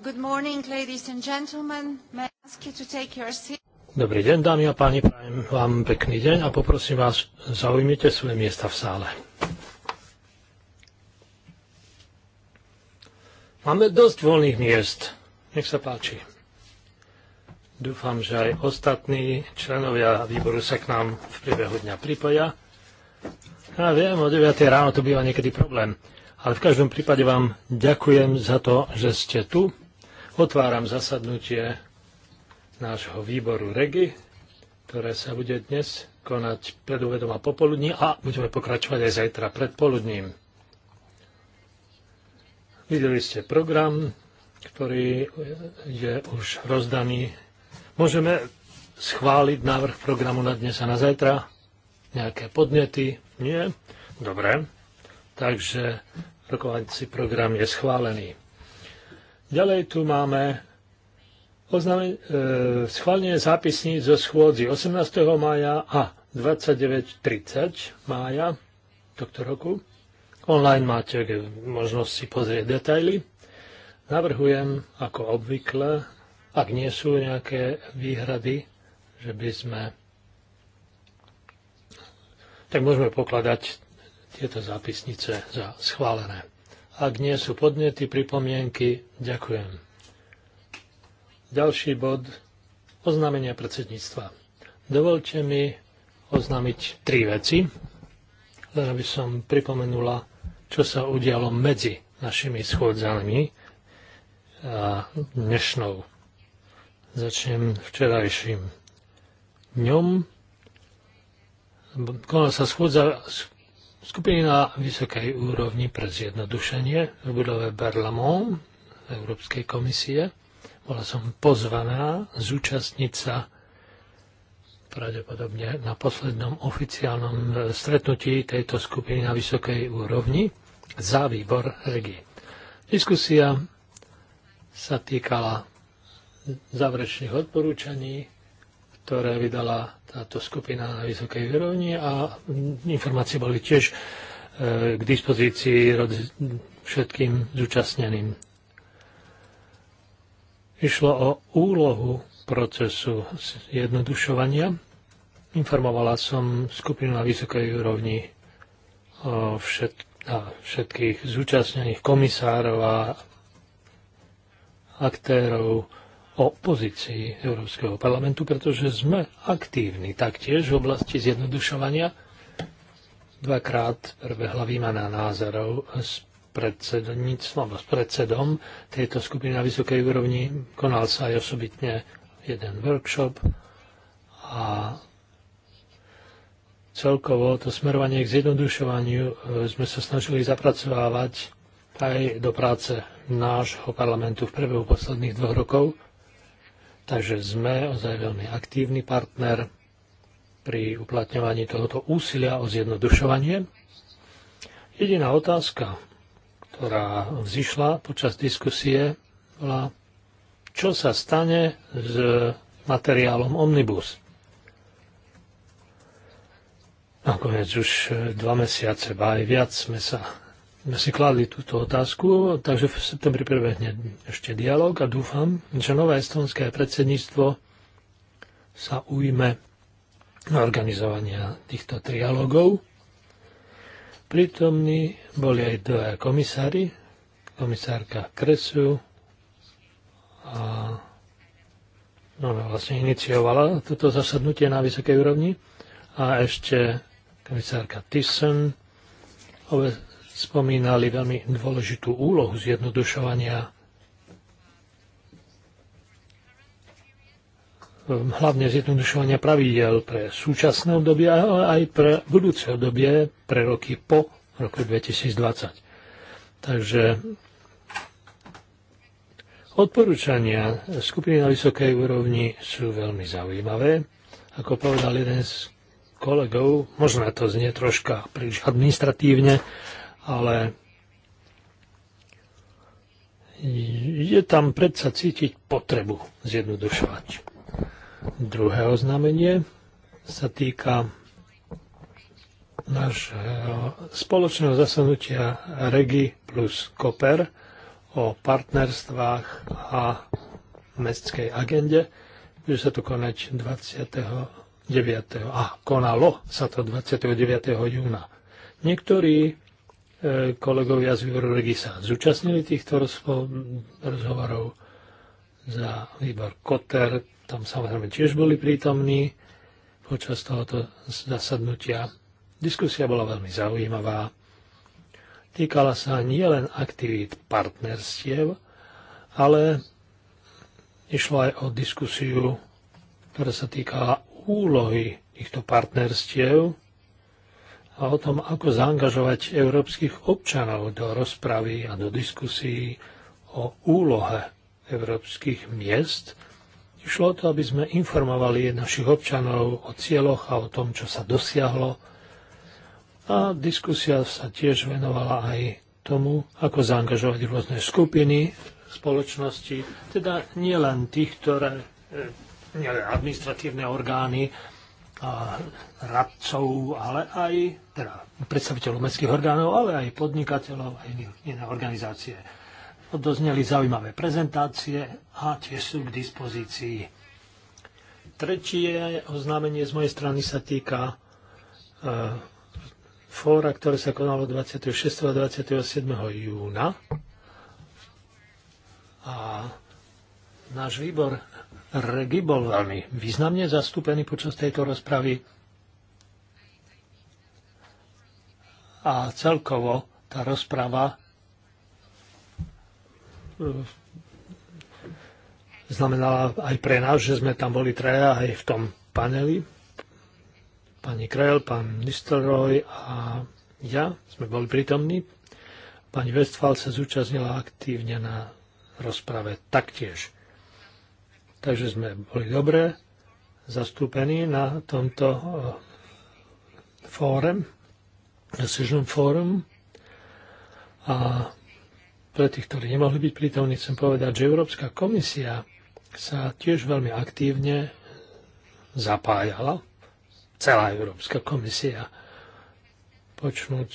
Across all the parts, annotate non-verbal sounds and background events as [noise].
Morning, Dobrý deň, dámy a páni, prajem vám pekný deň a poprosím vás, zaujmite svoje miesta v sále. Máme dosť voľných miest. Nech sa páči. Dúfam, že aj ostatní členovia výboru sa k nám v priebehu dňa pripoja. Ja viem, o 9. ráno to býva niekedy problém. Ale v každom prípade vám ďakujem za to, že ste tu Otváram zasadnutie nášho výboru REGI, ktoré sa bude dnes konať predúvedom a popoludní a budeme pokračovať aj zajtra predpoludním. Videli ste program, ktorý je už rozdaný. Môžeme schváliť návrh programu na dnes a na zajtra? Nejaké podnety? Nie? Dobre. Takže rokovací program je schválený. Ďalej tu máme e, schválenie zápisníc zo schôdzi 18. mája a 29.30 mája tohto roku. Online máte možnosť si pozrieť detaily. Navrhujem, ako obvykle, ak nie sú nejaké výhrady, že by sme... Tak môžeme pokladať tieto zápisnice za schválené. Ak nie sú podnety, pripomienky, ďakujem. Ďalší bod, oznámenia predsedníctva. Dovolte mi oznámiť tri veci, len aby som pripomenula, čo sa udialo medzi našimi schôdzami a dnešnou. Začnem včerajším dňom. Konala sa schôdza Skupiny na vysokej úrovni pre zjednodušenie v budove Berlamont Európskej komisie. Bola som pozvaná zúčastniť sa pravdepodobne na poslednom oficiálnom e, stretnutí tejto skupiny na vysokej úrovni za výbor regie. Diskusia sa týkala záverečných odporúčaní ktoré vydala táto skupina na vysokej úrovni a informácie boli tiež e, k dispozícii všetkým zúčastneným. Išlo o úlohu procesu zjednodušovania. Informovala som skupinu na vysokej úrovni o všet, a všetkých zúčastnených komisárov a aktérov o pozícii Európskeho parlamentu, pretože sme aktívni taktiež v oblasti zjednodušovania. Dvakrát prebehla výmana názorov s predsedníctvom, s predsedom tejto skupiny na vysokej úrovni. Konal sa aj osobitne jeden workshop a celkovo to smerovanie k zjednodušovaniu e, sme sa snažili zapracovávať aj do práce nášho parlamentu v priebehu posledných dvoch rokov. Takže sme ozaj veľmi aktívny partner pri uplatňovaní tohoto úsilia o zjednodušovanie. Jediná otázka, ktorá vzýšla počas diskusie, bola, čo sa stane s materiálom Omnibus. Nakoniec už dva mesiace, ba aj viac sme sa sme si kladli túto otázku, takže v septembri prebehne ešte dialog a dúfam, že nové estonské predsedníctvo sa ujme organizovania týchto trialogov. Prítomní boli aj dva komisári, komisárka Kresu a ona no, no, vlastne iniciovala toto zasadnutie na vysokej úrovni a ešte komisárka Thyssen, obe spomínali veľmi dôležitú úlohu zjednodušovania ehm, hlavne zjednodušovania pravidel pre súčasné obdobie, ale aj pre budúce obdobie, pre roky po roku 2020. Takže odporúčania skupiny na vysokej úrovni sú veľmi zaujímavé. Ako povedal jeden z kolegov, možno to znie troška príliš administratívne, ale je tam predsa cítiť potrebu zjednodušovať. Druhé oznámenie sa týka nášho spoločného zasadnutia Regi plus Koper o partnerstvách a mestskej agende. Bude sa to konať 29. a konalo sa to 29. júna. Niektorí kolegovia z Euroregi sa zúčastnili týchto rozhovorov za výbor Koter. Tam samozrejme tiež boli prítomní počas tohoto zasadnutia. Diskusia bola veľmi zaujímavá. Týkala sa nielen aktivít partnerstiev, ale išlo aj o diskusiu, ktorá sa týkala úlohy týchto partnerstiev a o tom, ako zaangažovať európskych občanov do rozpravy a do diskusí o úlohe európskych miest. Išlo o to, aby sme informovali našich občanov o cieľoch a o tom, čo sa dosiahlo. A diskusia sa tiež venovala aj tomu, ako zaangažovať rôzne skupiny spoločnosti, teda nielen tých, ktoré e, nielen administratívne orgány, a radcov, ale aj teda predstaviteľov mestských orgánov, ale aj podnikateľov a iné organizácie. Odozneli zaujímavé prezentácie a tie sú k dispozícii. Tretie oznámenie z mojej strany sa týka e, fóra, ktoré sa konalo 26. a 27. júna. A náš výbor Regi bol veľmi významne zastúpený počas tejto rozpravy a celkovo tá rozprava eh, znamenala aj pre nás, že sme tam boli traja aj v tom paneli. Pani Krell, pán Nistelroj a ja sme boli prítomní. Pani Westphal sa zúčastnila aktívne na rozprave taktiež. Takže sme boli dobre zastúpení na tomto eh, fórum, Decision Forum. A pre tých, ktorí nemohli byť prítomní, chcem povedať, že Európska komisia sa tiež veľmi aktívne zapájala. Celá Európska komisia. Počnúť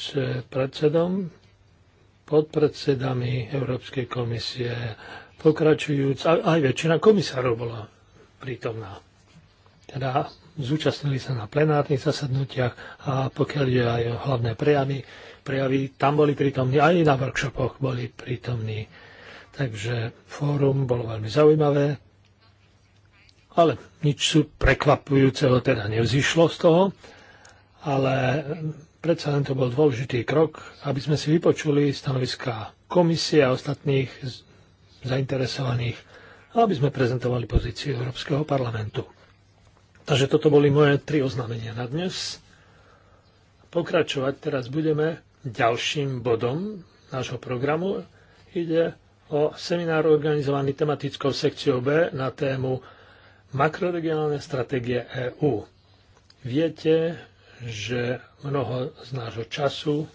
predsedom, podpredsedami Európskej komisie, pokračujúc, aj väčšina komisárov bola prítomná. Teda zúčastnili sa na plenárnych zasadnutiach a pokiaľ je aj hlavné prejavy, prejavy tam boli prítomní, aj na workshopoch boli prítomní. Takže fórum bolo veľmi zaujímavé, ale nič sú prekvapujúceho teda nevzýšlo z toho, ale predsa len to bol dôležitý krok, aby sme si vypočuli stanoviská komisie a ostatných zainteresovaných, aby sme prezentovali pozíciu Európskeho parlamentu. Takže toto boli moje tri oznámenia na dnes. Pokračovať teraz budeme ďalším bodom nášho programu. Ide o seminár organizovaný tematickou sekciou B na tému makroregionálne stratégie EÚ. Viete, že mnoho z nášho času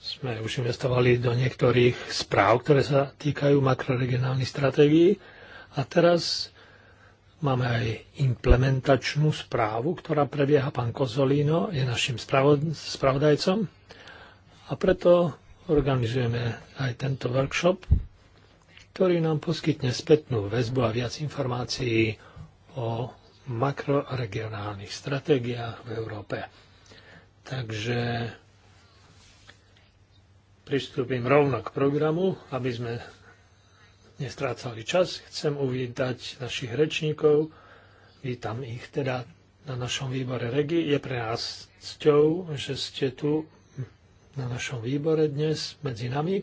sme už investovali do niektorých správ, ktoré sa týkajú makroregionálnych stratégií a teraz máme aj implementačnú správu, ktorá prebieha. Pán Kozolíno je našim spravodajcom a preto organizujeme aj tento workshop, ktorý nám poskytne spätnú väzbu a viac informácií o makroregionálnych stratégiách v Európe. Takže pristúpim rovno k programu, aby sme nestrácali čas. Chcem uvítať našich rečníkov. Vítam ich teda na našom výbore REGI. Je pre nás cťou, že ste tu na našom výbore dnes medzi nami.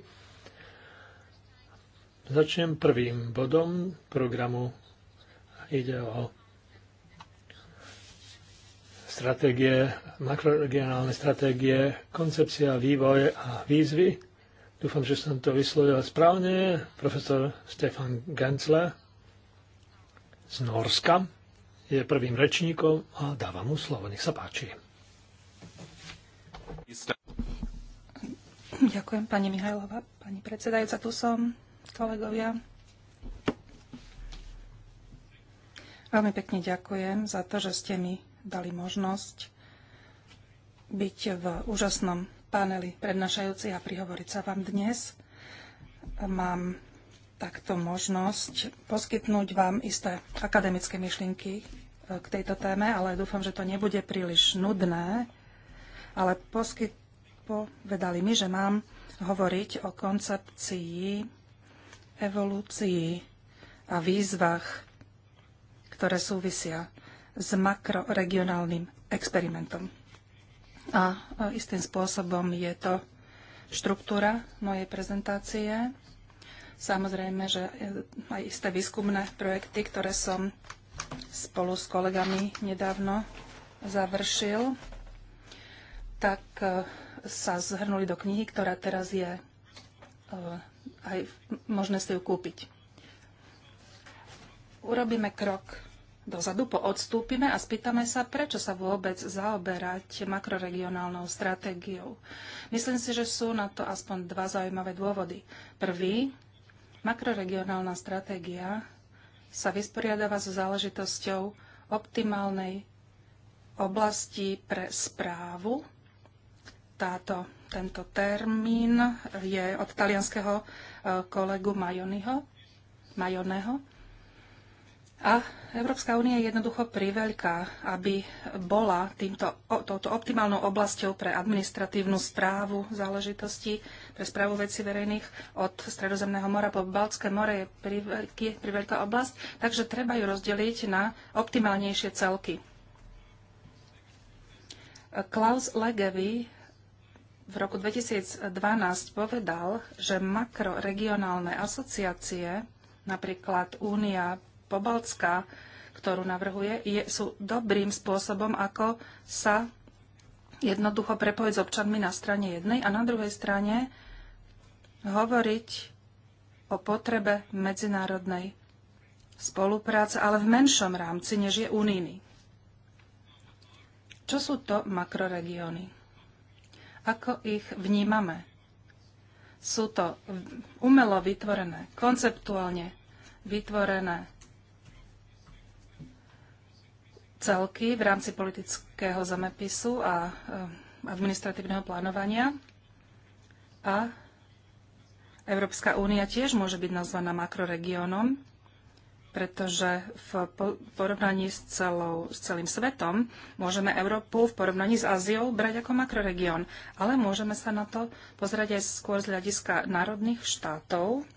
Začnem prvým bodom programu. Ide o stratégie, makroregionálne stratégie, koncepcia, vývoje a výzvy. Dúfam, že som to vyslovil správne. Profesor Stefan Gensle z Norska je prvým rečníkom a dávam mu slovo. Nech sa páči. Ďakujem, pani Mihajlova, pani predsedajúca, tu som, kolegovia. Veľmi pekne ďakujem za to, že ste mi dali možnosť byť v úžasnom paneli prednášajúcich a prihovoriť sa vám dnes. Mám takto možnosť poskytnúť vám isté akademické myšlienky eh, k tejto téme, ale dúfam, že to nebude príliš nudné. Ale poskyt... povedali mi, že mám hovoriť o koncepcii, evolúcii a výzvach, ktoré súvisia s makroregionálnym experimentom. A istým spôsobom je to štruktúra mojej prezentácie. Samozrejme, že e, aj isté výskumné projekty, ktoré som spolu s kolegami nedávno završil, tak e, sa zhrnuli do knihy, ktorá teraz je e, aj možné si ju kúpiť. Urobíme krok dozadu poodstúpime a spýtame sa, prečo sa vôbec zaoberať makroregionálnou stratégiou. Myslím si, že sú na to aspoň dva zaujímavé dôvody. Prvý, makroregionálna stratégia sa vysporiadáva so záležitosťou optimálnej oblasti pre správu. Táto, tento termín je od talianského e, kolegu Majoniho, Majoneho a Európska únia je jednoducho priveľká, aby bola týmto, touto optimálnou oblasťou pre administratívnu správu záležitosti, pre správu veci verejných od Stredozemného mora po Baltské more je priveľký, priveľká oblasť, takže treba ju rozdeliť na optimálnejšie celky. Klaus Legevi v roku 2012 povedal, že makroregionálne asociácie, napríklad Únia Pobalcká, ktorú navrhuje, je, sú dobrým spôsobom, ako sa jednoducho prepojiť s občanmi na strane jednej a na druhej strane hovoriť o potrebe medzinárodnej spolupráce, ale v menšom rámci, než je unijný. Čo sú to makroregióny? Ako ich vnímame? Sú to umelo vytvorené, konceptuálne vytvorené celky v rámci politického zemepisu a e, administratívneho plánovania. A Európska únia tiež môže byť nazvaná makroregiónom, pretože v porovnaní s, celou, s celým svetom môžeme Európu v porovnaní s Áziou brať ako makroregión, ale môžeme sa na to pozrieť aj skôr z hľadiska národných štátov,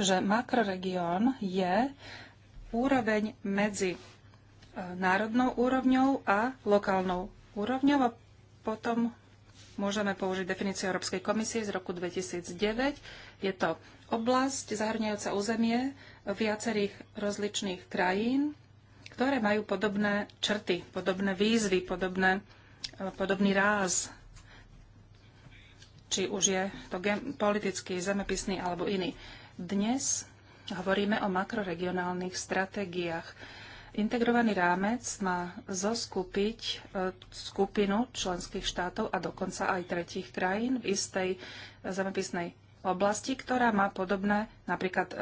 že makroregión je úroveň medzi národnou úrovňou a lokálnou úrovňou a potom môžeme použiť definíciu Európskej komisie z roku 2009. Je to oblasť zahrňajúca územie viacerých rozličných krajín, ktoré majú podobné črty, podobné výzvy, podobné, e, podobný ráz, či už je to politický, zemepisný alebo iný. Dnes hovoríme o makroregionálnych stratégiách Integrovaný rámec má zoskupiť e, skupinu členských štátov a dokonca aj tretích krajín v istej zemepisnej oblasti, ktorá má podobné napríklad e,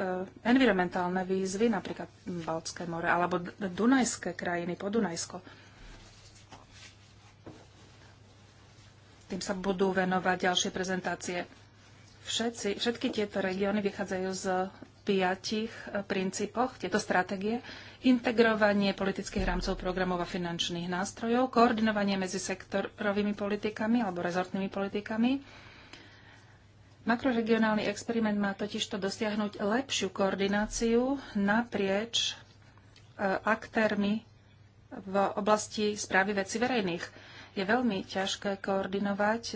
environmentálne výzvy, napríklad Baltské more alebo Dunajské krajiny, po Dunajsko. Tým sa budú venovať ďalšie prezentácie. Všetci, všetky tieto regióny vychádzajú z piatich e, princípoch tieto stratégie. Integrovanie politických rámcov programov a finančných nástrojov, koordinovanie medzi sektorovými politikami alebo rezortnými politikami. Makroregionálny experiment má totižto dosiahnuť lepšiu koordináciu naprieč e, aktérmi v oblasti správy veci verejných je veľmi ťažké koordinovať e,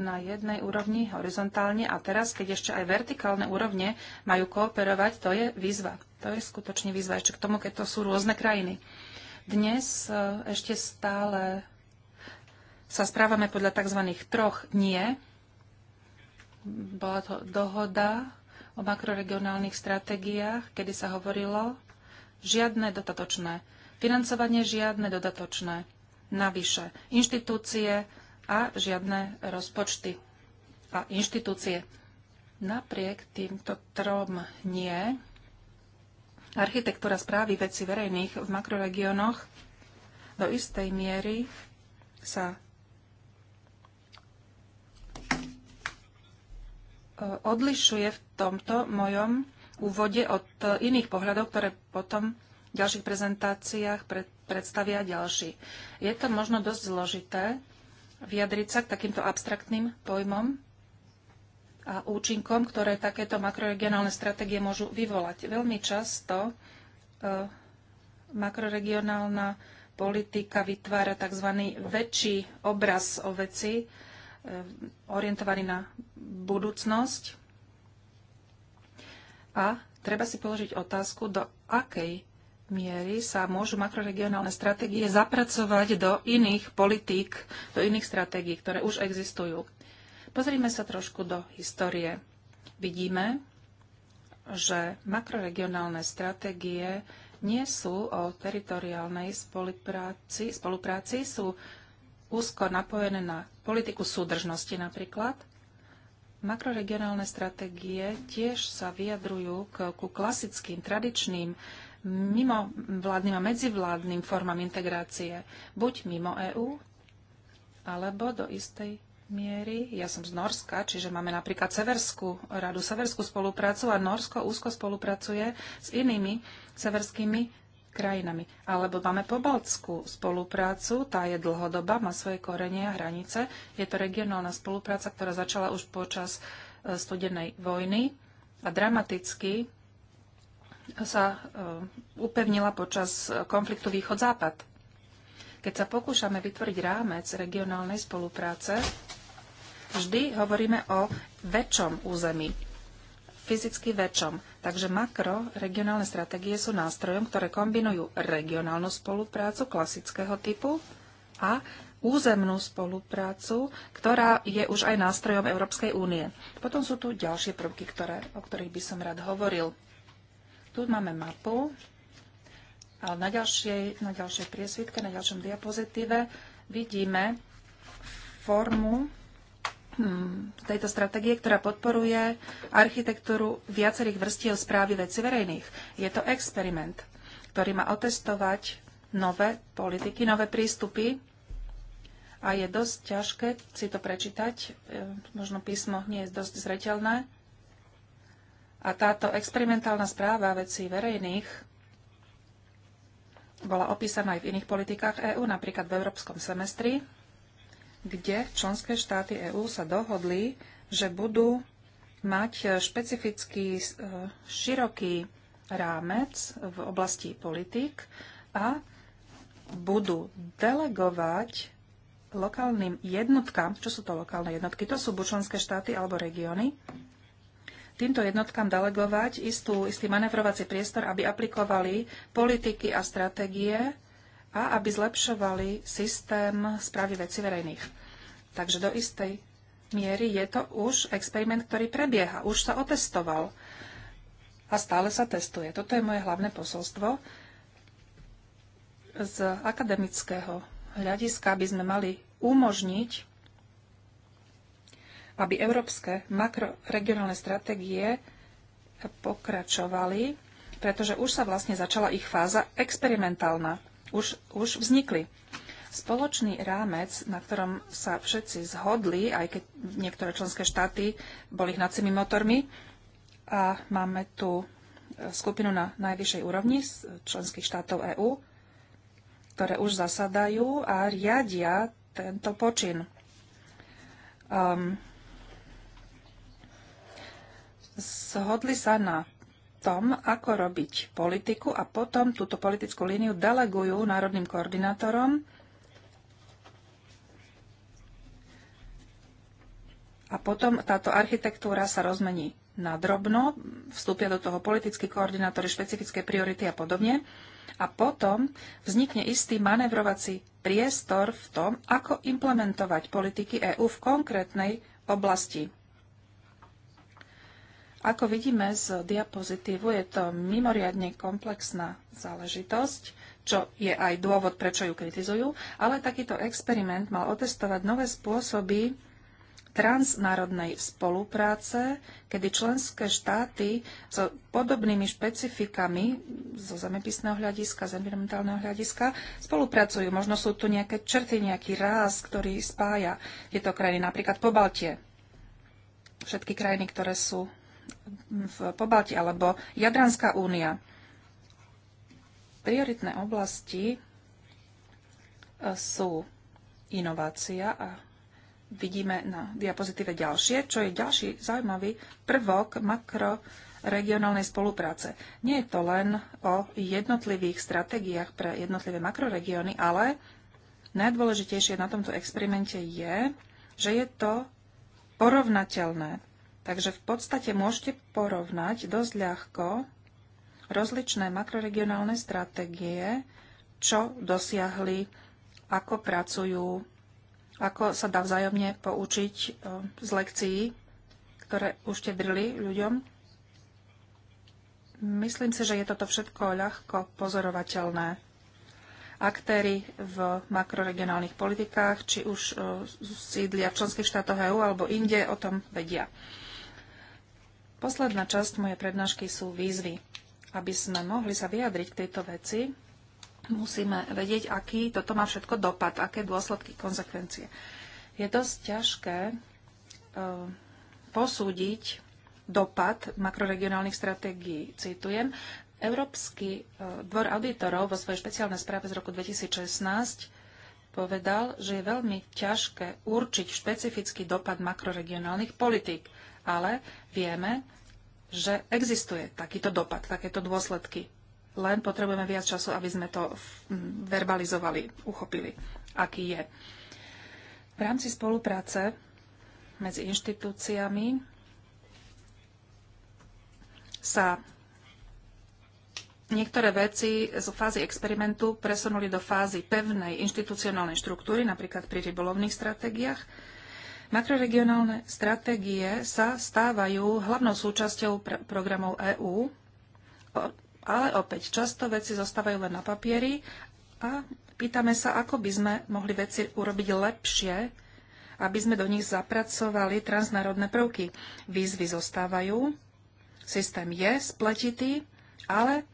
na jednej úrovni horizontálne a teraz, keď ešte aj vertikálne úrovne majú kooperovať, to je výzva. To je skutočne výzva ešte k tomu, keď to sú rôzne krajiny. Dnes e, ešte stále sa správame podľa tzv. troch nie. Bola to dohoda o makroregionálnych stratégiách, kedy sa hovorilo žiadne dodatočné financovanie, žiadne dodatočné navyše inštitúcie a žiadne rozpočty a inštitúcie. Napriek týmto trom nie. Architektúra správy veci verejných v makroregiónoch do istej miery sa e, odlišuje v tomto mojom úvode od e, iných pohľadov, ktoré potom v ďalších prezentáciách pred, predstavia ďalší. Je to možno dosť zložité vyjadriť sa k takýmto abstraktným pojmom a účinkom, ktoré takéto makroregionálne stratégie môžu vyvolať. Veľmi často e, makroregionálna politika vytvára tzv. väčší obraz o veci, e, orientovaný na budúcnosť. A treba si položiť otázku, do akej miery sa môžu makroregionálne stratégie zapracovať do iných politík, do iných stratégií, ktoré už existujú. Pozrime sa trošku do histórie. Vidíme, že makroregionálne stratégie nie sú o teritoriálnej spolupráci, spolupráci sú úzko napojené na politiku súdržnosti napríklad. Makroregionálne stratégie tiež sa vyjadrujú k, ku klasickým, tradičným mimo vládnym a medzivládnym formám integrácie, buď mimo EÚ, alebo do istej miery. Ja som z Norska, čiže máme napríklad Severskú radu, Severskú spoluprácu a Norsko úzko spolupracuje s inými severskými krajinami. Alebo máme pobaltskú spoluprácu, tá je dlhodobá, má svoje korenie a hranice. Je to regionálna spolupráca, ktorá začala už počas e, studenej vojny a dramaticky sa e, upevnila počas konfliktu Východ-Západ. Keď sa pokúšame vytvoriť rámec regionálnej spolupráce, vždy hovoríme o väčšom území, fyzicky väčšom. Takže makroregionálne strategie stratégie sú nástrojom, ktoré kombinujú regionálnu spoluprácu klasického typu a územnú spoluprácu, ktorá je už aj nástrojom Európskej únie. Potom sú tu ďalšie prvky, ktoré, o ktorých by som rád hovoril. Tu máme mapu, a na ďalšej, na ďalšej priesvitke, na ďalšom diapozitíve vidíme formu hm, tejto stratégie, ktorá podporuje architektúru viacerých vrstiev správy veci verejných. Je to experiment, ktorý má otestovať nové politiky, nové prístupy a je dosť ťažké si to prečítať. E, možno písmo nie je dosť zreteľné, a táto experimentálna správa vecí verejných bola opísaná aj v iných politikách EÚ, napríklad v Európskom semestri, kde členské štáty EÚ sa dohodli, že budú mať e, špecifický e, široký rámec v oblasti politik a budú delegovať lokálnym jednotkám, čo sú to lokálne jednotky, to sú buď členské štáty alebo regióny, týmto jednotkám delegovať istú, istý manevrovací priestor, aby aplikovali politiky a stratégie a aby zlepšovali systém správy veci verejných. Takže do istej miery je to už experiment, ktorý prebieha, už sa otestoval a stále sa testuje. Toto je moje hlavné posolstvo z akademického hľadiska, aby sme mali umožniť aby európske makroregionálne stratégie pokračovali, pretože už sa vlastne začala ich fáza experimentálna. Už, už vznikli. Spoločný rámec, na ktorom sa všetci zhodli, aj keď niektoré členské štáty boli hnacími motormi, a máme tu e, skupinu na najvyššej úrovni z členských štátov EÚ, ktoré už zasadajú a riadia tento počin. Um, zhodli sa na tom, ako robiť politiku a potom túto politickú líniu delegujú národným koordinátorom a potom táto architektúra sa rozmení na drobno, vstúpia do toho politickí koordinátori, špecifické priority a podobne. A potom vznikne istý manevrovací priestor v tom, ako implementovať politiky EÚ v konkrétnej oblasti ako vidíme z diapozitívu, je to mimoriadne komplexná záležitosť, čo je aj dôvod, prečo ju kritizujú, ale takýto experiment mal otestovať nové spôsoby transnárodnej spolupráce, kedy členské štáty s so podobnými špecifikami zo zemepisného hľadiska, z environmentálneho hľadiska spolupracujú. Možno sú tu nejaké črty, nejaký ráz, ktorý spája tieto krajiny, napríklad po Baltie. Všetky krajiny, ktoré sú v Pobalti alebo Jadranská únia. Prioritné oblasti e, sú inovácia a vidíme na diapozitíve ďalšie, čo je ďalší zaujímavý prvok makro regionálnej spolupráce. Nie je to len o jednotlivých stratégiách pre jednotlivé makroregióny, ale najdôležitejšie na tomto experimente je, že je to porovnateľné. Takže v podstate môžete porovnať dosť ľahko rozličné makroregionálne stratégie, čo dosiahli, ako pracujú, ako sa dá vzájomne poučiť e, z lekcií, ktoré uštedrili ľuďom. Myslím si, že je toto všetko ľahko pozorovateľné. Aktéry v makroregionálnych politikách, či už e, sídlia v členských štátoch EÚ alebo inde, o tom vedia. Posledná časť mojej prednášky sú výzvy. Aby sme mohli sa vyjadriť k tejto veci, musíme vedieť, aký toto má všetko dopad, aké dôsledky, konsekvencie. Je dosť ťažké e, posúdiť dopad makroregionálnych stratégií. Citujem, Európsky e, dvor auditorov vo svojej špeciálnej správe z roku 2016 povedal, že je veľmi ťažké určiť špecifický dopad makroregionálnych politík ale vieme, že existuje takýto dopad, takéto dôsledky. Len potrebujeme viac času, aby sme to verbalizovali, uchopili, aký je. V rámci spolupráce medzi inštitúciami sa niektoré veci z fázy experimentu presunuli do fázy pevnej inštitucionálnej štruktúry, napríklad pri rybolovných stratégiách Makroregionálne stratégie sa stávajú hlavnou súčasťou pr- programov EÚ, ale opäť často veci zostávajú len na papieri a pýtame sa, ako by sme mohli veci urobiť lepšie, aby sme do nich zapracovali transnárodné prvky. Výzvy zostávajú, systém je spletitý, ale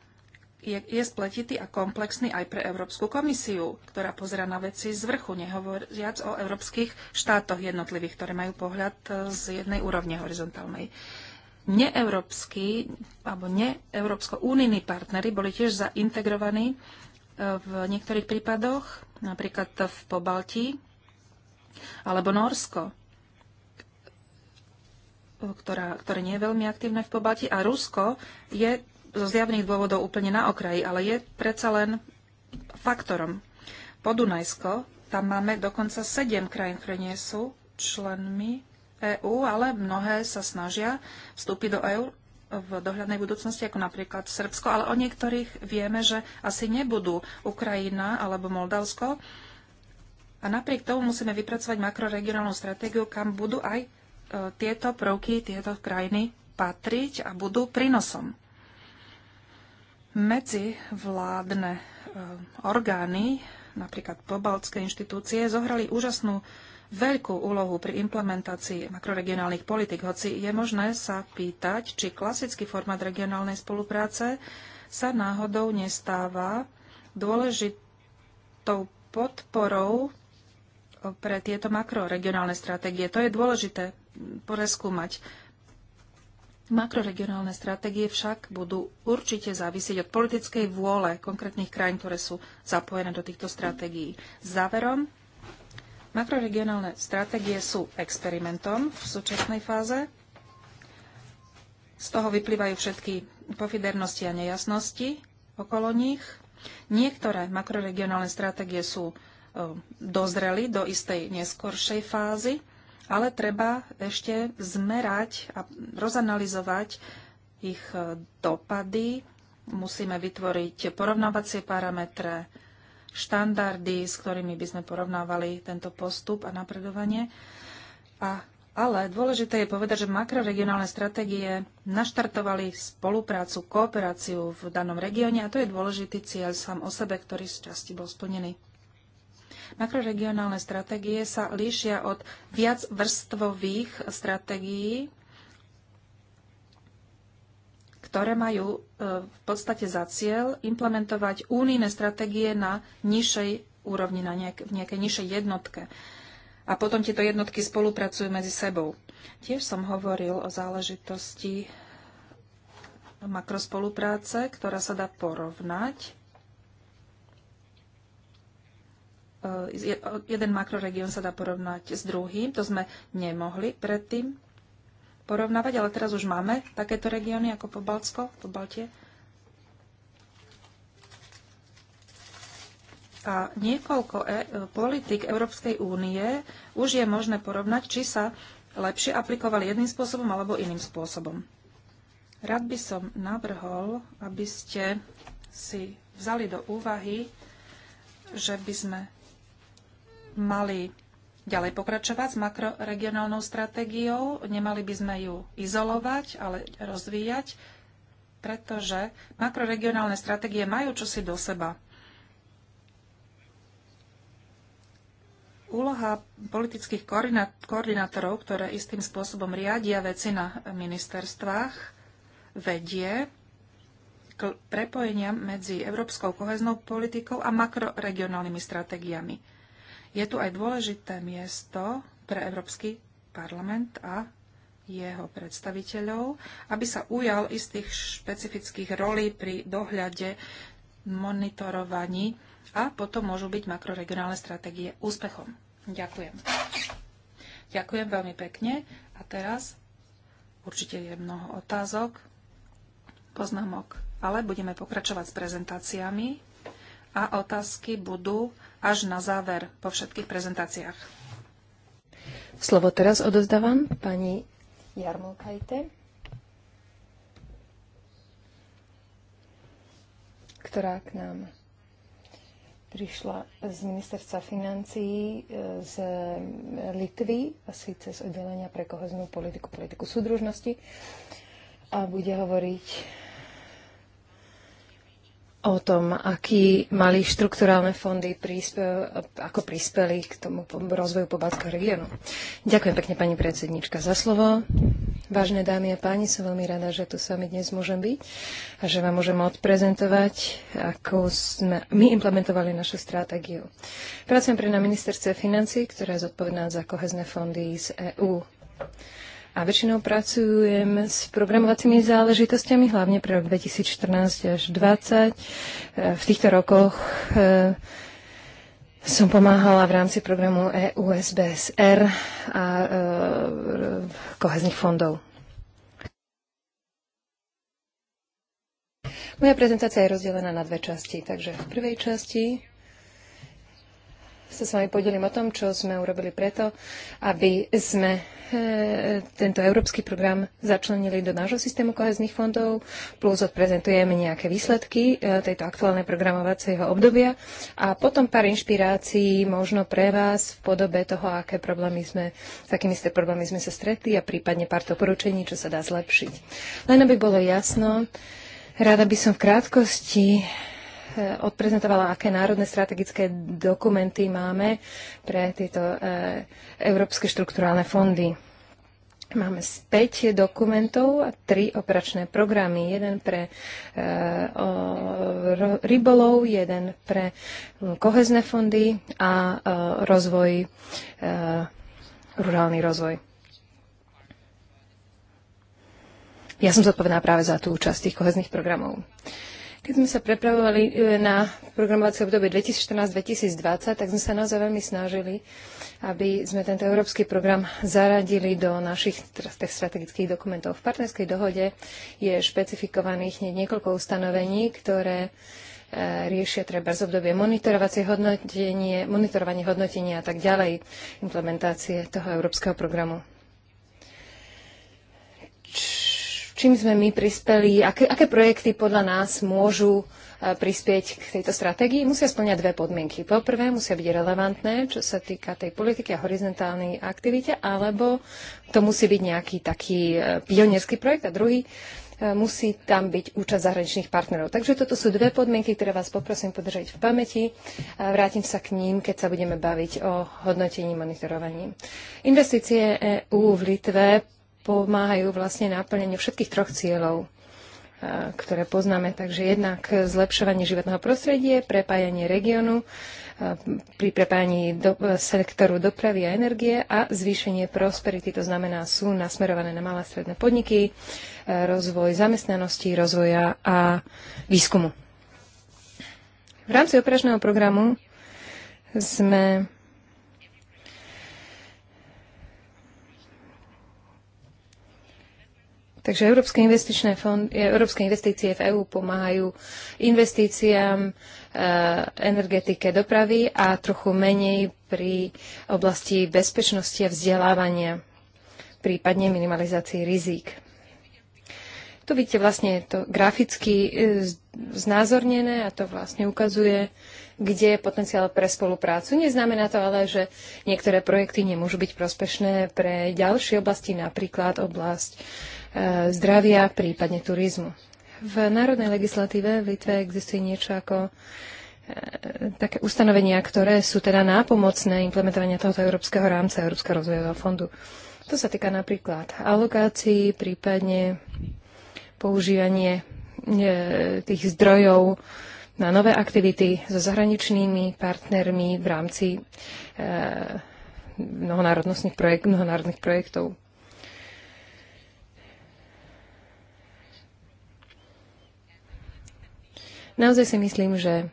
je, je spletitý a komplexný aj pre Európsku komisiu, ktorá pozera na veci z vrchu, nehovoriac o európskych štátoch jednotlivých, ktoré majú pohľad e, z jednej úrovne horizontálnej. Neeurópsky alebo neeurópsko-únijní partnery boli tiež zaintegrovaní e, v niektorých prípadoch, napríklad v Pobalti. alebo Norsko, ktorá, ktoré nie je veľmi aktívne v Pobalti, a Rusko je zo zjavných dôvodov úplne na okraji, ale je predsa len faktorom. Podunajsko, tam máme dokonca sedem krajín, ktoré nie sú členmi EÚ, ale mnohé sa snažia vstúpiť do EÚ v dohľadnej budúcnosti, ako napríklad Srbsko, ale o niektorých vieme, že asi nebudú Ukrajina alebo Moldavsko. A napriek tomu musíme vypracovať makroregionálnu stratégiu, kam budú aj e, tieto prvky, tieto krajiny patriť a budú prínosom. Medzivládne e, orgány, napríklad pobaltské inštitúcie, zohrali úžasnú veľkú úlohu pri implementácii makroregionálnych politik, hoci je možné sa pýtať, či klasický formát regionálnej spolupráce sa náhodou nestáva dôležitou podporou e, pre tieto makroregionálne stratégie. To je dôležité preskúmať. Makroregionálne stratégie však budú určite závisieť od politickej vôle konkrétnych krajín, ktoré sú zapojené do týchto stratégií. Záverom, makroregionálne stratégie sú experimentom v súčasnej fáze. Z toho vyplývajú všetky pofidernosti a nejasnosti okolo nich. Niektoré makroregionálne stratégie sú e, dozreli do istej neskoršej fázy ale treba ešte zmerať a rozanalizovať ich e, dopady. Musíme vytvoriť porovnávacie parametre, štandardy, s ktorými by sme porovnávali tento postup a napredovanie. A, ale dôležité je povedať, že makroregionálne stratégie naštartovali spoluprácu, kooperáciu v danom regióne a to je dôležitý cieľ sám o sebe, ktorý z časti bol splnený. Makroregionálne stratégie sa líšia od viacvrstvových stratégií, ktoré majú e, v podstate za cieľ implementovať únijné stratégie na nižšej úrovni, na nejak, v nejakej nižšej jednotke. A potom tieto jednotky spolupracujú medzi sebou. Tiež som hovoril o záležitosti makrospolupráce, ktorá sa dá porovnať E, jeden makroregión sa dá porovnať s druhým. To sme nemohli predtým porovnávať, ale teraz už máme takéto regióny ako po Balcko, po Baltie. A niekoľko e- politik Európskej únie už je možné porovnať, či sa lepšie aplikovali jedným spôsobom alebo iným spôsobom. Rád by som navrhol, aby ste si vzali do úvahy že by sme mali ďalej pokračovať s makroregionálnou stratégiou. Nemali by sme ju izolovať, ale rozvíjať, pretože makroregionálne stratégie majú čosi do seba. Úloha politických koordinátorov, ktoré istým spôsobom riadia veci na ministerstvách, vedie k prepojeniam medzi európskou koheznou politikou a makroregionálnymi stratégiami. Je tu aj dôležité miesto pre Európsky parlament a jeho predstaviteľov, aby sa ujal istých špecifických rolí pri dohľade, monitorovaní a potom môžu byť makroregionálne stratégie úspechom. Ďakujem. Ďakujem veľmi pekne a teraz určite je mnoho otázok, poznámok, ale budeme pokračovať s prezentáciami a otázky budú až na záver po všetkých prezentáciách. Slovo teraz odozdávam pani Jarmolkajte, ktorá k nám prišla z ministerstva financií e, z Litvy, asi cez oddelenia pre koheznú politiku, politiku súdružnosti a bude hovoriť o tom, aký mali štrukturálne fondy príspev, ako prispeli k tomu rozvoju pobalského regiónu. Ďakujem pekne pani predsednička za slovo. Vážne dámy a páni, som veľmi rada, že tu s vami dnes môžem byť a že vám môžem odprezentovať, ako sme my implementovali našu stratégiu. Pracujem pre na ministerstve financí, ktorá je zodpovedná za kohezné fondy z EÚ a väčšinou pracujem s programovacími záležitostiami, hlavne pre rok 2014 až 2020. E, v týchto rokoch e, som pomáhala v rámci programu EUSBSR a e, kohezných fondov. Moja prezentácia je rozdelená na dve časti. Takže v prvej časti sa s vami podelím o tom, čo sme urobili preto, aby sme e, tento európsky program začlenili do nášho systému kohezných fondov, plus odprezentujeme nejaké výsledky e, tejto aktuálnej programovacieho obdobia a potom pár inšpirácií možno pre vás v podobe toho, aké problémy sme, s akými ste problémy sme sa stretli a prípadne pár doporučení, čo sa dá zlepšiť. Len aby bolo jasno, rada by som v krátkosti Eh, odprezentovala, aké národné strategické dokumenty máme pre tieto eh, európske štrukturálne fondy. Máme 5 dokumentov a 3 operačné programy. Jeden pre e, o, rybolov, jeden pre hm, kohezné fondy a e, rozvoj, e, rurálny rozvoj. Ja som zodpovedná práve za tú časť tých kohezných programov. E, keď sme sa prepravovali e, na programovacie obdobie 2014-2020, tak sme sa naozaj veľmi snažili, aby sme tento európsky program zaradili do našich strategických dokumentov. V partnerskej dohode je špecifikovaných niekoľko ustanovení, ktoré e, riešia treba z obdobie monitorovacie hodnotenie, monitorovanie hodnotenia a tak ďalej implementácie toho európskeho programu. čím sme my prispeli, aké, aké projekty podľa nás môžu e, prispieť k tejto stratégii, musia splňať dve podmienky. Po prvé, musia byť relevantné, čo sa týka tej politiky a horizontálnej aktivite, alebo to musí byť nejaký taký e, pionierský projekt a druhý, e, musí tam byť účasť zahraničných partnerov. Takže toto sú dve podmienky, ktoré vás poprosím podržať v pamäti. a Vrátim sa k ním, keď sa budeme baviť o hodnotení monitorovaní. Investície EÚ v Litve pomáhajú vlastne naplneniu všetkých troch cieľov, e, ktoré poznáme. Takže jednak zlepšovanie životného prostredie, prepájanie regiónu e, pri prepájaní do, e, sektoru dopravy a energie a zvýšenie prosperity, to znamená sú nasmerované na malé a stredné podniky, rozvoj zamestnanosti, rozvoja a výskumu. V rámci operačného programu sme Takže Európske, investičné fond, e, Európske investície v EÚ pomáhajú investíciám, e, energetike, dopravy a trochu menej pri oblasti bezpečnosti a vzdelávania, prípadne minimalizácii rizík. Tu vidíte vlastne to graficky e, znázornené a to vlastne ukazuje, kde je potenciál pre spoluprácu. Neznamená to ale, že niektoré projekty nemôžu byť prospešné pre ďalšie oblasti, napríklad oblasť E, zdravia, prípadne turizmu. V národnej legislatíve v Litve existuje niečo ako e, také ustanovenia, ktoré sú teda nápomocné implementovania tohoto európskeho rámca Európskeho rozvojového fondu. To sa týka napríklad alokácií, prípadne používanie e, tých zdrojov na nové aktivity so zahraničnými partnermi v rámci mnohonárodných, projekt, mnohonárodných projektov. Naozaj si myslím, že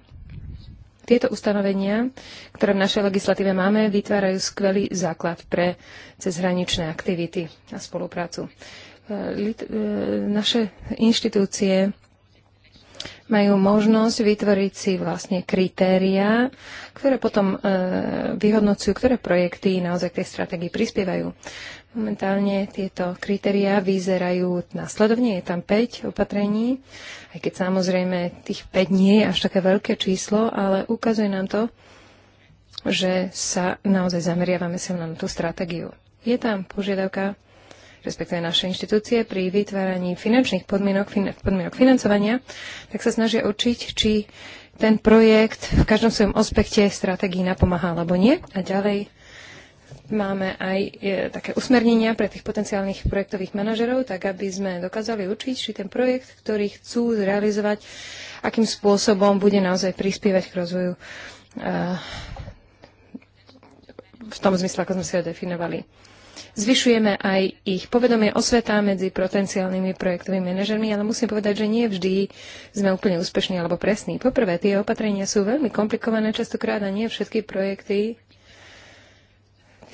tieto ustanovenia, ktoré v našej legislatíve máme, vytvárajú skvelý základ pre cezhraničné aktivity a spoluprácu. E, e, naše inštitúcie majú možnosť vytvoriť si vlastne kritériá, ktoré potom e, vyhodnocujú, ktoré projekty naozaj k tej stratégii prispievajú. Momentálne tieto kritériá vyzerajú následovne. Je tam 5 opatrení, aj keď samozrejme tých 5 nie je až také veľké číslo, ale ukazuje nám to, že sa naozaj zameriavame sa na tú stratégiu. Je tam požiadavka, respektíve naše inštitúcie, pri vytváraní finančných podmienok, fin- podmienok financovania, tak sa snažia učiť, či ten projekt v každom svojom aspekte stratégii napomáha alebo nie. A ďalej máme aj e, také usmernenia pre tých potenciálnych projektových manažerov, tak aby sme dokázali určiť, či ten projekt, ktorý chcú zrealizovať, akým spôsobom bude naozaj prispievať k rozvoju e, v tom zmysle, ako sme si ho definovali. Zvyšujeme aj ich povedomie osveta medzi potenciálnymi projektovými manažermi, ale musím povedať, že nie vždy sme úplne úspešní alebo presní. Poprvé, tie opatrenia sú veľmi komplikované častokrát a nie všetky projekty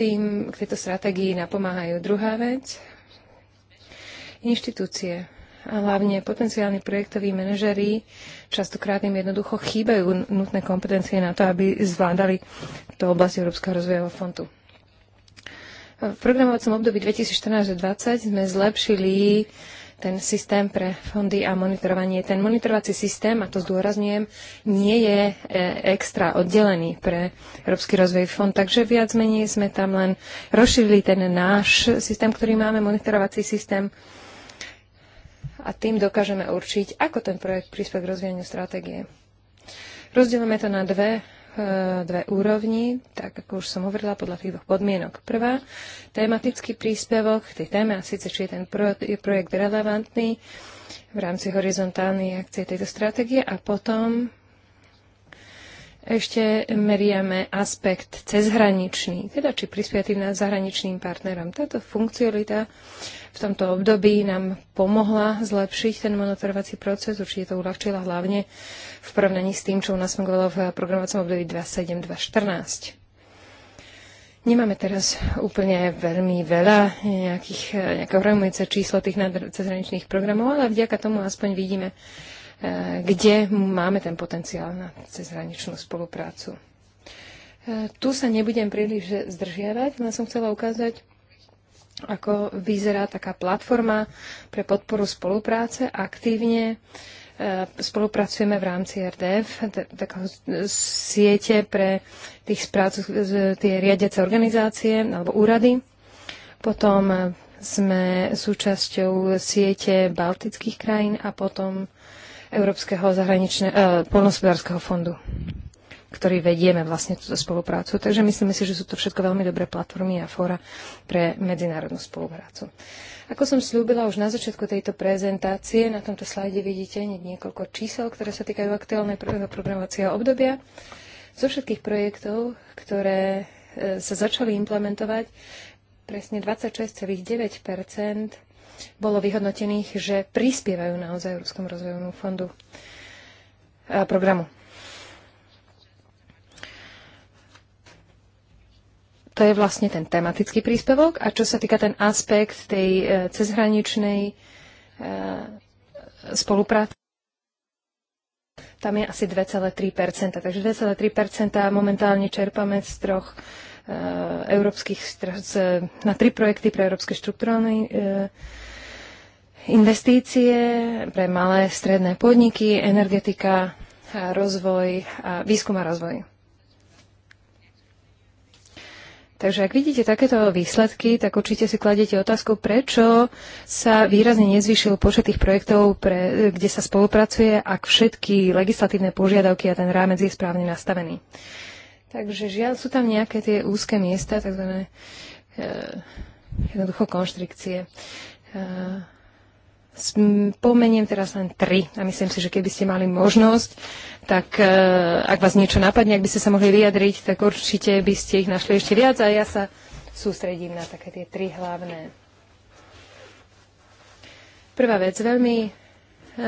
tým, k tejto stratégii napomáhajú. Druhá vec, inštitúcie a hlavne potenciálni projektoví manažeri častokrát im jednoducho chýbajú nutné kompetencie na to, aby zvládali to oblasť Európskeho rozvojového fondu. V programovacom období 2014-2020 sme zlepšili ten systém pre fondy a monitorovanie. Ten monitorovací systém, a to zdôrazňujem, nie je e, extra oddelený pre Európsky rozvoj fond, takže viac menej sme tam len rozšírili ten náš systém, ktorý máme, monitorovací systém, a tým dokážeme určiť, ako ten projekt prispie k rozvíjaniu stratégie. Rozdielame to na dve Eh, dve úrovni, tak ako už som hovorila, podľa tých dvoch podmienok. Prvá, tematický príspevok k tej téme, a síce či je ten projekt relevantný v rámci horizontálnej akcie tejto stratégie a potom ešte meriame aspekt cezhraničný, teda či prispiatý na zahraničným partnerom. Táto funkcionalita v tomto období nám pomohla zlepšiť ten monitorovací proces, určite to uľahčila hlavne v porovnaní s tým, čo u nás fungovalo v programovacom období 2.7.2.14. 2014 Nemáme teraz úplne veľmi veľa nejakých, nejakého číslo tých cezhraničných programov, ale vďaka tomu aspoň vidíme, Eh, kde máme ten potenciál na cezhraničnú spoluprácu. Eh, tu sa nebudem príliš zdržiavať, len som chcela ukázať, ako vyzerá taká platforma pre podporu spolupráce. Aktívne eh, spolupracujeme v rámci RDF, takého siete pre tých sprác, tie riadiace organizácie alebo úrady. Potom sme súčasťou siete baltických krajín a potom Európskeho zahraničného, e, polnospodárskeho fondu ktorý vedieme vlastne túto spoluprácu. Takže myslíme si, že sú to všetko veľmi dobré platformy a fóra pre medzinárodnú spoluprácu. Ako som slúbila už na začiatku tejto prezentácie, na tomto slajde vidíte niekoľko čísel, ktoré sa týkajú aktuálnej programovacieho obdobia. Zo všetkých projektov, ktoré e, sa začali implementovať, presne 26,9 bolo vyhodnotených, že prispievajú naozaj Európskom rozvojovému fondu a programu. To je vlastne ten tematický príspevok. A čo sa týka ten aspekt tej e, cezhraničnej e, spolupráce, tam je asi 2,3%. Takže 2,3% momentálne čerpame z troch e, európskych, z, na tri projekty pre európske štruktúrálne e, investície pre malé stredné podniky, energetika, rozvoj, a výskum a rozvoj. Takže ak vidíte takéto výsledky, tak určite si kladete otázku, prečo sa výrazne nezvyšil počet tých projektov, pre, kde sa spolupracuje, ak všetky legislatívne požiadavky a ten rámec je správne nastavený. Takže žiaľ, sú tam nejaké tie úzke miesta, tzv. Eh, jednoducho konštrikcie. Eh, Spomeniem teraz len tri a myslím si, že keby ste mali možnosť, tak e, ak vás niečo napadne, ak by ste sa mohli vyjadriť, tak určite by ste ich našli ešte viac a ja sa sústredím na také tie tri hlavné. Prvá vec, veľmi e,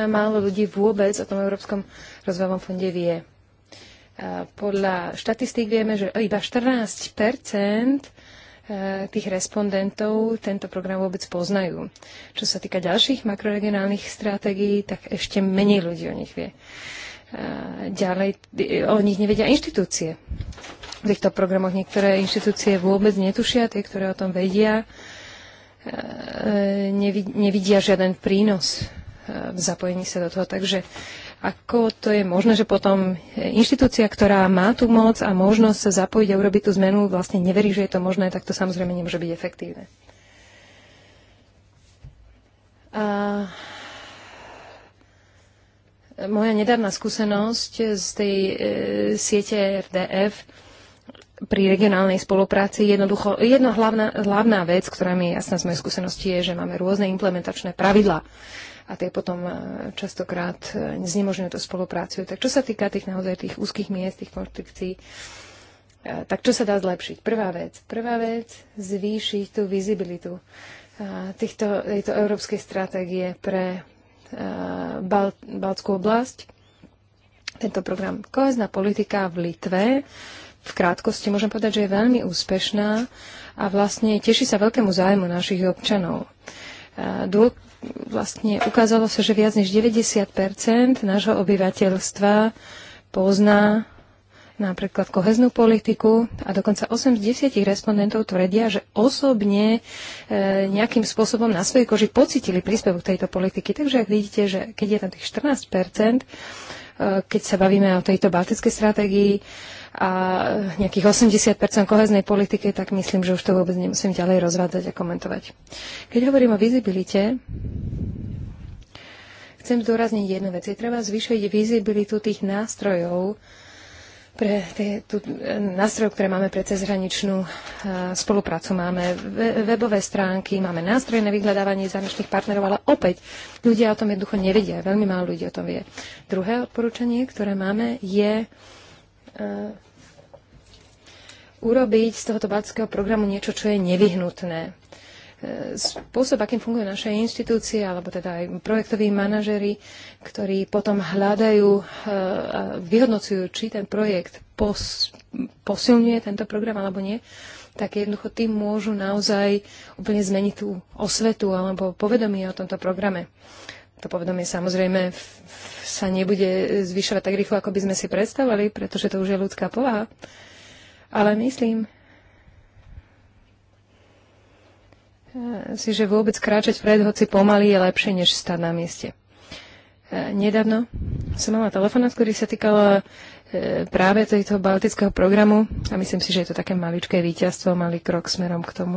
málo ľudí vôbec o tom Európskom rozvojovom fonde vie. E, podľa štatistík vieme, že iba 14 E, tých respondentov tento program vôbec poznajú. Čo sa týka ďalších makroregionálnych stratégií, tak ešte menej ľudí o nich vie. E, ďalej e, o nich nevedia inštitúcie. V týchto programoch niektoré inštitúcie vôbec netušia, tie, ktoré o tom vedia, nevidia žiaden prínos v zapojení sa do toho. Takže ako to je možné, že potom inštitúcia, ktorá má tú moc a možnosť sa zapojiť a urobiť tú zmenu, vlastne neverí, že je to možné, tak to samozrejme nemôže byť efektívne. A moja nedávna skúsenosť z tej e, siete RDF pri regionálnej spolupráci, jednoducho, jedna hlavná, hlavná vec, ktorá mi je jasná z mojej skúsenosti, je, že máme rôzne implementačné pravidlá a tie potom e, častokrát e, znemožňujú tú spoluprácu. Tak čo sa týka tých naozaj tých úzkých miest, tých konštrukcií, e, tak čo sa dá zlepšiť? Prvá vec. Prvá vec, zvýšiť tú vizibilitu týchto, tejto európskej stratégie pre Bal- Baltskú oblasť. Tento program Koezná politika v Litve v krátkosti môžem povedať, že je veľmi úspešná a vlastne teší sa veľkému zájmu našich občanov dô, vlastne ukázalo sa, že viac než 90 nášho obyvateľstva pozná napríklad koheznú politiku a dokonca 8 z 10 respondentov tvrdia, že osobne e, nejakým spôsobom na svojej koži pocitili príspevok tejto politiky. Takže ak vidíte, že keď je tam tých 14 E, keď sa bavíme o tejto baltickej stratégii a nejakých 80 koheznej politiky, tak myslím, že už to vôbec nemusím ďalej rozvádzať a komentovať. Keď hovorím o vizibilite, chcem zdôrazniť jednu vec. Je treba zvyšiť vizibilitu tých nástrojov, pre tie, tú, e, ktoré máme pre cezhraničnú e, spoluprácu. Máme webové stránky, máme nástroje na vyhľadávanie zahraničných partnerov, ale opäť ľudia o tom jednoducho nevedia. Veľmi málo ľudí o tom vie. Druhé odporúčanie, ktoré máme, je e, urobiť z tohoto bátskeho programu niečo, čo je nevyhnutné spôsob, akým fungujú naše inštitúcie, alebo teda aj projektoví manažery, ktorí potom hľadajú e, a vyhodnocujú, či ten projekt pos, posilňuje tento program alebo nie, tak jednoducho tým môžu naozaj úplne zmeniť tú osvetu alebo povedomie o tomto programe. To povedomie samozrejme sa nebude zvyšovať tak rýchlo, ako by sme si predstavovali, pretože to už je ľudská povaha. Ale myslím, Eh, si, že vôbec kráčať pred, hoci pomaly je lepšie, než stať na mieste. Eh, nedávno som mala telefonát, ktorý sa týkal eh, práve tejto baltického programu a myslím si, že je to také maličké víťazstvo, malý krok smerom k tomu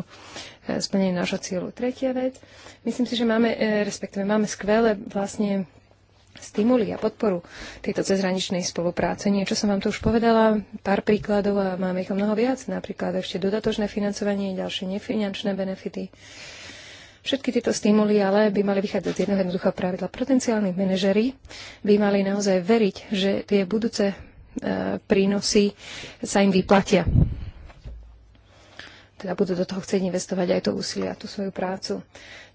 splneniu nášho cieľu. Tretia vec, myslím si, že máme, respektíve máme skvelé vlastne stimuli a podporu tejto cezhraničnej spolupráce. Niečo som vám tu už povedala, pár príkladov a máme ich o mnoho viac, napríklad ešte dodatočné financovanie, ďalšie nefinančné benefity. Všetky tieto stimuly ale by mali vychádzať z jedného jednoduchého pravidla. Potenciálni manažery by mali naozaj veriť, že tie budúce e, prínosy sa im vyplatia. Teda budú do toho chcieť investovať aj to úsilie a tú svoju prácu.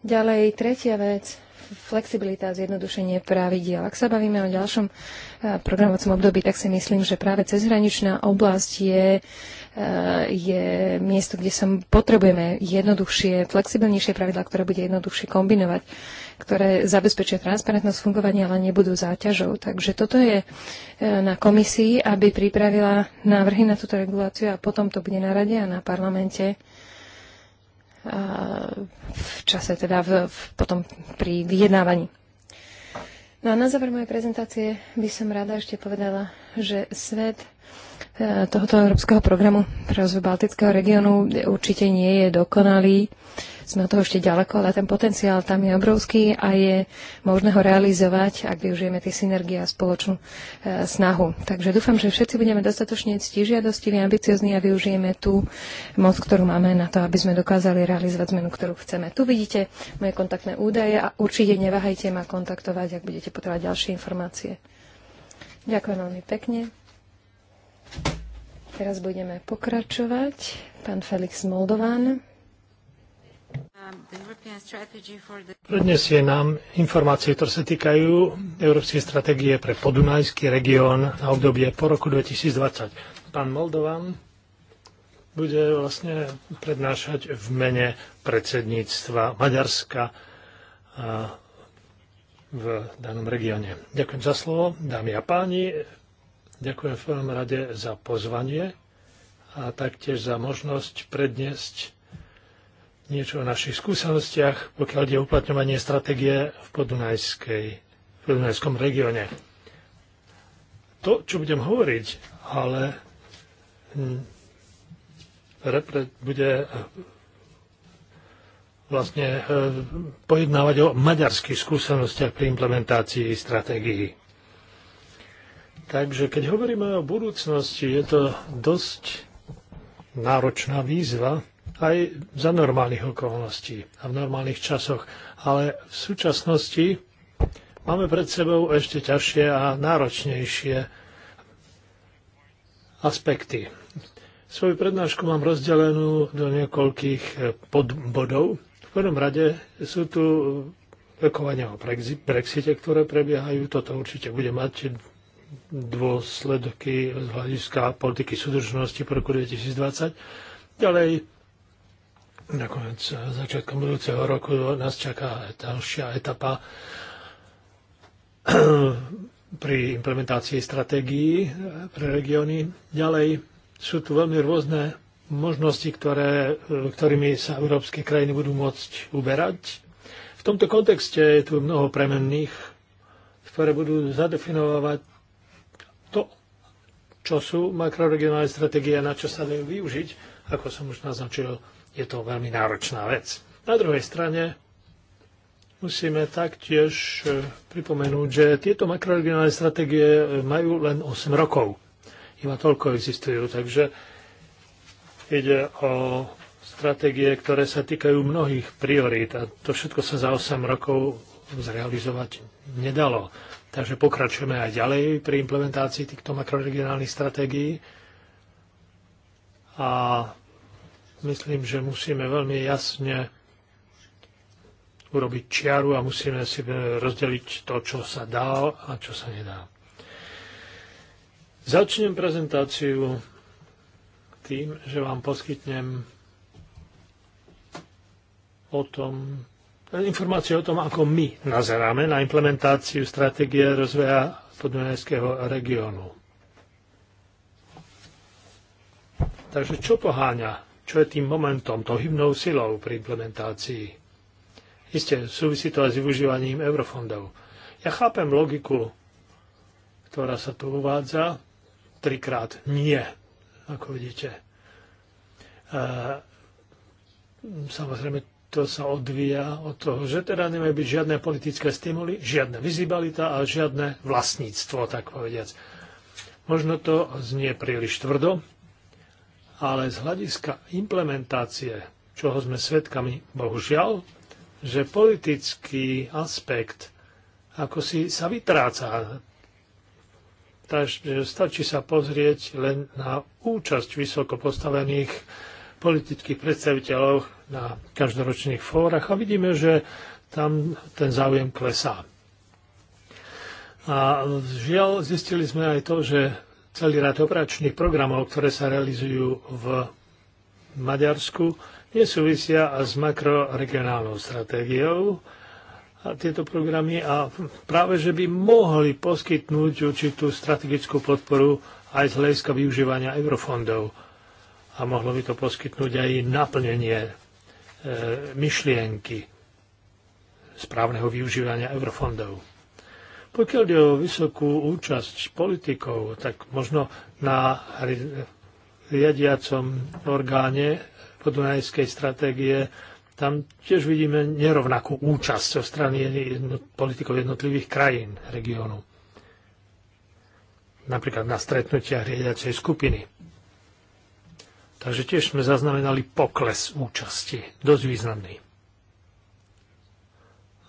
Ďalej, tretia vec, flexibilita a zjednodušenie pravidiel. Ak sa bavíme o ďalšom e, programovacom období, tak si myslím, že práve cezhraničná oblasť je, e, je miesto, kde sa potrebujeme jednoduchšie, flexibilnejšie pravidla, ktoré bude jednoduchšie kombinovať, ktoré zabezpečia transparentnosť fungovania, ale nebudú záťažou. Takže toto je e, na komisii, aby pripravila návrhy na túto reguláciu a potom to bude na rade a na parlamente v čase, teda v, v, potom pri vyjednávaní. No a na záver mojej prezentácie by som rada ešte povedala, že svet E, tohoto európskeho programu pre rozvoj Baltického regiónu určite nie je dokonalý. Sme od toho ešte ďaleko, ale ten potenciál tam je obrovský a je možné ho realizovať, ak využijeme tie synergie a spoločnú e, snahu. Takže dúfam, že všetci budeme dostatočne ctižiadostiví, ambiciozní a využijeme tú moc, ktorú máme na to, aby sme dokázali realizovať zmenu, ktorú chceme. Tu vidíte moje kontaktné údaje a určite neváhajte ma kontaktovať, ak budete potrebovať ďalšie informácie. Ďakujem veľmi pekne. Teraz budeme pokračovať. Pán Felix Moldovan. Prednesie nám informácie, ktoré sa týkajú Európskej stratégie pre podunajský región na obdobie po roku 2020. Pán Moldovan bude vlastne prednášať v mene predsedníctva Maďarska v danom regióne. Ďakujem za slovo, dámy a páni. Ďakujem v prvom rade za pozvanie a taktiež za možnosť predniesť niečo o našich skúsenostiach, pokiaľ je uplatňovanie stratégie v podunajskej, v podunajskom regióne. To, čo budem hovoriť, ale hm, bude vlastne eh, pojednávať o maďarských skúsenostiach pri implementácii stratégií. Takže keď hovoríme o budúcnosti, je to dosť náročná výzva aj za normálnych okolností a v normálnych časoch. Ale v súčasnosti máme pred sebou ešte ťažšie a náročnejšie aspekty. Svoju prednášku mám rozdelenú do niekoľkých podbodov. V prvom rade sú tu rokovania o Brexite, ktoré prebiehajú. Toto určite bude mať dôsledky z hľadiska politiky súdržnosti po roku 2020. Ďalej, nakoniec začiatkom budúceho roku nás čaká ďalšia etapa [clears throat] pri implementácii stratégií pre regióny. Ďalej sú tu veľmi rôzne možnosti, ktoré, ktorými sa európske krajiny budú môcť uberať. V tomto kontexte je tu mnoho premenných, ktoré budú zadefinovať čo sú makroregionálne stratégie a na čo sa dajú využiť. Ako som už naznačil, je to veľmi náročná vec. Na druhej strane musíme taktiež e, pripomenúť, že tieto makroregionálne stratégie e, majú len 8 rokov. Iba toľko existujú, takže ide o stratégie, ktoré sa týkajú mnohých priorít a to všetko sa za 8 rokov zrealizovať nedalo. Takže pokračujeme aj ďalej pri implementácii týchto makroregionálnych stratégií a myslím, že musíme veľmi jasne urobiť čiaru a musíme si rozdeliť to, čo sa dá a čo sa nedá. Začnem prezentáciu tým, že vám poskytnem o tom, informácie o tom, ako my nazeráme na implementáciu stratégie rozvoja podunajského regiónu. Takže čo poháňa? Čo je tým momentom, tou hybnou silou pri implementácii? Isté, súvisí to aj s využívaním eurofondov. Ja chápem logiku, ktorá sa tu uvádza. Trikrát nie, ako vidíte. E, samozrejme, to sa odvíja od toho, že teda nemajú byť žiadne politické stimuly, žiadna vizibilita a žiadne vlastníctvo, tak povediac. Možno to znie príliš tvrdo, ale z hľadiska implementácie, čoho sme svedkami, bohužiaľ, že politický aspekt ako si sa vytráca. Takže stačí sa pozrieť len na účasť vysoko postavených politických predstaviteľov na každoročných fórach a vidíme, že tam ten záujem klesá. A žiaľ, zistili sme aj to, že celý rád operačných programov, ktoré sa realizujú v Maďarsku, nesúvisia s makroregionálnou stratégiou a tieto programy a práve, že by mohli poskytnúť určitú strategickú podporu aj z hľadiska využívania eurofondov a mohlo by to poskytnúť aj naplnenie e, myšlienky správneho využívania eurofondov. Pokiaľ ide o vysokú účasť politikov, tak možno na riadiacom orgáne podunajskej stratégie tam tiež vidíme nerovnakú účasť zo strany politikov jednotlivých krajín regiónu. Napríklad na stretnutiach riadiacej skupiny. Takže tiež sme zaznamenali pokles účasti, dosť významný.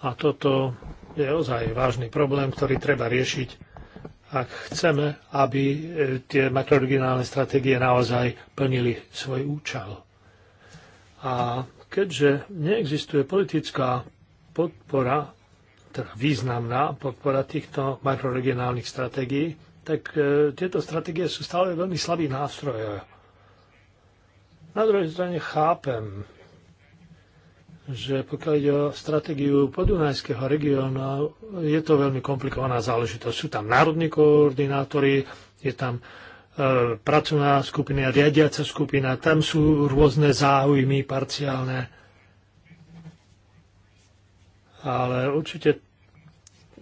A toto je ozaj vážny problém, ktorý treba riešiť, ak chceme, aby e, tie makroregionálne stratégie naozaj plnili svoj účel. A keďže neexistuje politická podpora, teda významná podpora týchto makroregionálnych stratégií, tak e, tieto stratégie sú stále veľmi slabý nástroj na druhej strane chápem, že pokiaľ ide o stratégiu podunajského regiónu, je to veľmi komplikovaná záležitosť. Sú tam národní koordinátori, je tam e, pracovná skupina, riadiaca skupina, tam sú rôzne záujmy parciálne. Ale určite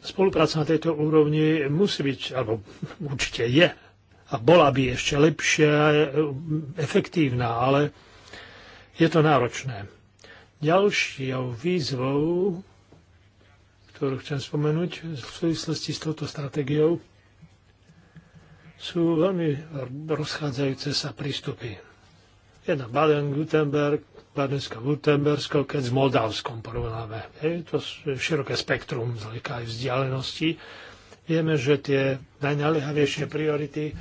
spolupráca na tejto úrovni musí byť, alebo [laughs] určite je a bola by ešte lepšia, eh, efektívna, ale je to náročné. Ďalšou výzvou, ktorú chcem spomenúť v súvislosti s touto stratégiou, sú veľmi rozchádzajúce sa prístupy. Jedna Baden-Württemberg, Badensko-Württembersko, keď s Moldavskom porovnáme. Je to široké spektrum z aj vzdialenosti. Vieme, že tie najnaliehavejšie priority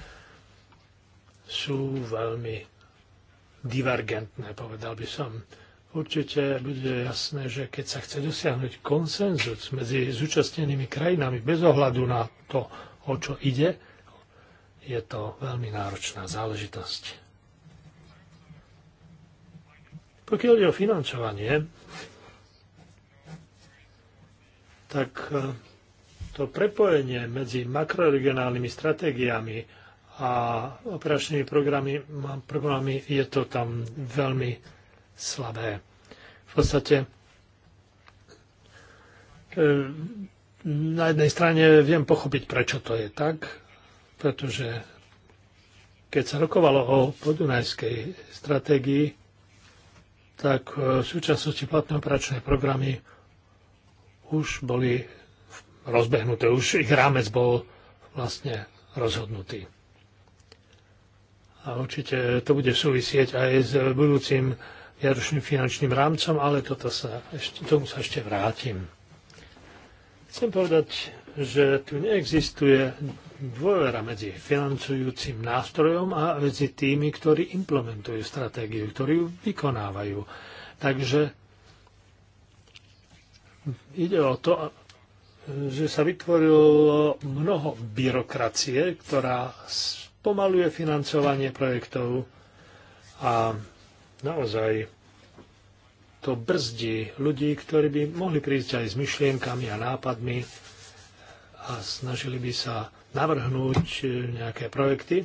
sú veľmi divergentné, povedal by som. Určite bude jasné, že keď sa chce dosiahnuť konsenzus medzi zúčastnenými krajinami bez ohľadu na to, o čo ide, je to veľmi náročná záležitosť. Pokiaľ je o financovanie, tak eh, to prepojenie medzi makroregionálnymi stratégiami a operačnými programy, programy je to tam veľmi slabé. V podstate e, na jednej strane viem pochopiť, prečo to je tak, pretože keď sa rokovalo o podunajskej stratégii, tak e, v súčasnosti platné operačné programy už boli rozbehnuté, už ich rámec bol vlastne rozhodnutý. A určite to bude súvisieť aj s budúcim viaročným finančným rámcom, ale toto sa, ešte, tomu sa ešte vrátim. Chcem povedať, že tu neexistuje dôvera medzi financujúcim nástrojom a medzi tými, ktorí implementujú stratégiu, ktorí ju vykonávajú. Takže ide o to, že sa vytvorilo mnoho byrokracie, ktorá spomaluje financovanie projektov a naozaj to brzdí ľudí, ktorí by mohli prísť aj s myšlienkami a nápadmi a snažili by sa navrhnúť e, nejaké projekty.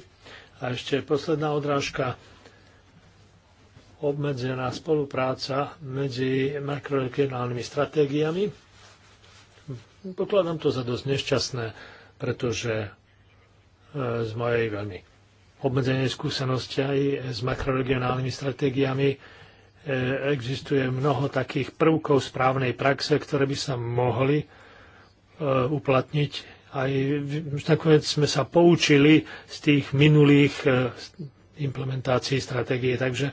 A ešte posledná odrážka obmedzená spolupráca medzi makroregionálnymi stratégiami. Pokladám to za dosť nešťastné, pretože z mojej veľmi obmedzenej skúsenosti aj s makroregionálnymi stratégiami e, existuje mnoho takých prvkov správnej praxe, ktoré by sa mohli e, uplatniť. Aj nakoniec sme sa poučili z tých minulých e, implementácií stratégie, takže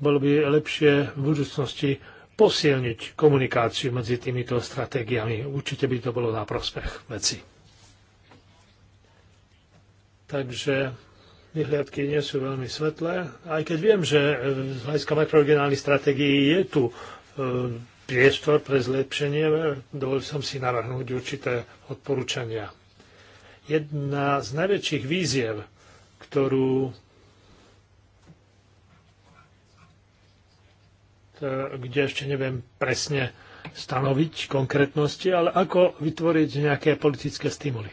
bolo by lepšie v budúcnosti posilniť komunikáciu medzi týmito stratégiami. Určite by to bolo na prospech veci takže vyhliadky nie sú veľmi svetlé. Aj keď viem, že z hľadiska makroregionálnej stratégií je tu e, priestor pre zlepšenie, dovolil som si navrhnúť určité odporúčania. Jedna z najväčších víziev, ktorú e, kde ešte neviem presne stanoviť konkrétnosti, ale ako vytvoriť nejaké politické stimuly.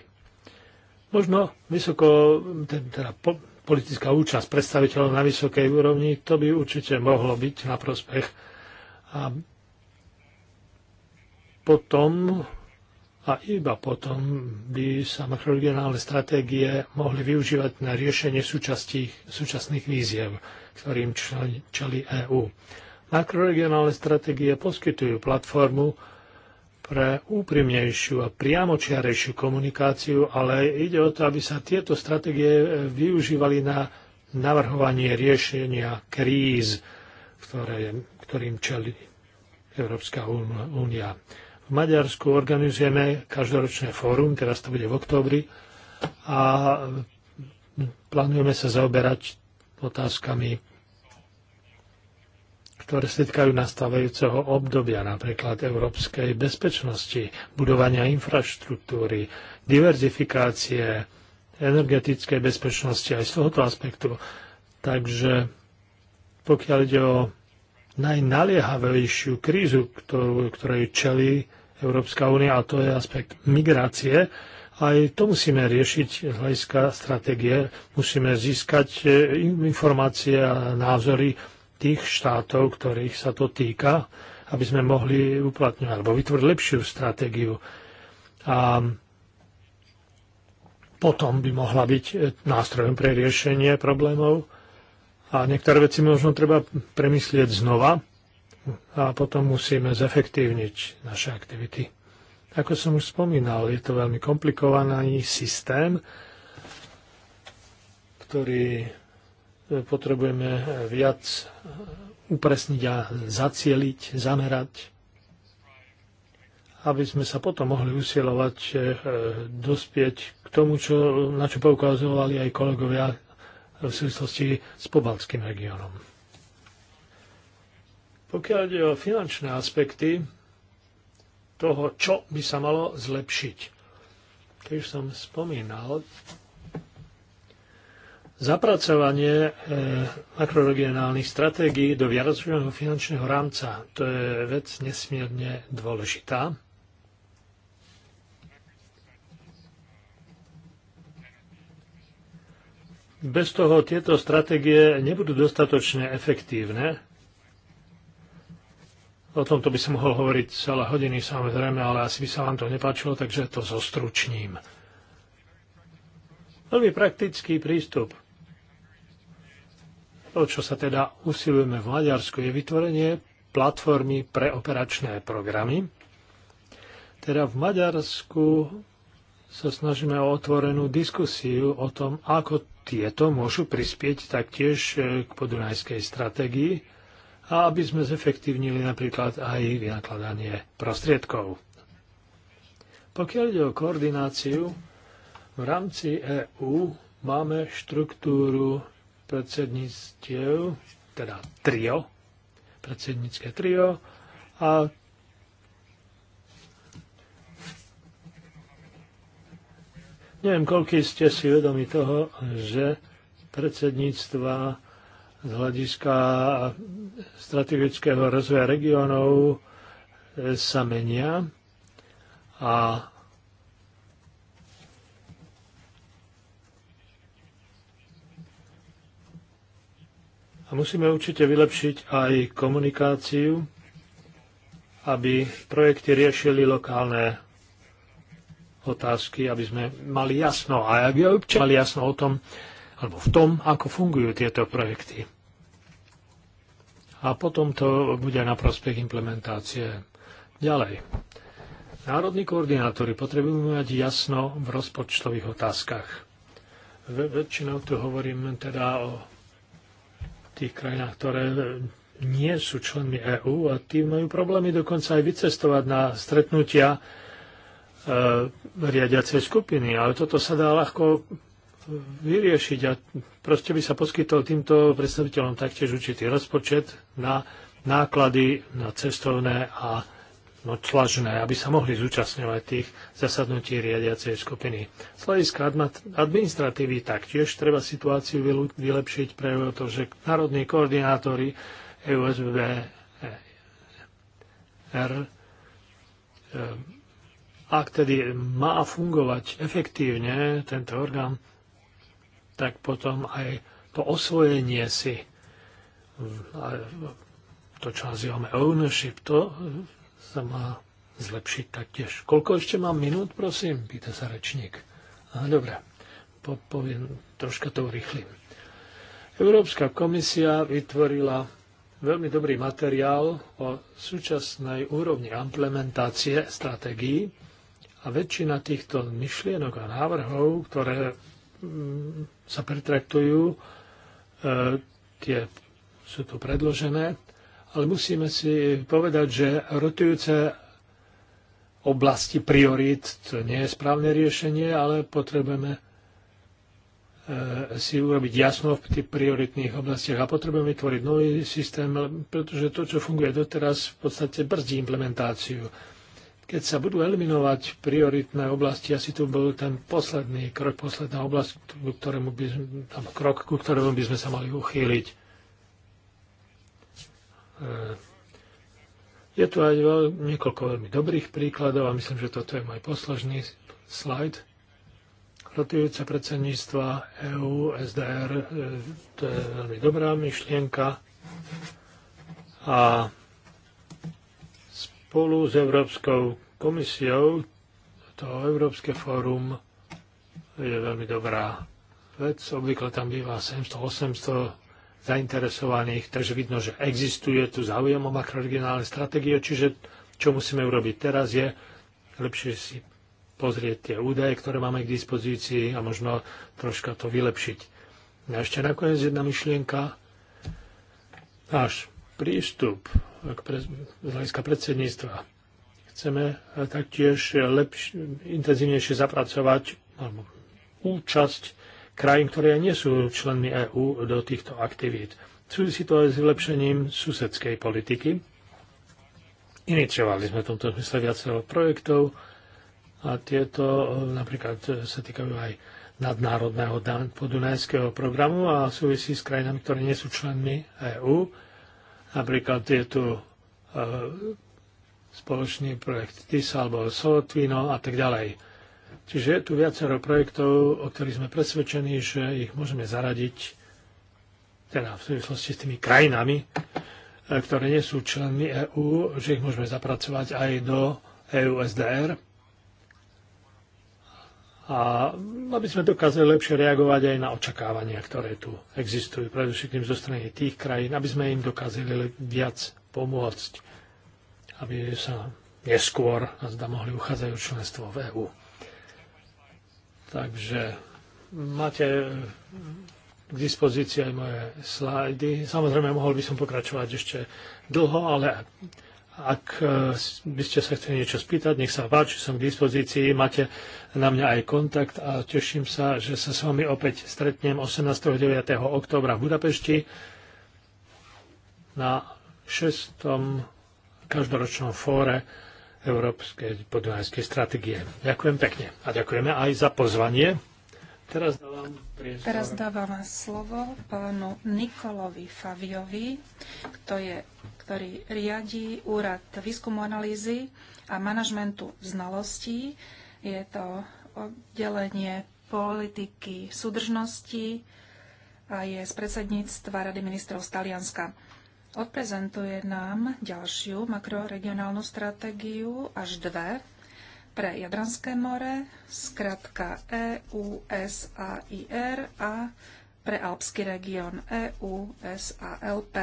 Možno vysoko, teda politická účasť predstaviteľov na vysokej úrovni, to by určite mohlo byť na prospech. A potom a iba potom by sa makroregionálne stratégie mohli využívať na riešenie súčasných víziev, ktorým čeli EÚ. Makroregionálne stratégie poskytujú platformu, pre úprimnejšiu a priamočiarejšiu komunikáciu, ale ide o to, aby sa tieto stratégie využívali na navrhovanie riešenia kríz, ktoré, ktorým čelí Európska únia. V Maďarsku organizujeme každoročné fórum, teraz to bude v októbri, a plánujeme sa zaoberať otázkami ktoré sa týkajú nastávajúceho obdobia, napríklad európskej bezpečnosti, budovania infraštruktúry, diverzifikácie, energetickej bezpečnosti aj z tohoto aspektu. Takže pokiaľ ide o najnaliehavejšiu krízu, ktorú, ktorej čelí Európska únia, a to je aspekt migrácie, aj to musíme riešiť z hľadiska stratégie. Musíme získať eh, informácie a názory tých štátov, ktorých sa to týka, aby sme mohli uplatňovať alebo vytvoriť lepšiu stratégiu. A potom by mohla byť nástrojom pre riešenie problémov a niektoré veci možno treba premyslieť znova a potom musíme zefektívniť naše aktivity. Ako som už spomínal, je to veľmi komplikovaný systém, ktorý potrebujeme viac upresniť a zacieliť, zamerať, aby sme sa potom mohli usilovať e, dospieť k tomu, čo, na čo poukazovali aj kolegovia v súvislosti s pobaltským regiónom. Pokiaľ ide o finančné aspekty toho, čo by sa malo zlepšiť. Keď som spomínal, Zapracovanie e, makroregionálnych stratégií do viacročného finančného rámca, to je vec nesmierne dôležitá. Bez toho tieto stratégie nebudú dostatočne efektívne. O tomto by som mohol hovoriť celé hodiny samozrejme, ale asi by sa vám to nepáčilo, takže to zostručním. Veľmi praktický prístup O čo sa teda usilujeme v Maďarsku je vytvorenie platformy pre operačné programy. Teda v Maďarsku sa snažíme o otvorenú diskusiu o tom, ako tieto môžu prispieť taktiež e, k podunajskej stratégii a aby sme zefektívnili napríklad aj vynakladanie prostriedkov. Pokiaľ ide o koordináciu, v rámci EÚ máme štruktúru predsedníctiev, teda trio, predsednícke trio a neviem, koľký ste si vedomi toho, že predsedníctva z hľadiska strategického rozvoja regionov e, sa menia a A musíme určite vylepšiť aj komunikáciu, aby projekty riešili lokálne otázky, aby sme mali jasno a aby občania mali jasno o tom, alebo v tom, ako fungujú tieto projekty. A potom to bude na prospech implementácie. Ďalej. Národní koordinátori potrebujú mať jasno v rozpočtových otázkach. Väčšinou tu hovorím teda o tých krajinách, ktoré e, nie sú členmi EÚ a tí majú problémy dokonca aj vycestovať na stretnutia e, riadiacej skupiny. Ale toto sa dá ľahko e, vyriešiť a proste by sa poskytol týmto predstaviteľom taktiež určitý rozpočet na náklady na cestovné a No, tlažné, aby sa mohli zúčastňovať tých zasadnutí riadiacej skupiny. Z hľadiska administratívy taktiež treba situáciu vylepšiť pre to, že národní koordinátori EUSBR e, R e, ak tedy má fungovať efektívne tento orgán, tak potom aj to osvojenie si to, čo nazývame ownership, to sa má zlepšiť taktiež. Koľko ešte mám minút, prosím? Pýta sa rečník. Aha, dobre, po, poviem, troška to urychlím. Európska komisia vytvorila veľmi dobrý materiál o súčasnej úrovni implementácie stratégií a väčšina týchto myšlienok a návrhov, ktoré mm, sa pretraktujú, e, tie sú tu predložené, ale musíme si povedať, že rotujúce oblasti priorit, to nie je správne riešenie, ale potrebujeme e, si urobiť jasno v tých prioritných oblastiach a potrebujeme vytvoriť nový systém, pretože to, čo funguje doteraz, v podstate brzdí implementáciu. Keď sa budú eliminovať prioritné oblasti, asi tu bol ten posledný krok, posledná oblasť, ku ktorému by, tam krok, ku ktorému by sme sa mali uchýliť. E, je tu aj veľ, niekoľko veľmi dobrých príkladov a myslím, že toto je môj posledný slajd. Rotujúce predsedníctva EU, SDR, e, to je veľmi dobrá myšlienka a spolu s Európskou komisiou to Európske fórum je veľmi dobrá vec. Obvykle tam býva 700-800 zainteresovaných, takže vidno, že existuje tu záujem o makroregionálne stratégie, čiže čo musíme urobiť teraz je lepšie si pozrieť tie údaje, ktoré máme k dispozícii a možno troška to vylepšiť. A ešte nakoniec jedna myšlienka. Náš prístup k pre, z hľadiska predsedníctva. Chceme eh, taktiež eh, lepš, intenzívnejšie zapracovať alebo účasť krajín, ktoré nie sú členmi EÚ do týchto aktivít. Súvisí to aj s vylepšením susedskej politiky. Iniciovali sme v tomto smysle viacero projektov a tieto eh, napríklad eh, sa týkajú aj nadnárodného podunajského programu a súvisí s krajinami, ktoré nie sú členmi EÚ. Napríklad je tu eh, spoločný projekt TIS alebo Sotvino a tak ďalej. Čiže je tu viacero projektov, o ktorých sme presvedčení, že ich môžeme zaradiť teda v súvislosti s tými krajinami, e, ktoré nie sú členmi EÚ, že ich môžeme zapracovať aj do EU SDR. A aby sme dokázali lepšie reagovať aj na očakávania, ktoré tu existujú, predovšetkým zo strany tých krajín, aby sme im dokázali viac pomôcť, aby sa neskôr, zda mohli uchádzajú členstvo v EÚ. Takže máte k dispozícii aj moje slajdy. Samozrejme, mohol by som pokračovať ešte dlho, ale ak e, by ste sa chceli niečo spýtať, nech sa páči, som k dispozícii, máte na mňa aj kontakt a teším sa, že sa s vami opäť stretnem 18. 9. októbra v Budapešti na 6. každoročnom fóre Európskej podunajskej stratégie. Ďakujem pekne a ďakujeme aj za pozvanie. Teraz dávam, priestor. Teraz dávam slovo pánu Nikolovi Faviovi, kto je, ktorý riadi Úrad výskumu analýzy a manažmentu znalostí. Je to oddelenie politiky súdržnosti a je z predsedníctva Rady ministrov z Talianska odprezentuje nám ďalšiu makroregionálnu stratégiu, až dve, pre Jadranské more, skratka EUSAIR a pre Alpský región EUSALP.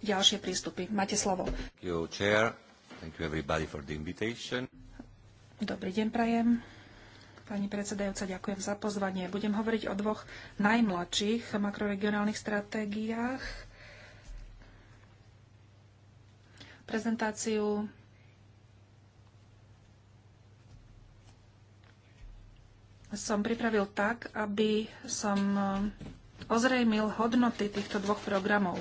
Ďalšie prístupy. Máte slovo. Thank you, chair. Thank you everybody for the invitation. Dobrý deň, prajem. Pani predsedajúca, ďakujem za pozvanie. Budem hovoriť o dvoch najmladších makroregionálnych stratégiách prezentáciu. Som pripravil tak, aby som eh, ozrejmil hodnoty týchto dvoch programov.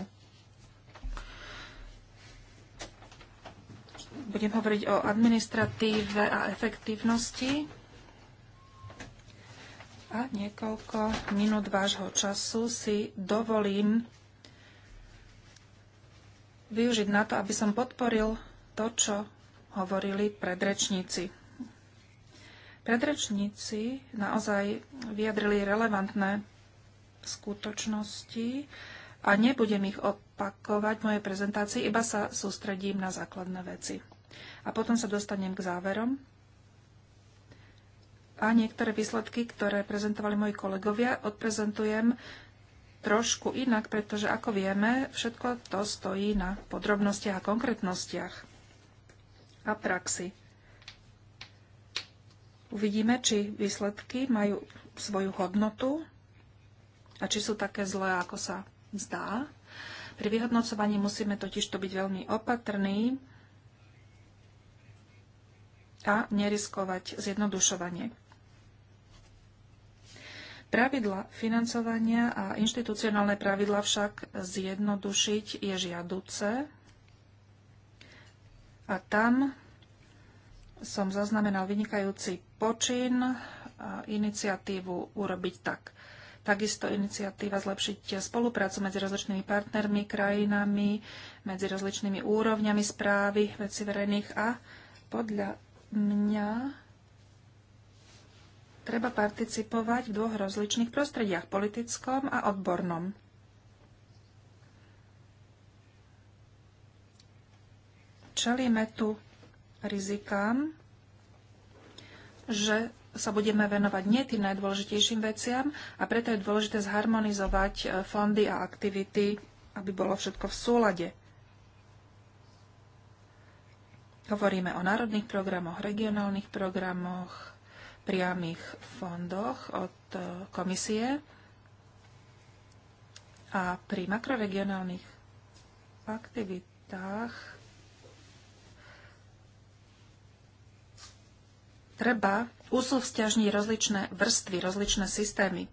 Budem hovoriť o administratíve a efektívnosti a niekoľko minút vášho času si dovolím využiť na to, aby som podporil to, čo hovorili predrečníci. Predrečníci naozaj vyjadrili relevantné skutočnosti a nebudem ich opakovať v mojej prezentácii, iba sa sústredím na základné veci. A potom sa dostanem k záverom a niektoré výsledky, ktoré prezentovali moji kolegovia, odprezentujem trošku inak, pretože ako vieme, všetko to stojí na podrobnostiach a konkrétnostiach a praxi. Uvidíme, či výsledky majú svoju hodnotu a či sú také zlé, ako sa zdá. Pri vyhodnocovaní musíme totiž to byť veľmi opatrní a neriskovať zjednodušovanie. Pravidla financovania a inštitucionálne pravidla však zjednodušiť je žiaduce. A tam som zaznamenal vynikajúci počin a iniciatívu urobiť tak. Takisto iniciatíva zlepšiť spoluprácu medzi rozličnými partnermi, krajinami, medzi rozličnými úrovňami správy veci verejných a podľa mňa treba participovať v dvoch rozličných prostrediach, politickom a odbornom. Čelíme tu rizikám, že sa budeme venovať nie tým najdôležitejším veciam a preto je dôležité zharmonizovať e, fondy a aktivity, aby bolo všetko v súlade. Hovoríme o národných programoch, regionálnych programoch, priamých fondoch od e, komisie a pri makroregionálnych aktivitách treba usúvzťažniť rozličné vrstvy, rozličné systémy.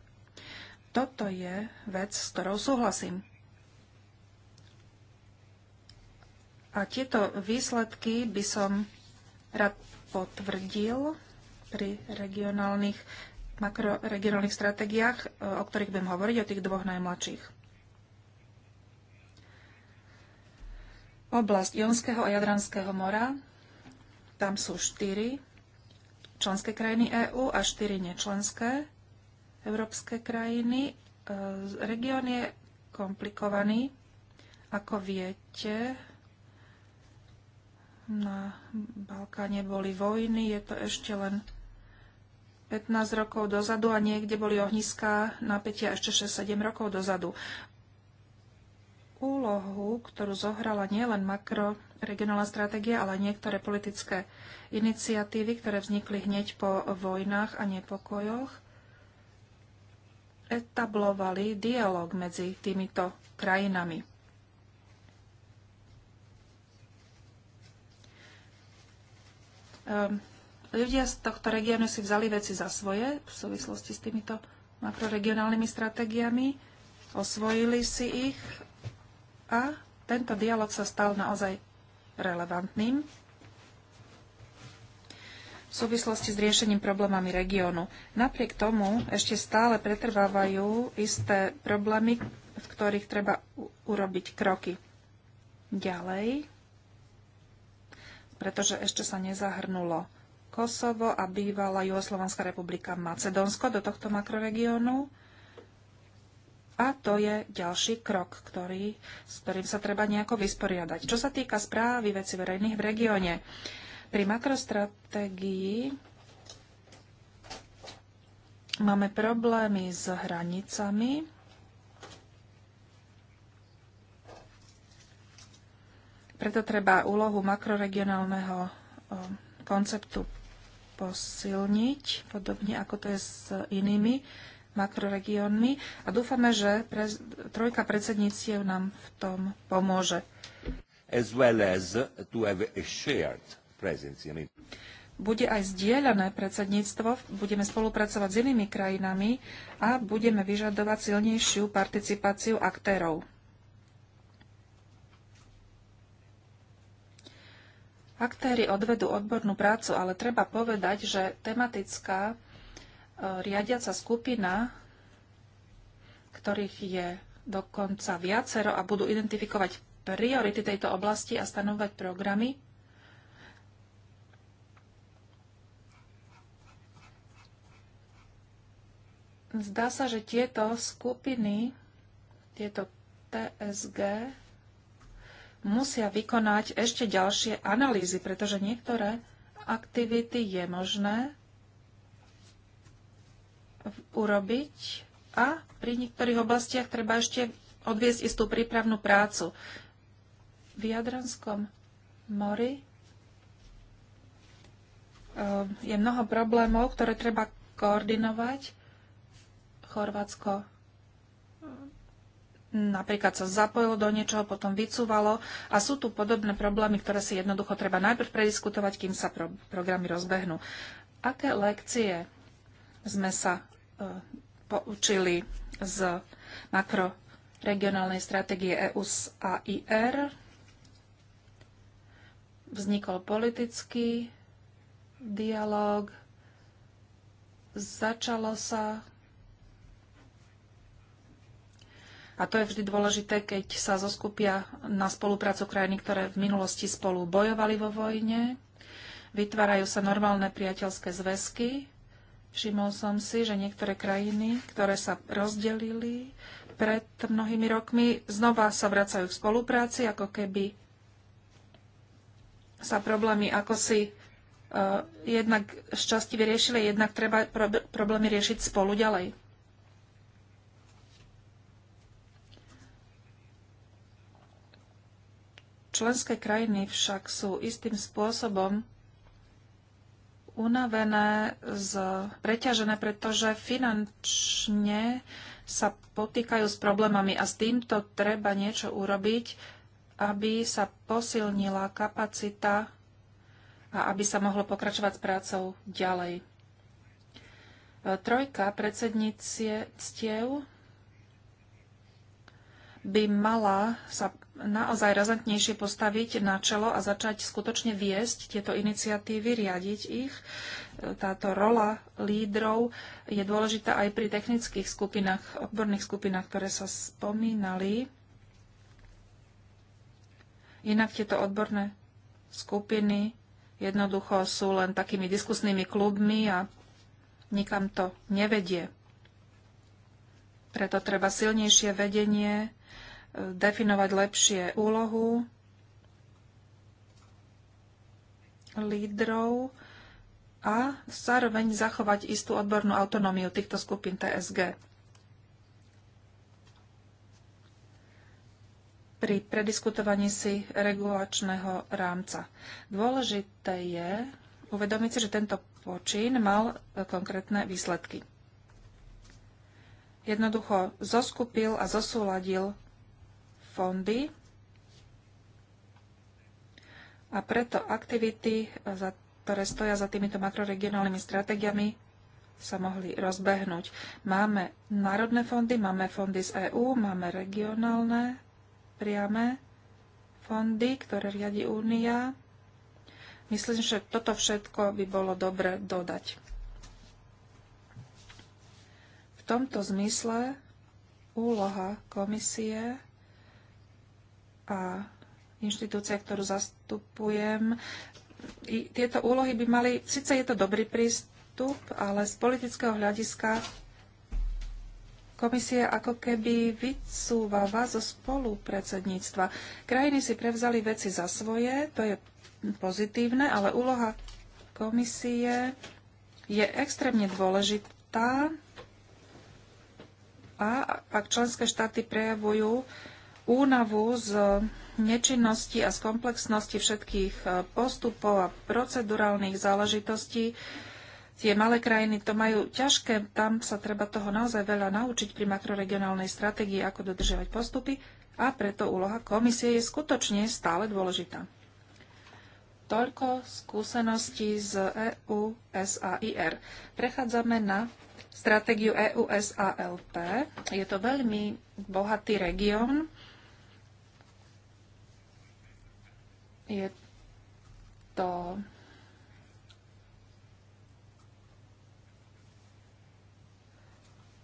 Toto je vec, s ktorou súhlasím. A tieto výsledky by som rád potvrdil pri regionálnych, makroregionálnych stratégiách, e, o ktorých budem hovoriť, o tých dvoch najmladších. Oblasť Jonského a Jadranského mora, tam sú štyri členské krajiny EÚ a štyri nečlenské európske krajiny. E, región je komplikovaný. Ako viete, na Balkáne boli vojny, je to ešte len 15 rokov dozadu a niekde boli ohniská napätia ešte 6-7 rokov dozadu. Úlohu, ktorú zohrala nielen makroregionálna stratégia, ale niektoré politické iniciatívy, ktoré vznikli hneď po vojnách a nepokojoch, etablovali dialog medzi týmito krajinami. Um, Ľudia z tohto regiónu si vzali veci za svoje v súvislosti s týmito makroregionálnymi stratégiami, osvojili si ich a tento dialog sa stal naozaj relevantným v súvislosti s riešením problémami regiónu. Napriek tomu ešte stále pretrvávajú isté problémy, v ktorých treba urobiť kroky. Ďalej, pretože ešte sa nezahrnulo Kosovo a bývala Juhoslovanská republika Macedónsko do tohto makroregiónu. A to je ďalší krok, ktorý, s ktorým sa treba nejako vysporiadať. Čo sa týka správy veci verejných v regióne, pri makrostrategii máme problémy s hranicami. Preto treba úlohu makroregionálneho eh, konceptu posilniť, podobne ako to je s inými makroregiónmi a dúfame, že pre, trojka predsedníciev nám v tom pomôže. As well as to have a shared presence. I mean... Bude aj zdieľané predsedníctvo, budeme spolupracovať s inými krajinami a budeme vyžadovať silnejšiu participáciu aktérov. Aktéry odvedú odbornú prácu, ale treba povedať, že tematická e, riadiaca skupina, ktorých je dokonca viacero a budú identifikovať priority tejto oblasti a stanovať programy, Zdá sa, že tieto skupiny, tieto TSG musia vykonať ešte ďalšie analýzy, pretože niektoré aktivity je možné urobiť a pri niektorých oblastiach treba ešte odviesť istú prípravnú prácu. V Jadranskom mori eh, je mnoho problémov, ktoré treba koordinovať. Chorvátsko napríklad sa zapojilo do niečoho, potom vycúvalo a sú tu podobné problémy, ktoré si jednoducho treba najprv prediskutovať, kým sa pro, programy rozbehnú. Aké lekcie sme sa e, poučili z makroregionálnej stratégie EU s AIR? Vznikol politický dialog, začalo sa A to je vždy dôležité, keď sa zoskupia na spoluprácu krajiny, ktoré v minulosti spolu bojovali vo vojne. Vytvárajú sa normálne priateľské zväzky. Všimol som si, že niektoré krajiny, ktoré sa rozdelili pred mnohými rokmi, znova sa vracajú k spolupráci, ako keby sa problémy ako si uh, jednak z vyriešili, jednak treba pro problémy riešiť spolu ďalej. Členské krajiny však sú istým spôsobom unavené, z, preťažené, pretože finančne sa potýkajú s problémami a s týmto treba niečo urobiť, aby sa posilnila kapacita a aby sa mohlo pokračovať s prácou ďalej. E, trojka predsedníctiev by mala sa naozaj razantnejšie postaviť na čelo a začať skutočne viesť tieto iniciatívy, riadiť ich. Táto rola lídrov je dôležitá aj pri technických skupinách, odborných skupinách, ktoré sa spomínali. Inak tieto odborné skupiny jednoducho sú len takými diskusnými klubmi a nikam to nevedie. Preto treba silnejšie vedenie, definovať lepšie úlohu lídrov a zároveň zachovať istú odbornú autonómiu týchto skupín TSG. pri prediskutovaní si regulačného rámca. Dôležité je uvedomiť si, že tento počin mal e, konkrétne výsledky. Jednoducho zoskupil a zosúladil fondy a preto aktivity, ktoré stoja za týmito makroregionálnymi stratégiami, sa mohli rozbehnúť. Máme národné fondy, máme fondy z EÚ, máme regionálne priame fondy, ktoré riadi Únia. Myslím, že toto všetko by bolo dobre dodať. V tomto zmysle úloha komisie a inštitúcia, ktorú zastupujem, i tieto úlohy by mali, síce je to dobrý prístup, ale z politického hľadiska Komisie ako keby vás zo spolupredsedníctva. Krajiny si prevzali veci za svoje, to je pozitívne, ale úloha komisie je extrémne dôležitá a ak členské štáty prejavujú uh, únavu z nečinnosti a z komplexnosti všetkých e, postupov a procedurálnych záležitostí. Tie malé krajiny to majú ťažké, tam sa treba toho naozaj veľa naučiť pri makroregionálnej stratégii, ako dodržiavať postupy a preto úloha komisie je skutočne stále dôležitá. Toľko skúseností z EU SAIR. Prechádzame na stratégiu EU SALP. Je to veľmi bohatý región Je to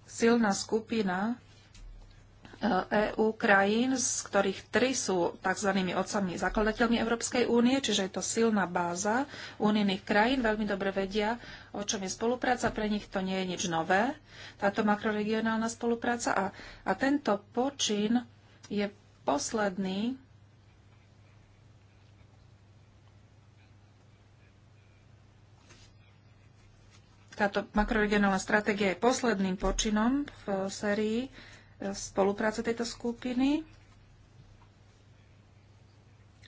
silná skupina EU e krajín, z ktorých tri sú tzv. otcami zakladateľmi Európskej únie, čiže je to silná báza únijných krajín. Veľmi dobre vedia, o čom je spolupráca. Pre nich to nie je nič nové, táto makroregionálna spolupráca. A, a tento počin je posledný Táto makroregionálna stratégia je posledným počinom v sérii e, spolupráce tejto skupiny.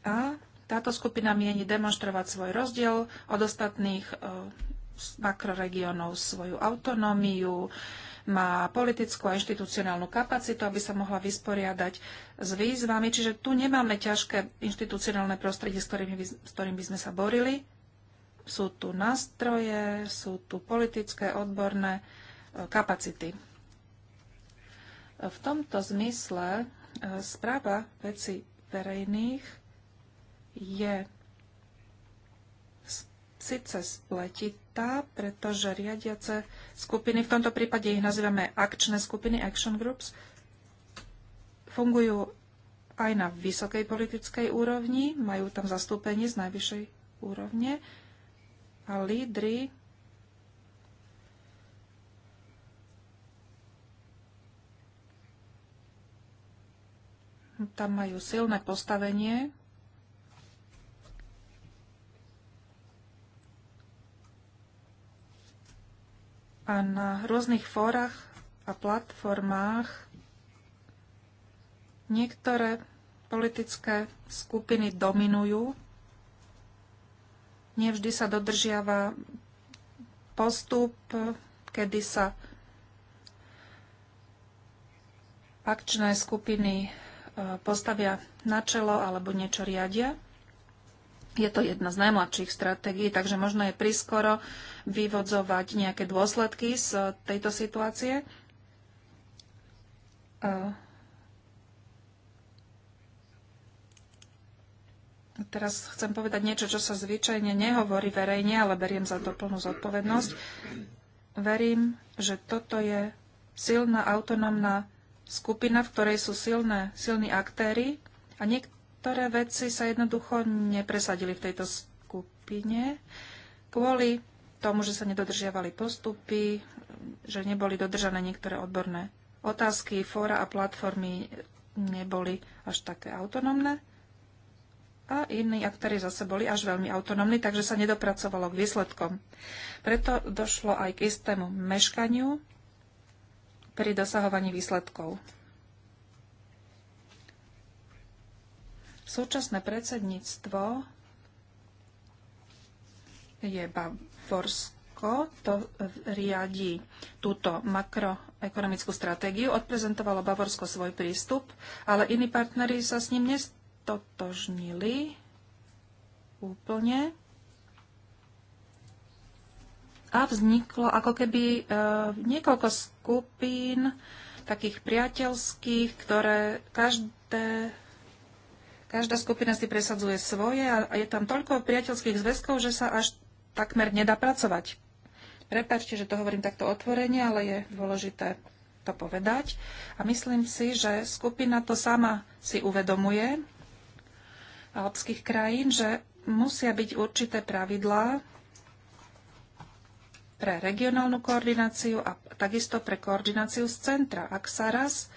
A táto skupina mieni demonstrovať svoj rozdiel od ostatných e, makroregiónov, svoju autonómiu, má politickú a inštitucionálnu kapacitu, aby sa mohla vysporiadať s výzvami. Čiže tu nemáme ťažké inštitucionálne prostredie, s ktorým by sme sa borili. Sú tu nástroje, sú tu politické, odborné e, kapacity. V tomto zmysle e, správa veci verejných je síce spletitá, pretože riadiace skupiny, v tomto prípade ich nazývame akčné skupiny, action groups, fungujú aj na vysokej politickej úrovni, majú tam zastúpenie z najvyššej úrovne a lídry tam majú silné postavenie. A na rôznych fórach a platformách niektoré politické skupiny dominujú Nevždy sa dodržiava postup, kedy sa akčné skupiny e, postavia na čelo alebo niečo riadia. Je to jedna z najmladších stratégií, takže možno je priskoro vyvodzovať nejaké dôsledky z e, tejto situácie. E, Teraz chcem povedať niečo, čo sa zvyčajne nehovorí verejne, ale beriem za to plnú zodpovednosť. Verím, že toto je silná autonómna skupina, v ktorej sú silné, silní aktéry a niektoré veci sa jednoducho nepresadili v tejto skupine kvôli tomu, že sa nedodržiavali postupy, že neboli dodržané niektoré odborné otázky, fóra a platformy neboli až také autonómne a iní aktéry zase boli až veľmi autonómni, takže sa nedopracovalo k výsledkom. Preto došlo aj k istému meškaniu pri dosahovaní výsledkov. Súčasné predsedníctvo je Bavorsko, to riadi túto makroekonomickú stratégiu. Odprezentovalo Bavorsko svoj prístup, ale iní partneri sa s ním nestretli stotožnili úplne a vzniklo ako keby e, niekoľko skupín takých priateľských, ktoré každé, každá skupina si presadzuje svoje a, a je tam toľko priateľských zväzkov, že sa až takmer nedá pracovať. Prepačte, že to hovorím takto otvorene, ale je dôležité to povedať. A myslím si, že skupina to sama si uvedomuje, alpských krajín, že musia byť určité pravidlá pre regionálnu koordináciu a takisto pre koordináciu z centra. Ak sa raz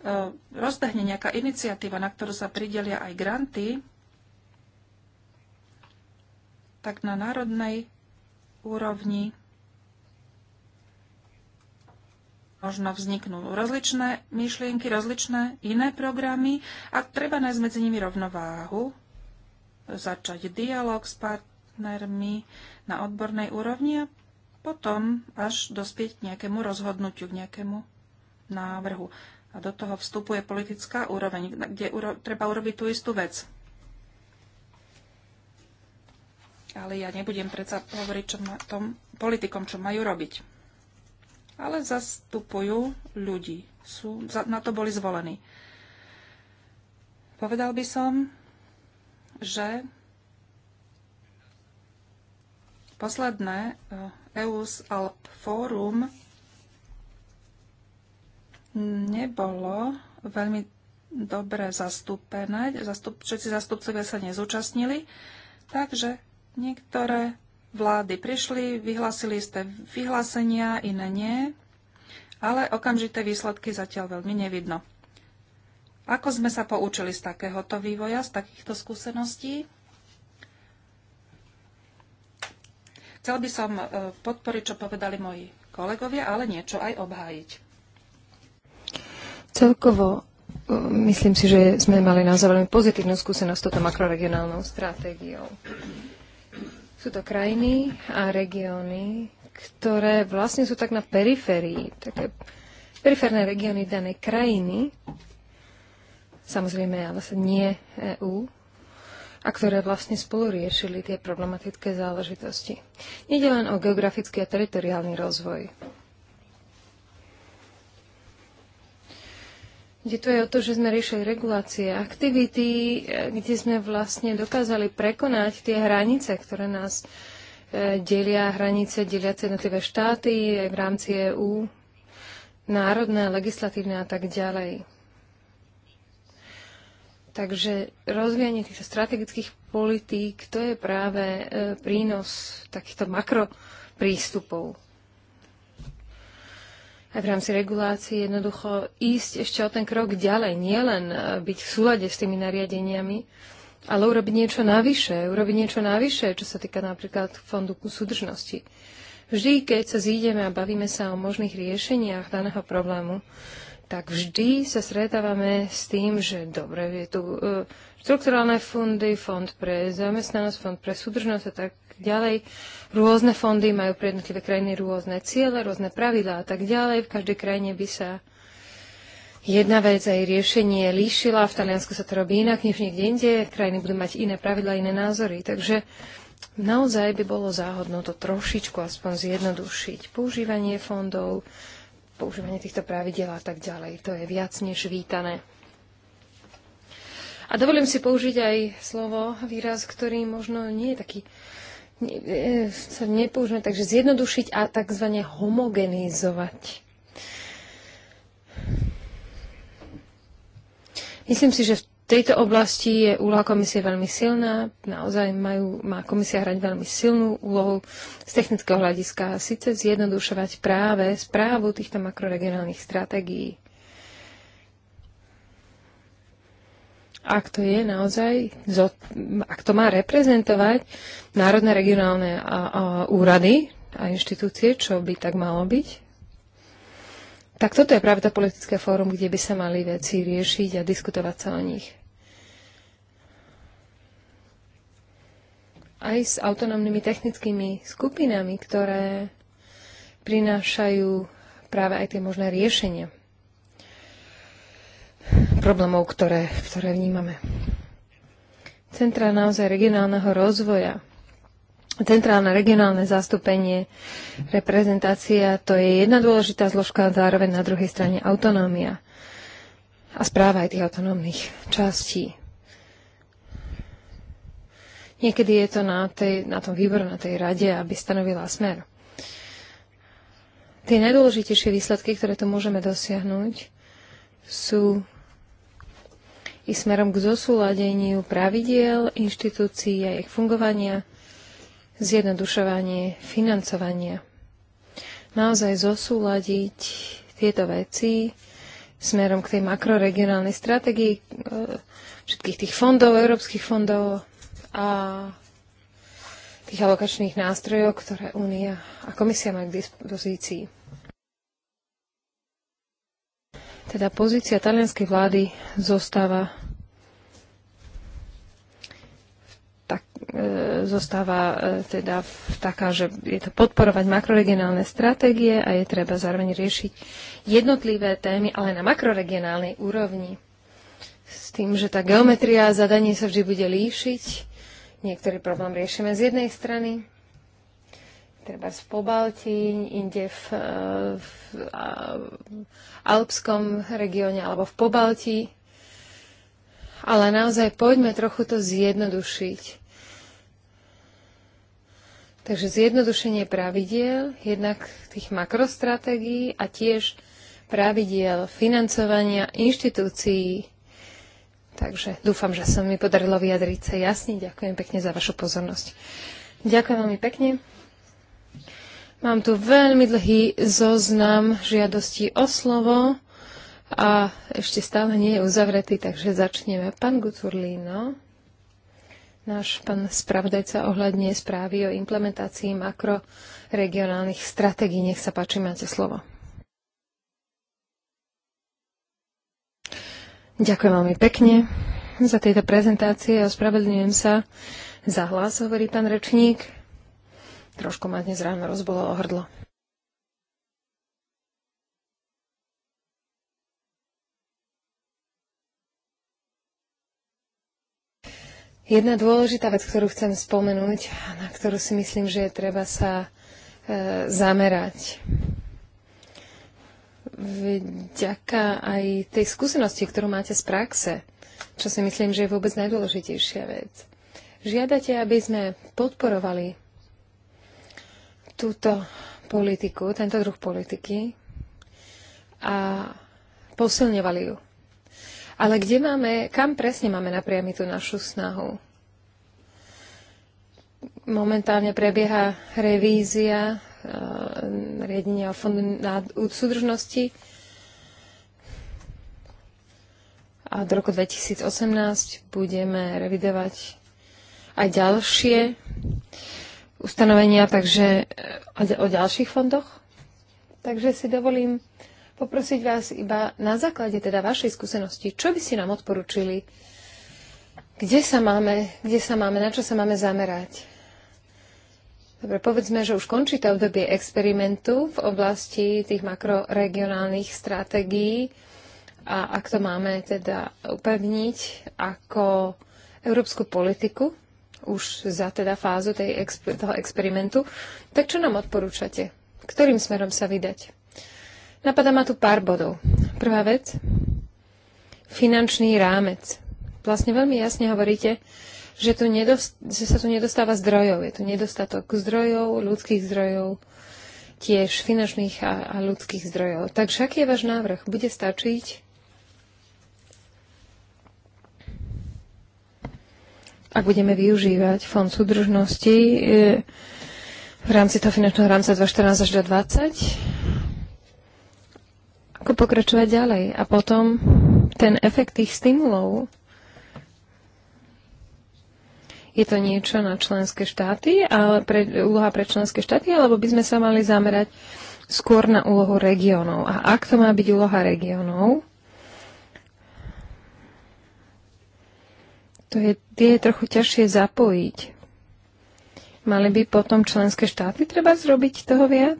e, rozbehne nejaká iniciatíva, na ktorú sa pridelia aj granty, tak na národnej úrovni možno vzniknú rozličné myšlienky, rozličné iné programy a treba nájsť medzi nimi rovnováhu, začať dialog s partnermi na odbornej úrovni a potom až dospieť k nejakému rozhodnutiu, k nejakému návrhu. A do toho vstupuje politická úroveň, kde uro- treba urobiť tú istú vec. Ale ja nebudem predsa hovoriť čo ma- tom politikom, čo majú robiť ale zastupujú ľudí. Sú, za, na to boli zvolení. Povedal by som, že posledné EUS eh, e Alp Forum nebolo veľmi dobre zastúpené. Zastup, všetci zastupcovia sa nezúčastnili, takže niektoré Vlády prišli, vyhlásili ste vyhlásenia, iné nie, ale okamžité výsledky zatiaľ veľmi nevidno. Ako sme sa poučili z takéhoto vývoja, z takýchto skúseností? Chcel by som e, podporiť, čo povedali moji kolegovia, ale niečo aj obhájiť. Celkovo e, myslím si, že sme mali naozaj veľmi pozitívnu skúsenosť s touto makroregionálnou stratégiou. Sú to krajiny a regióny, ktoré vlastne sú tak na periférii, také periférne regióny danej krajiny, samozrejme, ale sa nie EÚ, a ktoré vlastne spolu riešili tie problematické záležitosti. Nede len o geografický a teritoriálny rozvoj, Je to aj o to, že sme riešili regulácie aktivity, e, kde sme vlastne dokázali prekonať tie hranice, ktoré nás e, delia, hranice deliace jednotlivé štáty aj e, v rámci EÚ, národné, legislatívne a tak ďalej. Takže rozvíjanie týchto strategických politík, to je práve prínos takýchto makroprístupov aj v rámci regulácie jednoducho ísť ešte o ten krok ďalej, nielen e, byť v súlade s tými nariadeniami, ale urobiť niečo navyše, urobiť niečo navyše, čo sa týka napríklad fondu ku súdržnosti. Vždy, keď sa zídeme a bavíme sa o možných riešeniach daného problému, tak vždy sa stretávame s tým, že dobre, je tu uh, štrukturálne fondy, fond pre zamestnanosť, fond pre súdržnosť a tak ďalej. Rôzne fondy majú pre jednotlivé krajiny rôzne ciele, rôzne pravidlá a tak ďalej. V každej krajine by sa jedna vec aj riešenie líšila. V Taliansku sa to robí inak než niekde inde. Krajiny budú mať iné pravidlá, iné názory. Takže naozaj by bolo záhodno to trošičku aspoň zjednodušiť. Používanie fondov, používanie týchto pravidel a tak ďalej. To je viac než vítané. A dovolím si použiť aj slovo, výraz, ktorý možno nie je taký E, sa nepoužívame, takže zjednodušiť a tzv. homogenizovať. Myslím si, že v tejto oblasti je úloha komisie veľmi silná. Naozaj majú, má komisia hrať veľmi silnú úlohu z technického hľadiska a síce zjednodušovať práve správu týchto makroregionálnych stratégií. ak to je naozaj, ak to má reprezentovať národné, regionálne a, a úrady a inštitúcie, čo by tak malo byť, tak toto je práve to politické fórum, kde by sa mali veci riešiť a diskutovať sa o nich. Aj s autonómnymi technickými skupinami, ktoré prinášajú práve aj tie možné riešenia problémov, ktoré, ktoré vnímame. Centra naozaj regionálneho rozvoja, centrálne regionálne zastúpenie, reprezentácia, to je jedna dôležitá zložka, zároveň na druhej strane autonómia a správa aj tých autonómnych častí. Niekedy je to na, tej, na tom výboru, na tej rade, aby stanovila smer. Tie najdôležitejšie výsledky, ktoré tu môžeme dosiahnuť, sú i smerom k zosúladeniu pravidiel inštitúcií a ich fungovania, zjednodušovanie financovania. Naozaj zosúladiť tieto veci smerom k tej makroregionálnej stratégii e, všetkých tých fondov, európskych fondov a tých alokačných nástrojov, ktoré Únia a Komisia majú k dispozícii. Teda pozícia talianskej vlády zostáva tak, e, zostáva e, teda v, taká, že je to podporovať makroregionálne stratégie a je treba zároveň riešiť jednotlivé témy, ale na makroregionálnej úrovni. S tým, že tá geometria a zadaní sa vždy bude líšiť. Niektorý problém riešime z jednej strany, treba v Pobalti, inde v, e, v, v Alpskom regióne alebo v Pobalti. Ale naozaj poďme trochu to zjednodušiť. Takže zjednodušenie pravidiel, jednak tých makrostratégií a tiež pravidiel financovania inštitúcií. Takže dúfam, že sa mi podarilo vyjadriť sa jasne. Ďakujem pekne za vašu pozornosť. Ďakujem veľmi pekne. Mám tu veľmi dlhý zoznam žiadostí o slovo a ešte stále nie je uzavretý, takže začneme. Pán Guturlino, náš pán spravodajca ohľadne správy o implementácii makroregionálnych stratégií. Nech sa páči, máte slovo. Ďakujem veľmi pekne za tieto prezentácie a ospravedlňujem sa za hlas, hovorí pán rečník. Trošku ma dnes ráno rozbolelo hrdlo. Jedna dôležitá vec, ktorú chcem spomenúť, a na ktorú si myslím, že je treba sa e, zamerať. Vďaka aj tej skúsenosti, ktorú máte z praxe, čo si myslím, že je vôbec najdôležitejšia vec. Žiadate, aby sme podporovali túto politiku, tento druh politiky a posilňovali ju. Ale kde máme, kam presne máme napriami tú našu snahu? Momentálne prebieha revízia e, riadenia fondu na súdržnosti a do roku 2018 budeme revidovať aj ďalšie ustanovenia takže e, o ďalších fondoch. Takže si dovolím poprosiť vás iba na základe teda vašej skúsenosti, čo by ste nám odporučili, kde sa máme, kde sa máme, na čo sa máme zamerať. Dobre, povedzme, že už končí to obdobie experimentu v oblasti tých makroregionálnych stratégií a ak to máme teda upevniť ako európsku politiku už za teda fázu tej exper- toho experimentu, tak čo nám odporúčate? Ktorým smerom sa vydať? Napadá ma tu pár bodov. Prvá vec, finančný rámec. Vlastne veľmi jasne hovoríte, že, tu nedost- že sa tu nedostáva zdrojov. Je tu nedostatok zdrojov, ľudských zdrojov, tiež finančných a, a ľudských zdrojov. Takže aký je váš návrh? Bude stačiť ak budeme využívať fond súdržnosti eh, v rámci toho finančného rámca 2014 až 2020, ako pokračovať ďalej. A potom ten efekt tých stimulov, je to niečo na členské štáty, ale pre, úloha pre členské štáty, alebo by sme sa mali zamerať skôr na úlohu regiónov. A ak to má byť úloha regiónov, to je, je trochu ťažšie zapojiť. Mali by potom členské štáty treba zrobiť toho viac?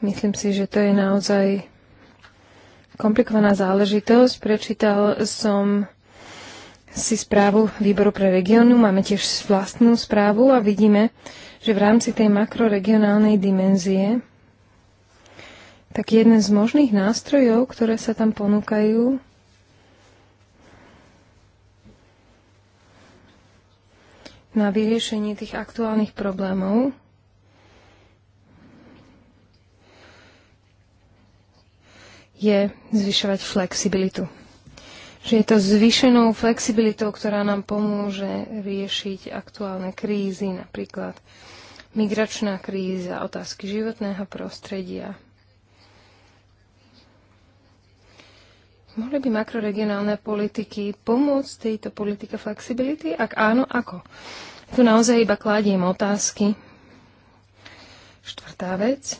Myslím si, že to je naozaj komplikovaná záležitosť. Prečítal som si správu výboru pre regiónu, máme tiež vlastnú správu a vidíme, že v rámci tej makroregionálnej dimenzie tak jeden z možných nástrojov, ktoré sa tam ponúkajú, na vyriešenie tých aktuálnych problémov. je zvyšovať flexibilitu. Že je to zvyšenou flexibilitou, ktorá nám pomôže riešiť aktuálne krízy, napríklad migračná kríza, otázky životného prostredia, Mohli by makroregionálne politiky pomôcť tejto politike flexibility? Ak áno, ako? Tu naozaj iba kladiem otázky. Štvrtá vec.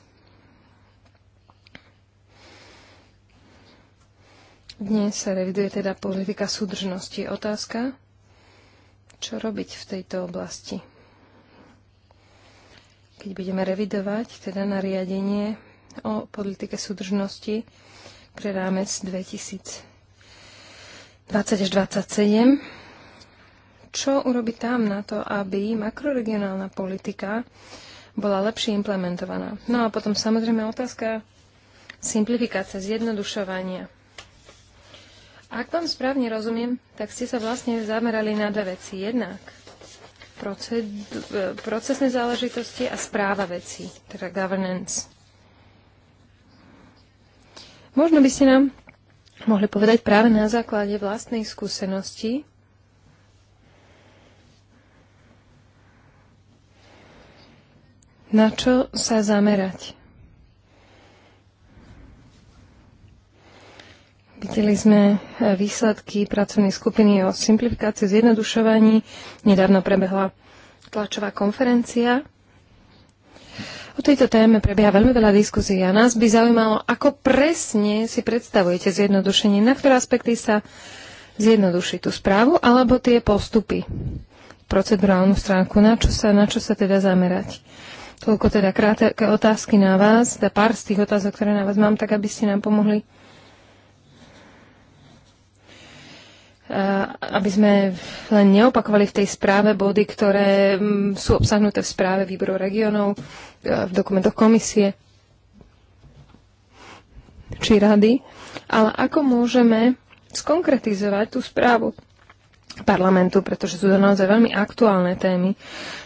Dnes sa reviduje teda politika súdržnosti. Otázka, čo robiť v tejto oblasti? Keď budeme revidovať teda nariadenie o politike súdržnosti, pre rámec 2020 až 2027. Čo urobi tam na to, aby makroregionálna politika bola lepšie implementovaná? No a potom samozrejme otázka simplifikácia, zjednodušovania. Ak vám správne rozumiem, tak ste sa vlastne zamerali na dve veci. Jednak procesné záležitosti a správa vecí, teda governance. Možno by ste nám mohli povedať práve na základe vlastnej skúsenosti, na čo sa zamerať. Videli sme eh, výsledky pracovnej skupiny o simplifikácii zjednodušovaní. Nedávno prebehla tlačová konferencia O tejto téme prebieha veľmi veľa diskusí a nás by zaujímalo, ako presne si predstavujete zjednodušenie, na ktoré aspekty sa zjednoduší tú správu alebo tie postupy, procedurálnu stránku, na čo sa, na čo sa teda zamerať. Toľko teda krátke otázky na vás, teda pár z tých otázok, ktoré na vás mám, tak aby ste nám pomohli aby sme len neopakovali v tej správe body, ktoré mm, sú obsahnuté v správe výboru regionov, e, v dokumentoch komisie či rady, ale ako môžeme skonkretizovať tú správu parlamentu, pretože sú to naozaj veľmi aktuálne témy.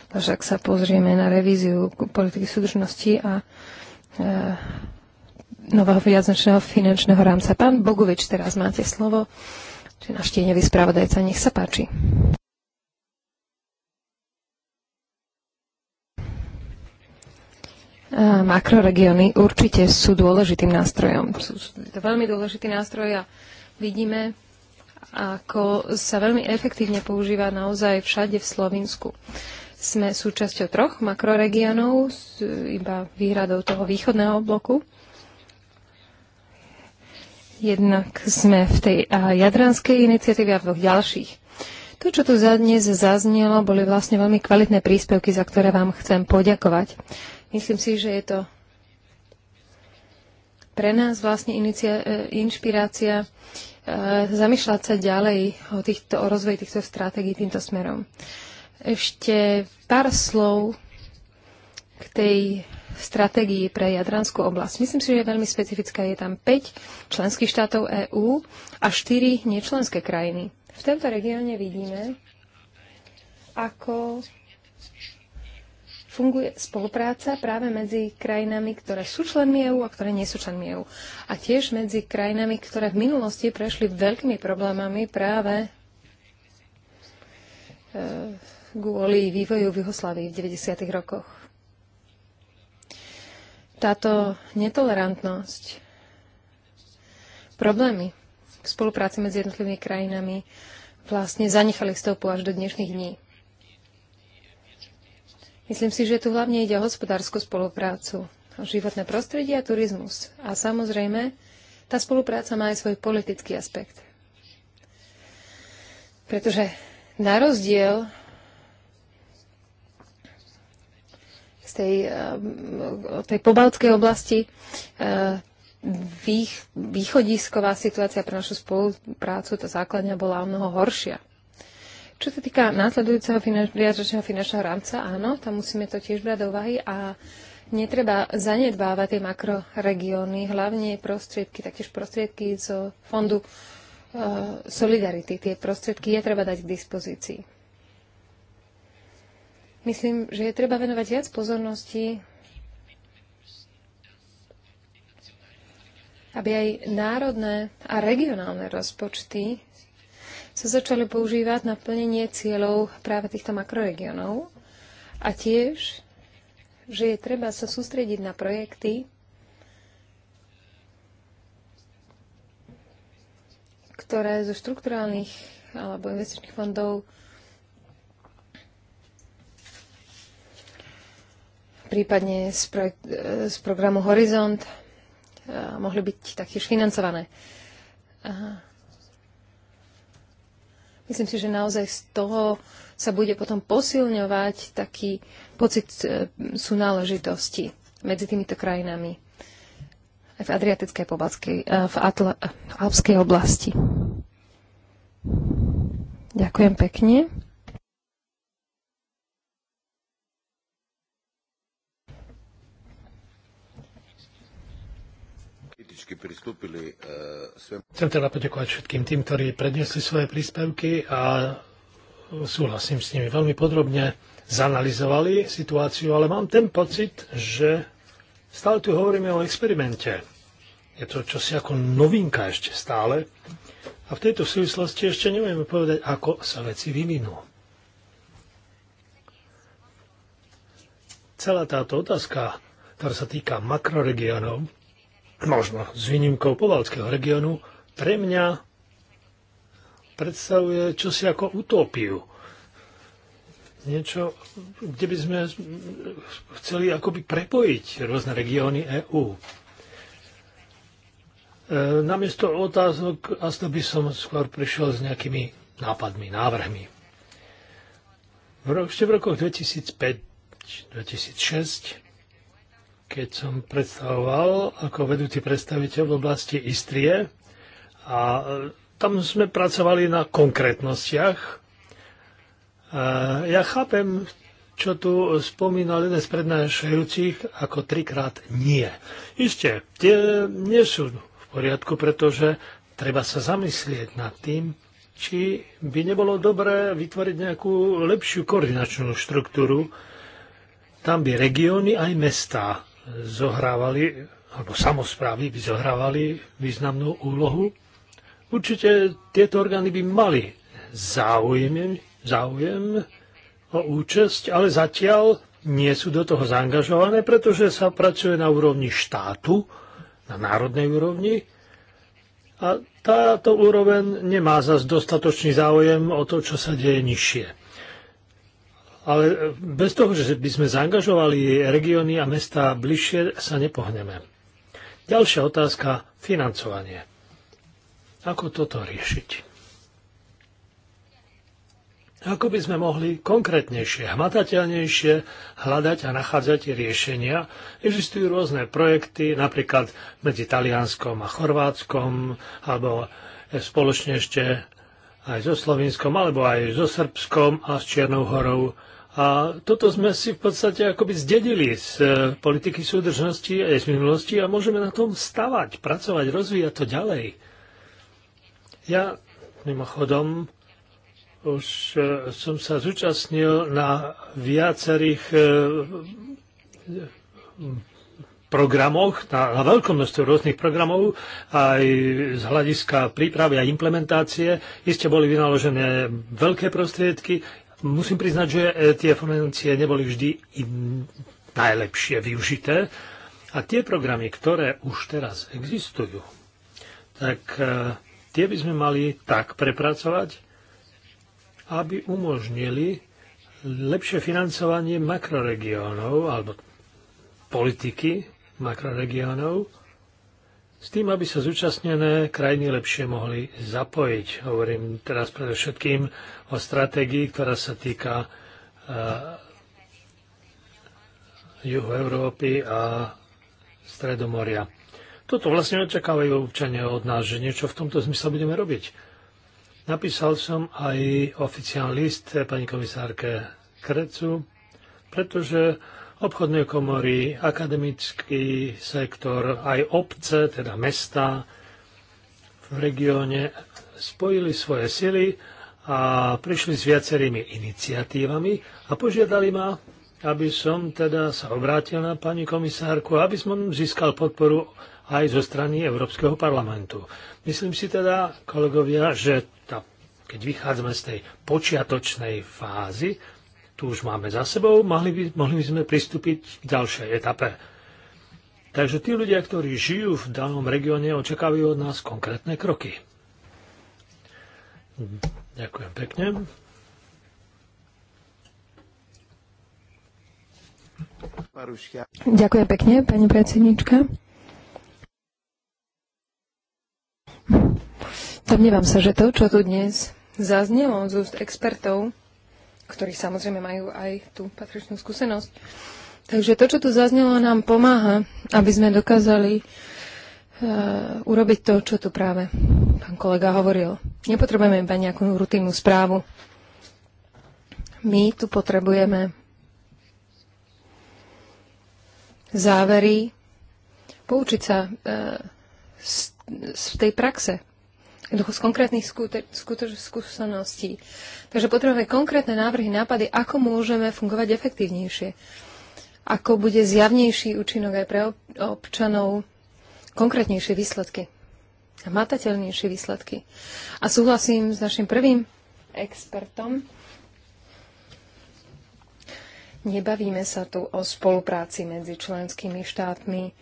Takže ak sa pozrieme na revíziu politiky súdržnosti a e, nového viacnočného finančného rámca. Pán Bogovič, teraz máte slovo. Čiže náš tieňový spravodajca. Nech sa páči. Makroregióny určite sú dôležitým nástrojom. Sú to veľmi dôležitý nástroj a vidíme, ako sa veľmi efektívne používa naozaj všade v Slovensku. Sme súčasťou troch makroregiónov, iba výhradou toho východného bloku. Jednak sme v tej jadranskej iniciatíve a v dvoch ďalších. To, čo tu za dnes zaznelo, boli vlastne veľmi kvalitné príspevky, za ktoré vám chcem poďakovať. Myslím si, že je to pre nás vlastne inicia- e, inšpirácia e, zamýšľať sa ďalej o, týchto, o rozvoji týchto stratégií týmto smerom. Ešte pár slov k tej stratégii pre Jadranskú oblasť. Myslím si, že je veľmi specifická. Je tam 5 členských štátov EÚ a 4 nečlenské krajiny. V tomto regióne vidíme, ako funguje spolupráca práve medzi krajinami, ktoré sú členmi EÚ a ktoré nie sú členmi EÚ. A tiež medzi krajinami, ktoré v minulosti prešli veľkými problémami práve e, kvôli vývoju v Juhoslavii v 90. rokoch. Táto netolerantnosť, problémy v spolupráci medzi jednotlivými krajinami vlastne zanechali stopu až do dnešných dní. Myslím si, že tu hlavne ide o hospodárskú spoluprácu, o životné prostredie a turizmus. A samozrejme, tá spolupráca má aj svoj politický aspekt. Pretože na rozdiel tej, eh, tej pobaltskej oblasti eh, vých, východisková situácia pre našu spoluprácu, tá základňa bola o mnoho horšia. Čo sa týka následujúceho finančného, finančného rámca, áno, tam musíme to tiež brať do úvahy a netreba zanedbávať tie makroregióny, hlavne prostriedky, taktiež prostriedky z fondu eh, Solidarity. Tie prostriedky je treba dať k dispozícii. Myslím, že je treba venovať viac pozornosti, aby aj národné a regionálne rozpočty sa začali používať na plnenie cieľov práve týchto makroregionov a tiež, že je treba sa sústrediť na projekty, ktoré zo štrukturálnych alebo investičných fondov prípadne z, projekt, z programu Horizont mohli byť taktiež financované. Aha. Myslím si, že naozaj z toho sa bude potom posilňovať taký pocit e, súnáležitosti medzi týmito krajinami aj v Adriatickej pobalskej, e, v, Atla, e, v Alpskej oblasti. Ďakujem pekne. pristúpili e, svem... Chcem teda poďakovať všetkým tým, ktorí predniesli svoje príspevky a súhlasím s nimi. Veľmi podrobne zanalizovali situáciu, ale mám ten pocit, že stále tu hovoríme o experimente. Je to čosi ako novinka ešte stále. A v tejto súvislosti ešte nevieme povedať, ako sa veci vyvinú. Celá táto otázka ktorá sa týka makroregiónov, možno s výnimkou povalského regiónu, pre mňa predstavuje čosi ako utopiu. Niečo, kde by sme chceli akoby prepojiť rôzne regióny EÚ. E, namiesto otázok, asi by som skôr prišiel s nejakými nápadmi, návrhmi. V, ešte v rokoch 2005-2006 keď som predstavoval ako vedúci predstaviteľ v oblasti Istrie a tam sme pracovali na konkrétnostiach. Ja chápem, čo tu spomínal jeden z prednášajúcich, ako trikrát nie. Isté, tie nie sú v poriadku, pretože treba sa zamyslieť nad tým, či by nebolo dobré vytvoriť nejakú lepšiu koordinačnú štruktúru. Tam by regióny aj mestá zohrávali, alebo samozprávy by zohrávali významnú úlohu. Určite tieto orgány by mali záujem, záujem o účasť, ale zatiaľ nie sú do toho zaangažované, pretože sa pracuje na úrovni štátu, na národnej úrovni a táto úroveň nemá zas dostatočný záujem o to, čo sa deje nižšie. Ale e, bez toho, že by sme zaangažovali regióny a mesta bližšie, sa nepohneme. Ďalšia otázka, financovanie. Ako toto riešiť? Ako by sme mohli konkrétnejšie, hmatateľnejšie hľadať a nachádzať riešenia? Existujú rôzne projekty, napríklad medzi Talianskom a Chorvátskom, alebo spoločne ešte aj so Slovinskom, alebo aj so Srbskom a s Čiernou horou. A toto sme si v podstate akoby zdedili z e, politiky súdržnosti aj z minulosti a môžeme na tom stavať, pracovať, rozvíjať to ďalej. Ja mimochodom už e, som sa zúčastnil na viacerých e, programoch, na, na veľkom množstve rôznych programov, aj z hľadiska prípravy a implementácie. Isté boli vynaložené veľké prostriedky Musím priznať, že e, tie financie neboli vždy najlepšie využité a tie programy, ktoré už teraz existujú, tak e, tie by sme mali tak prepracovať, aby umožnili lepšie financovanie makroregiónov alebo politiky makroregiónov s tým, aby sa zúčastnené krajiny lepšie mohli zapojiť. Hovorím teraz predovšetkým o stratégii, ktorá sa týka uh, juhu Európy a Stredomoria. Toto vlastne očakávajú občania od nás, že niečo v tomto zmysle budeme robiť. Napísal som aj oficiálny list pani komisárke Krecu, pretože obchodné komory, akademický sektor, aj obce, teda mesta v regióne spojili svoje sily a prišli s viacerými iniciatívami a požiadali ma, aby som teda sa obrátil na pani komisárku, aby som získal podporu aj zo strany Európskeho parlamentu. Myslím si teda, kolegovia, že tá, keď vychádzame z tej počiatočnej fázy, tu už máme za sebou, mohli by, mohli by sme pristúpiť k ďalšej etape. Takže tí ľudia, ktorí žijú v danom regióne, očakávajú od nás konkrétne kroky. Ďakujem pekne. Ďakujem pekne, pani predsednička. Domnievam sa, že to, čo tu dnes zaznelo z úst expertov, ktorí samozrejme majú aj tú patričnú skúsenosť. Takže to, čo tu zaznelo, nám pomáha, aby sme dokázali Uh, urobiť to, čo tu práve pán kolega hovoril. Nepotrebujeme iba nejakú rutinnú správu. My tu potrebujeme závery, poučiť sa uh, z, z tej praxe, jednoducho z konkrétnych skúseností. Takže potrebujeme konkrétne návrhy, nápady, ako môžeme fungovať efektívnejšie. Ako bude zjavnejší účinok aj pre občanov, konkrétnejšie výsledky a matateľnejšie výsledky. A súhlasím s našim prvým expertom. Nebavíme sa tu o spolupráci medzi členskými štátmi,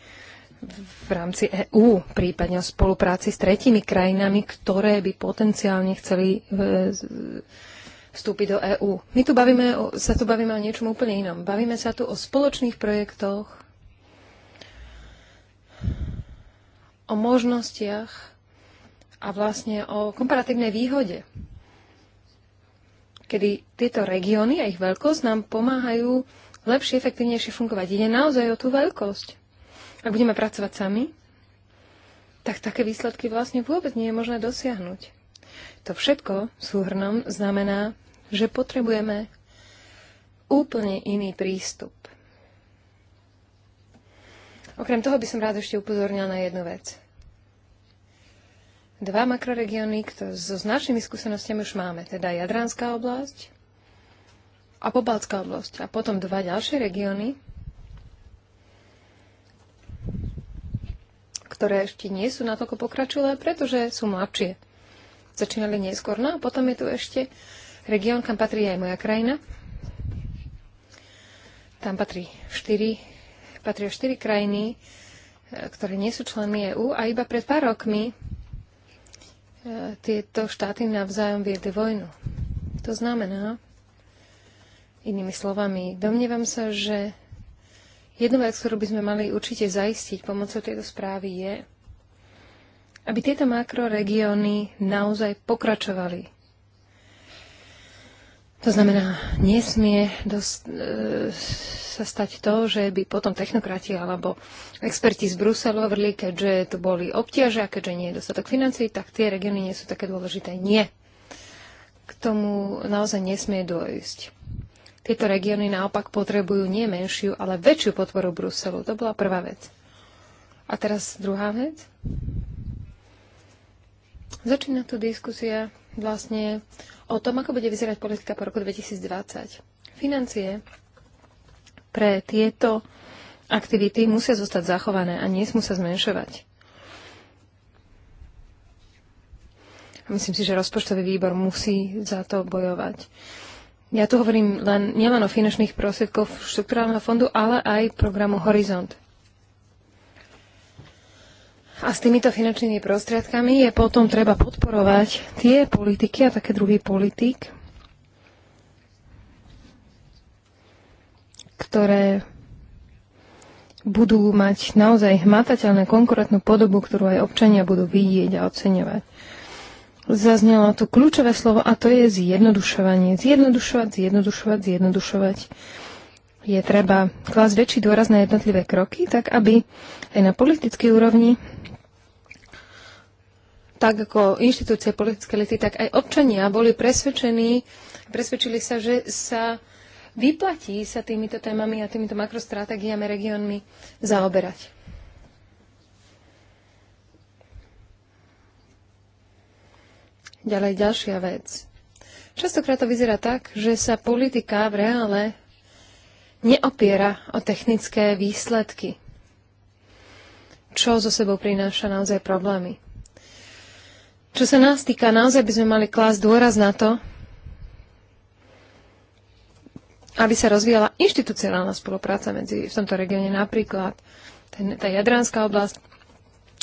v rámci EÚ, prípadne o spolupráci s tretími krajinami, ktoré by potenciálne chceli e, vstúpiť do EÚ. My tu bavíme, o, sa tu bavíme o niečom úplne inom. Bavíme sa tu o spoločných projektoch, o možnostiach a vlastne o komparatívnej výhode, kedy tieto regióny a ich veľkosť nám pomáhajú lepšie, efektívnejšie fungovať. Ide naozaj o tú veľkosť. Ak budeme pracovať sami, tak také výsledky vlastne vôbec nie je možné dosiahnuť. To všetko súhrnom znamená, že potrebujeme úplne iný prístup. Okrem toho by som rád ešte upozornila na jednu vec. Dva makroregióny, ktoré so našimi skúsenostiami už máme, teda Jadranská oblasť a Pobalská oblasť. A potom dva ďalšie regióny, ktoré ešte nie sú natoľko pokračilé, pretože sú mladšie. Začínali neskôr. No a potom je tu ešte región, kam patrí aj moja krajina. Tam patrí 4, patria 4 krajiny, e, ktoré nie sú členmi EÚ a iba pred pár rokmi e, tieto štáty navzájom viedli vojnu. To znamená, inými slovami, domnievam sa, že Jedna vec, ktorú by sme mali určite zaistiť pomocou tejto správy je, aby tieto makroregióny naozaj pokračovali. To znamená, nesmie dosť, e, sa stať to, že by potom technokrati alebo experti z Bruselu hovorili, keďže tu boli obťaže a keďže nie je dostatok financií, tak tie regióny nie sú také dôležité. Nie. K tomu naozaj nesmie dôjsť. Tieto regióny naopak potrebujú nie menšiu, ale väčšiu podporu Bruselu. To bola prvá vec. A teraz druhá vec. Začína tu diskusia vlastne o tom, ako bude vyzerať politika po roku 2020. Financie pre tieto aktivity musia zostať zachované a nesmú sa zmenšovať. myslím si, že rozpočtový výbor musí za to bojovať. Ja tu hovorím len, nielen o finančných prostriedkoch štruktúrálneho fondu, ale aj programu Horizont. A s týmito finančnými prostriedkami je potom treba podporovať tie politiky a také druhý politik, ktoré budú mať naozaj hmatateľné konkurentnú podobu, ktorú aj občania budú vidieť a oceňovať zaznelo to kľúčové slovo a to je zjednodušovanie. Zjednodušovať, zjednodušovať, zjednodušovať. Je treba klásť väčší dôraz na jednotlivé kroky, tak aby aj na politickej úrovni, tak ako inštitúcie politické lety, tak aj občania boli presvedčení, presvedčili sa, že sa vyplatí sa týmito témami a týmito makrostratégiami regiónmi zaoberať. Ďalej ďalšia vec. Častokrát to vyzerá tak, že sa politika v reále neopiera o technické výsledky, čo so sebou prináša naozaj problémy. Čo sa nás týka, naozaj by sme mali klásť dôraz na to, aby sa rozvíjala inštitucionálna spolupráca medzi v tomto regióne napríklad ten, tá jadranská oblasť.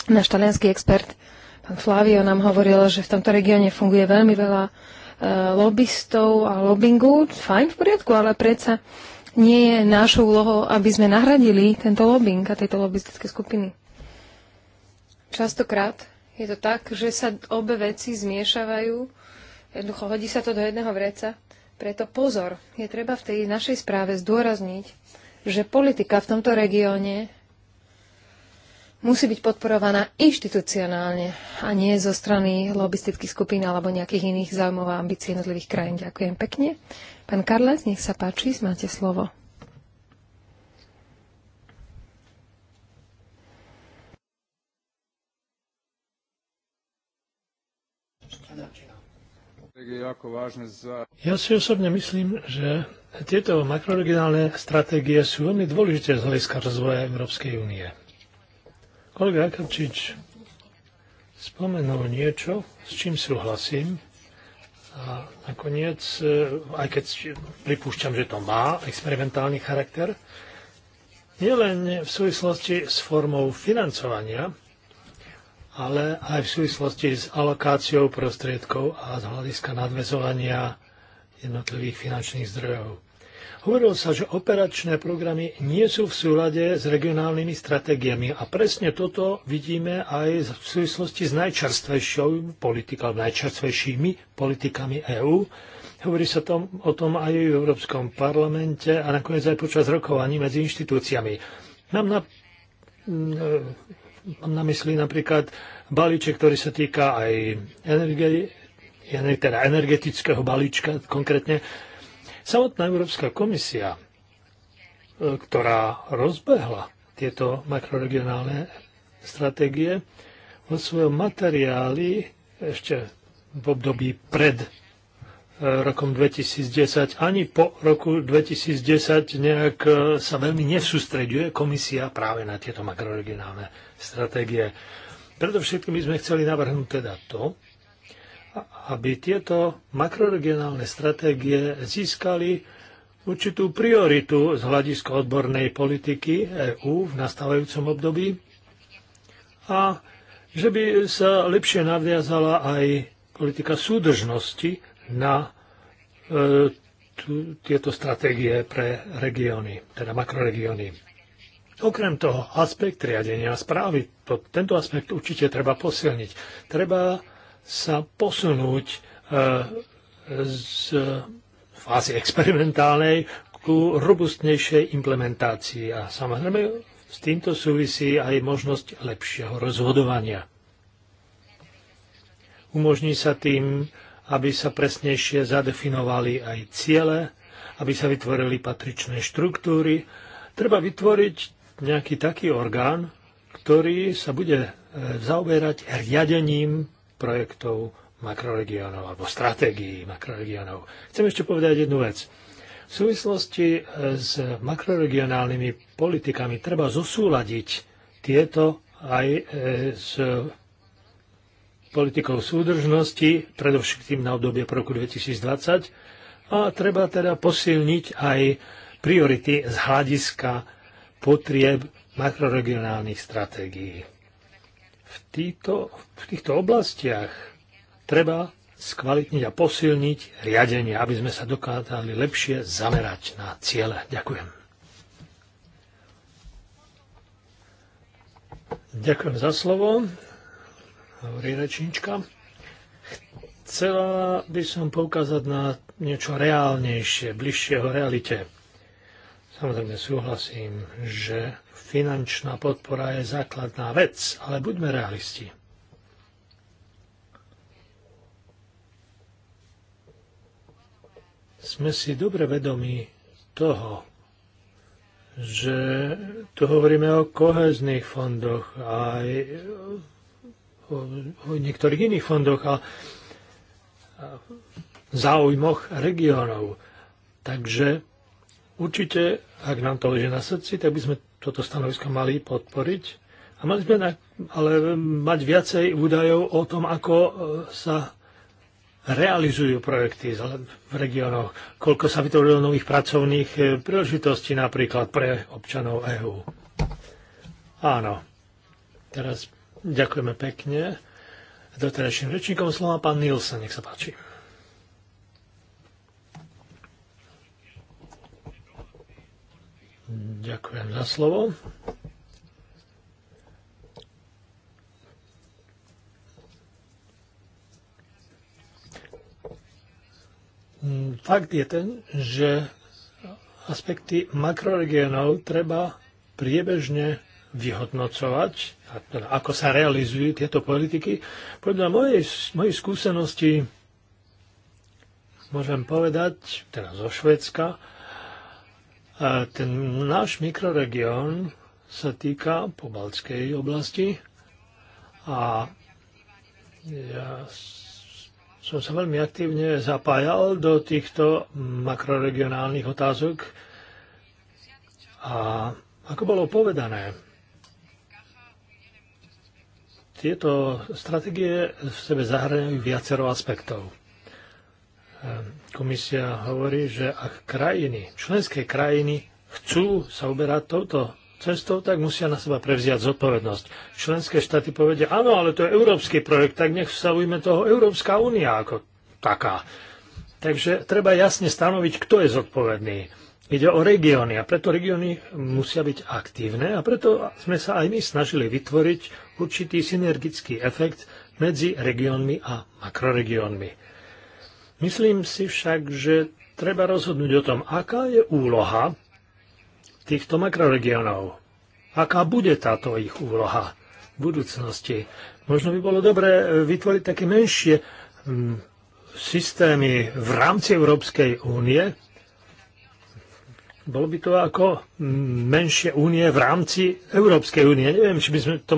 Náš talianský expert Pán Flavio nám hovoril, že v tomto regióne funguje veľmi veľa e, lobbystov a lobbingu. Fajn, v poriadku, ale predsa nie je našou úlohou, aby sme nahradili tento lobbying a tejto lobbystické skupiny. Častokrát je to tak, že sa obe veci zmiešavajú, jednoducho hodí sa to do jedného vreca. Preto pozor, je treba v tej našej správe zdôrazniť, že politika v tomto regióne musí byť podporovaná inštitucionálne a nie zo strany lobistických skupín alebo nejakých iných zaujímav a ambícií jednotlivých krajín. Ďakujem pekne. Pán Karles, nech sa páči, máte slovo. Ja si osobne myslím, že tieto makroregionálne stratégie sú veľmi dôležité z hľadiska rozvoja Európskej únie. Kolega Kapčič spomenul niečo, s čím súhlasím. A nakoniec, e, aj keď pripúšťam, že to má experimentálny charakter, nielen v súvislosti s formou financovania, ale aj v súvislosti s alokáciou prostriedkov a z hľadiska nadvezovania jednotlivých finančných zdrojov. Hovorilo sa, že operačné programy nie sú v súlade s regionálnymi stratégiami a presne toto vidíme aj v súvislosti s najčerstvejšou politikou, najčerstvejšími politikami EÚ. Hovorí sa tom, o tom aj v Európskom parlamente a nakoniec aj počas rokovaní medzi inštitúciami. Mám na, mm, e, mám na mysli napríklad balíček, ktorý sa týka aj energie, teda energetického balíčka konkrétne, Samotná Európska komisia, e, ktorá rozbehla tieto makroregionálne stratégie, vo svojom materiáli ešte v období pred e, rokom 2010, ani po roku 2010 nejak e, sa veľmi nesústreďuje komisia práve na tieto makroregionálne stratégie. Predovšetkým by sme chceli navrhnúť teda to, aby tieto makroregionálne stratégie získali určitú prioritu z hľadiska odbornej politiky EÚ v nastávajúcom období a že by sa lepšie naviazala aj politika súdržnosti na e, tieto stratégie pre regióny, teda makroregióny. Okrem toho, aspekt riadenia správy, to, tento aspekt určite treba posilniť. Treba sa posunúť e, z fázy experimentálnej ku robustnejšej implementácii. A samozrejme s týmto súvisí aj možnosť lepšieho rozhodovania. Umožní sa tým, aby sa presnejšie zadefinovali aj ciele, aby sa vytvorili patričné štruktúry. Treba vytvoriť nejaký taký orgán, ktorý sa bude e, zaoberať riadením projektov makroregiónov alebo stratégií makroregiónov. Chcem ešte povedať jednu vec. V súvislosti eh, s makroregionálnymi politikami treba zosúľadiť tieto aj eh, s politikou súdržnosti, predovšetkým na obdobie roku 2020, a treba teda posilniť aj priority z hľadiska potrieb makroregionálnych stratégií v, týto, v týchto oblastiach treba skvalitniť a posilniť riadenie, aby sme sa dokázali lepšie zamerať na ciele. Ďakujem. Ďakujem za slovo, hovorí rečnička. Chcela by som poukázať na niečo reálnejšie, bližšieho realite. Samozrejme súhlasím, že finančná podpora je základná vec, ale buďme realisti. Sme si dobre vedomi toho, že tu hovoríme o kohezných fondoch a aj o, o niektorých iných fondoch a, a záujmoch regiónov. Takže určite, ak nám to leží na srdci, tak by sme toto stanovisko mali podporiť. A mali sme ale mať viacej údajov o tom, ako e, sa realizujú projekty v regiónoch, koľko sa vytvorilo nových pracovných e, príležitostí napríklad pre občanov EÚ. Áno. Teraz ďakujeme pekne. Doterajším rečníkom slova pán Nielsen, nech sa páči. Ďakujem za slovo. Mm, fakt je ten, že aspekty makroregiónov treba priebežne vyhodnocovať, teda ako sa realizujú tieto politiky. Podľa mojej, mojej skúsenosti môžem povedať, teda zo Švedska, a ten náš mikroregión sa týka pobaltskej oblasti a ja som sa veľmi aktívne zapájal do týchto makroregionálnych otázok a ako bolo povedané, tieto stratégie v sebe zahrňajú viacero aspektov komisia hovorí, že ak krajiny, členské krajiny chcú sa uberať touto cestou, tak musia na seba prevziať zodpovednosť. Členské štáty povedia, áno, ale to je európsky projekt, tak nech sa ujme toho Európska únia ako taká. Takže treba jasne stanoviť, kto je zodpovedný. Ide o regióny a preto regióny musia byť aktívne a preto sme sa aj my snažili vytvoriť určitý synergický efekt medzi regiónmi a makroregiónmi. Myslím si však, že treba rozhodnúť o tom, aká je úloha týchto makroregiónov. Aká bude táto ich úloha v budúcnosti. Možno by bolo dobré eh, vytvoriť také menšie hm, systémy v rámci Európskej únie. Bolo by to ako hm, menšie únie v rámci Európskej únie. Neviem, či by sme to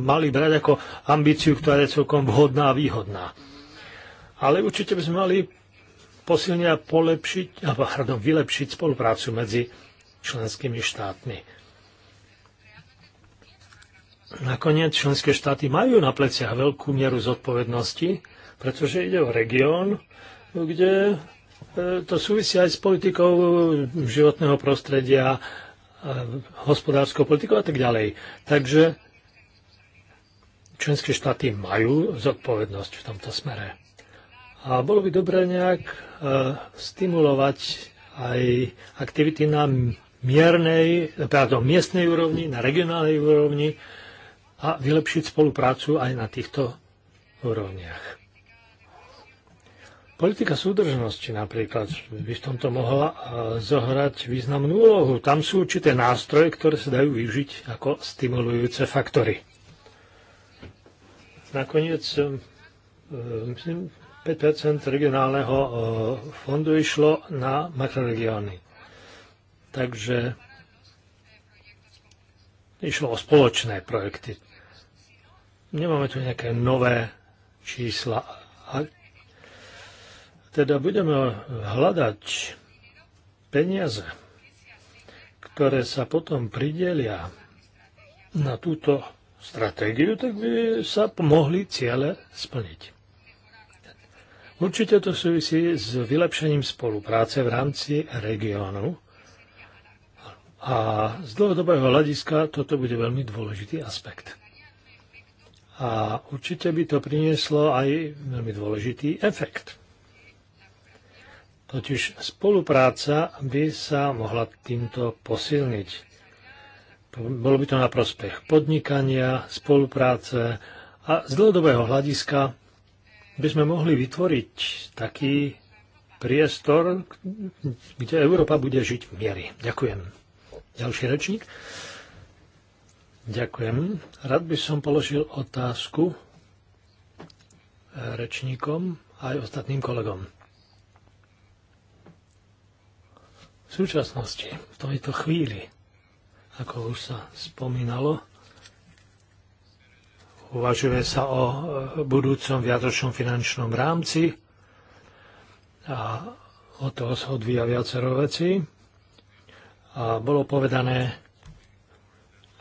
mali brať ako ambíciu, ktorá je celkom vhodná a výhodná. Ale určite by sme mali posilniť a polepšiť, alebo hrdom vylepšiť spoluprácu medzi členskými štátmi. Nakoniec členské štáty majú na pleciach veľkú mieru zodpovednosti, pretože ide o región, kde e, to súvisí aj s politikou životného prostredia, e, hospodárskou politikou a tak ďalej. Takže členské štáty majú zodpovednosť v tomto smere. A bolo by dobré nejak e, stimulovať aj aktivity na miernej, pardon, miestnej úrovni, na regionálnej úrovni a vylepšiť spoluprácu aj na týchto úrovniach. Politika súdržnosti napríklad by v tomto mohla e, zohrať významnú úlohu. Tam sú určité nástroje, ktoré sa dajú využiť ako stimulujúce faktory. Nakoniec e, myslím, 5 regionálneho e, fondu išlo na makroregióny. Takže išlo o spoločné projekty. Nemáme tu nejaké nové čísla. A teda budeme hľadať peniaze, ktoré sa potom pridelia na túto stratégiu, tak by sa mohli ciele splniť. Určite to súvisí s vylepšením spolupráce v rámci regiónu a z dlhodobého hľadiska toto bude veľmi dôležitý aspekt. A určite by to prinieslo aj veľmi dôležitý efekt. Totiž spolupráca by sa mohla týmto posilniť. Bolo by to na prospech podnikania, spolupráce a z dlhodobého hľadiska by sme mohli vytvoriť taký priestor, kde Európa bude žiť v miery. Ďakujem. Ďalší rečník. Ďakujem. Rád by som položil otázku eh, rečníkom aj ostatným kolegom. V súčasnosti, v tejto chvíli, ako už sa spomínalo, uvažuje sa o e, budúcom viatočnom finančnom rámci a o toho sa odvíja viacero vecí. A bolo povedané,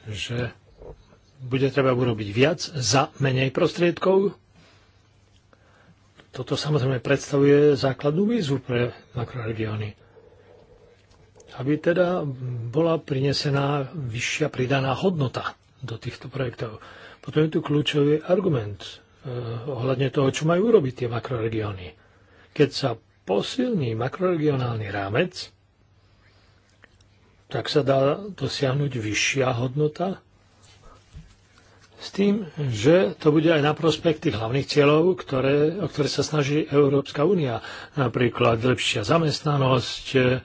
že bude treba urobiť viac za menej prostriedkov. Toto samozrejme predstavuje základnú výzvu pre makroregióny. Aby teda bola prinesená vyššia pridaná hodnota do týchto projektov. Potom je tu kľúčový argument eh, ohľadne toho, čo majú urobiť tie makroregióny. Keď sa posilní makroregionálny rámec, tak sa dá dosiahnuť vyššia hodnota s tým, že to bude aj na prospekty tých hlavných cieľov, ktoré, o ktoré sa snaží Európska únia. Napríklad lepšia zamestnanosť, eh,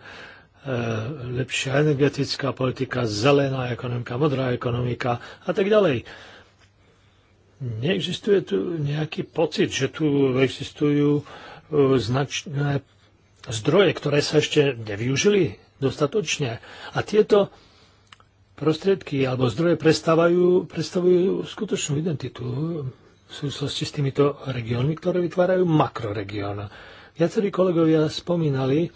lepšia energetická politika, zelená ekonomika, modrá ekonomika a tak ďalej. Neexistuje tu nejaký pocit, že tu existujú e, značné zdroje, ktoré sa ešte nevyužili dostatočne. A tieto prostriedky alebo zdroje predstavujú, predstavujú skutočnú identitu v súvislosti s týmito regiónmi, ktoré vytvárajú makroregión. Viacerí kolegovia spomínali e,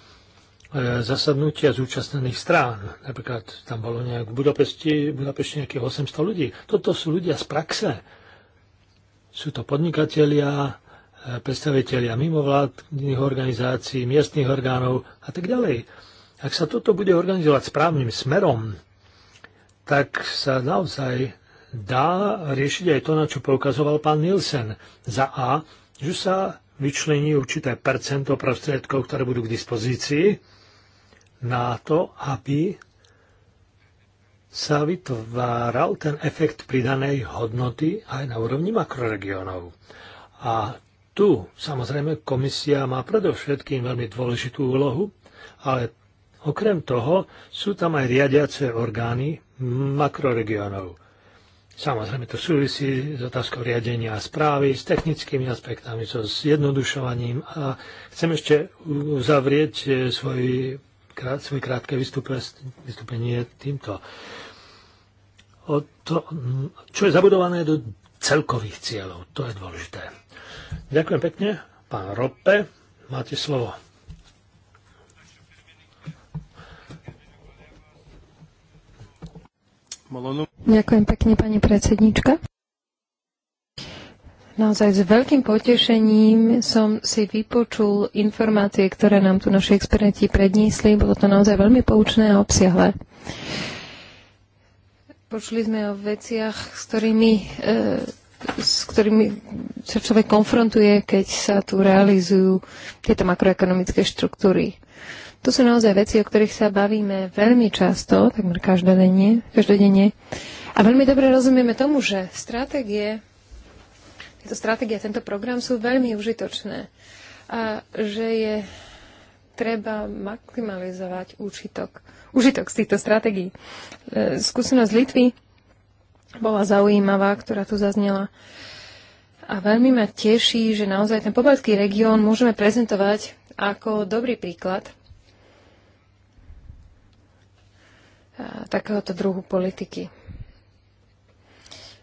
zasadnutia zúčastnených strán. Napríklad tam bolo nejak v Budapešti, Budapešti nejakých 800 ľudí. Toto sú ľudia z praxe, sú to podnikatelia, e, predstavitelia mimovládnych organizácií, miestnych orgánov a tak ďalej. Ak sa toto bude organizovať správnym smerom, tak sa naozaj dá riešiť aj to, na čo poukazoval pán Nielsen. Za A, že sa vyčlení určité percento prostriedkov, ktoré budú k dispozícii na to, aby sa vytváral ten efekt pridanej hodnoty aj na úrovni makroregiónov. A tu samozrejme komisia má predovšetkým veľmi dôležitú úlohu, ale okrem toho sú tam aj riadiace orgány makroregionov. Samozrejme to súvisí s otázkou riadenia a správy, s technickými aspektami, so zjednodušovaním a chcem ešte uzavrieť eh, svoj krát, svoje krátke vystúpenie týmto. O to, čo je zabudované do celkových cieľov, to je dôležité. Ďakujem pekne. Pán Rope, máte slovo. Ďakujem pekne, pani predsednička. Naozaj s veľkým potešením som si vypočul informácie, ktoré nám tu naši experti predniesli. Bolo to naozaj veľmi poučné a obsiahle. Počuli sme o veciach, s ktorými, e, s ktorými sa človek konfrontuje, keď sa tu realizujú tieto makroekonomické štruktúry. To sú naozaj veci, o ktorých sa bavíme veľmi často, takmer každodenne, každodenne. A veľmi dobre rozumieme tomu, že stratégie tieto a tento program sú veľmi užitočné a že je treba maximalizovať účitok, užitok z týchto stratégií. E, skúsenosť Litvy bola zaujímavá, ktorá tu zaznela. A veľmi ma teší, že naozaj ten pobaltský región môžeme prezentovať ako dobrý príklad takéhoto druhu politiky.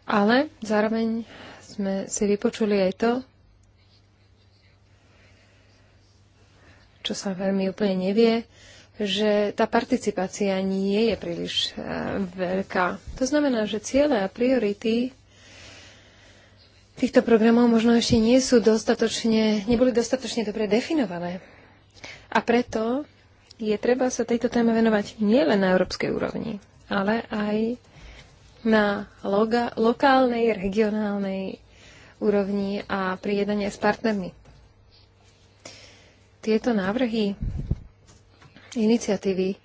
Ale zároveň sme si vypočuli aj to, čo sa veľmi úplne nevie, že tá participácia nie je príliš e, veľká. To znamená, že ciele a priority týchto programov možno ešte nie sú dostatočne, neboli dostatočne dobre definované. A preto je treba sa tejto téme venovať nielen na európskej úrovni, ale aj na loga, lokálnej, regionálnej úrovni a pri jednaní s partnermi. Tieto návrhy, iniciatívy, e,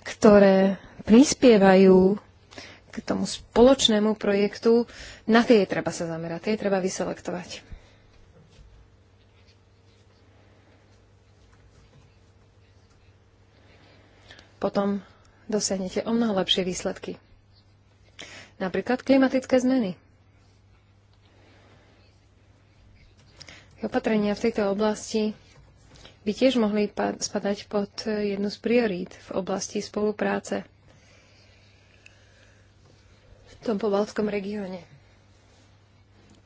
ktoré prispievajú k tomu spoločnému projektu, na tie je treba sa zamerať, tie je treba vyselektovať. Potom dosiahnete o mnoho lepšie výsledky. Napríklad klimatické zmeny. Opatrenia v tejto oblasti by tiež mohli spadať pod eh, jednu z priorít v oblasti spolupráce v tom pobaltskom regióne.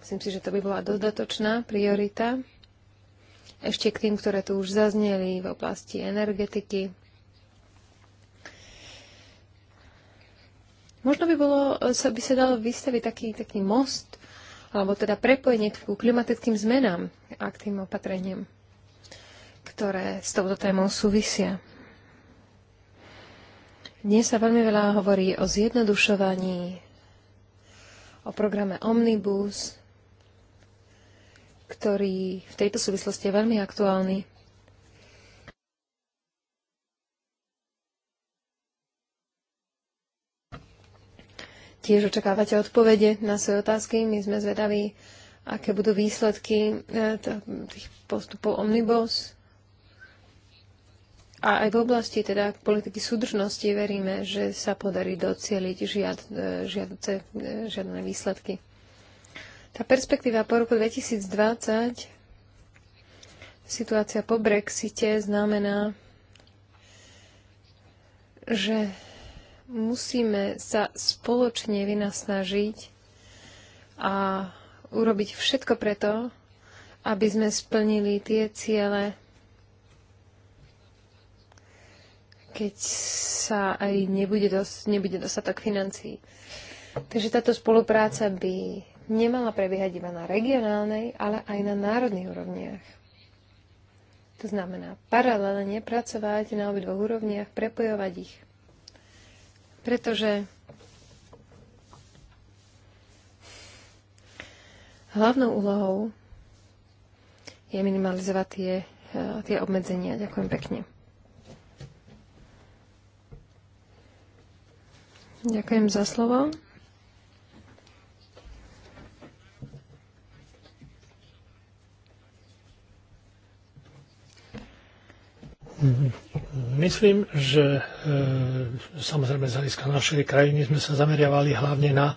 Myslím si, že to by bola dodatočná priorita ešte k tým, ktoré tu už zazneli v oblasti energetiky. Možno by, bolo, eh, by sa dal vystaviť taký, taký most alebo teda prepojenie ku klimatickým zmenám a k tým opatreniam, ktoré s touto témou súvisia. Dnes sa veľmi veľa hovorí o zjednodušovaní, o programe Omnibus, ktorý v tejto súvislosti je veľmi aktuálny tiež očakávate odpovede na svoje otázky. My sme zvedaví, aké budú výsledky e, tých postupov Omnibus. A aj v oblasti teda politiky súdržnosti veríme, že sa podarí docieliť žiad, e, žiadce, e, žiadne výsledky. Tá perspektíva po roku 2020, situácia po Brexite znamená, že musíme sa spoločne vynasnažiť a urobiť všetko preto, aby sme splnili tie ciele, keď sa aj nebude, dos- nebude dostatok financií. Takže táto spolupráca by nemala prebiehať iba na regionálnej, ale aj na národných úrovniach. To znamená paralelne pracovať na obidvoch úrovniach, prepojovať ich. Pretože hlavnou úlohou je minimalizovať tie, eh, tie obmedzenia. Ďakujem pekne. Ďakujem za slovo. Mm-hmm. Myslím, že e, samozrejme z hľadiska našej krajiny sme sa zameriavali hlavne na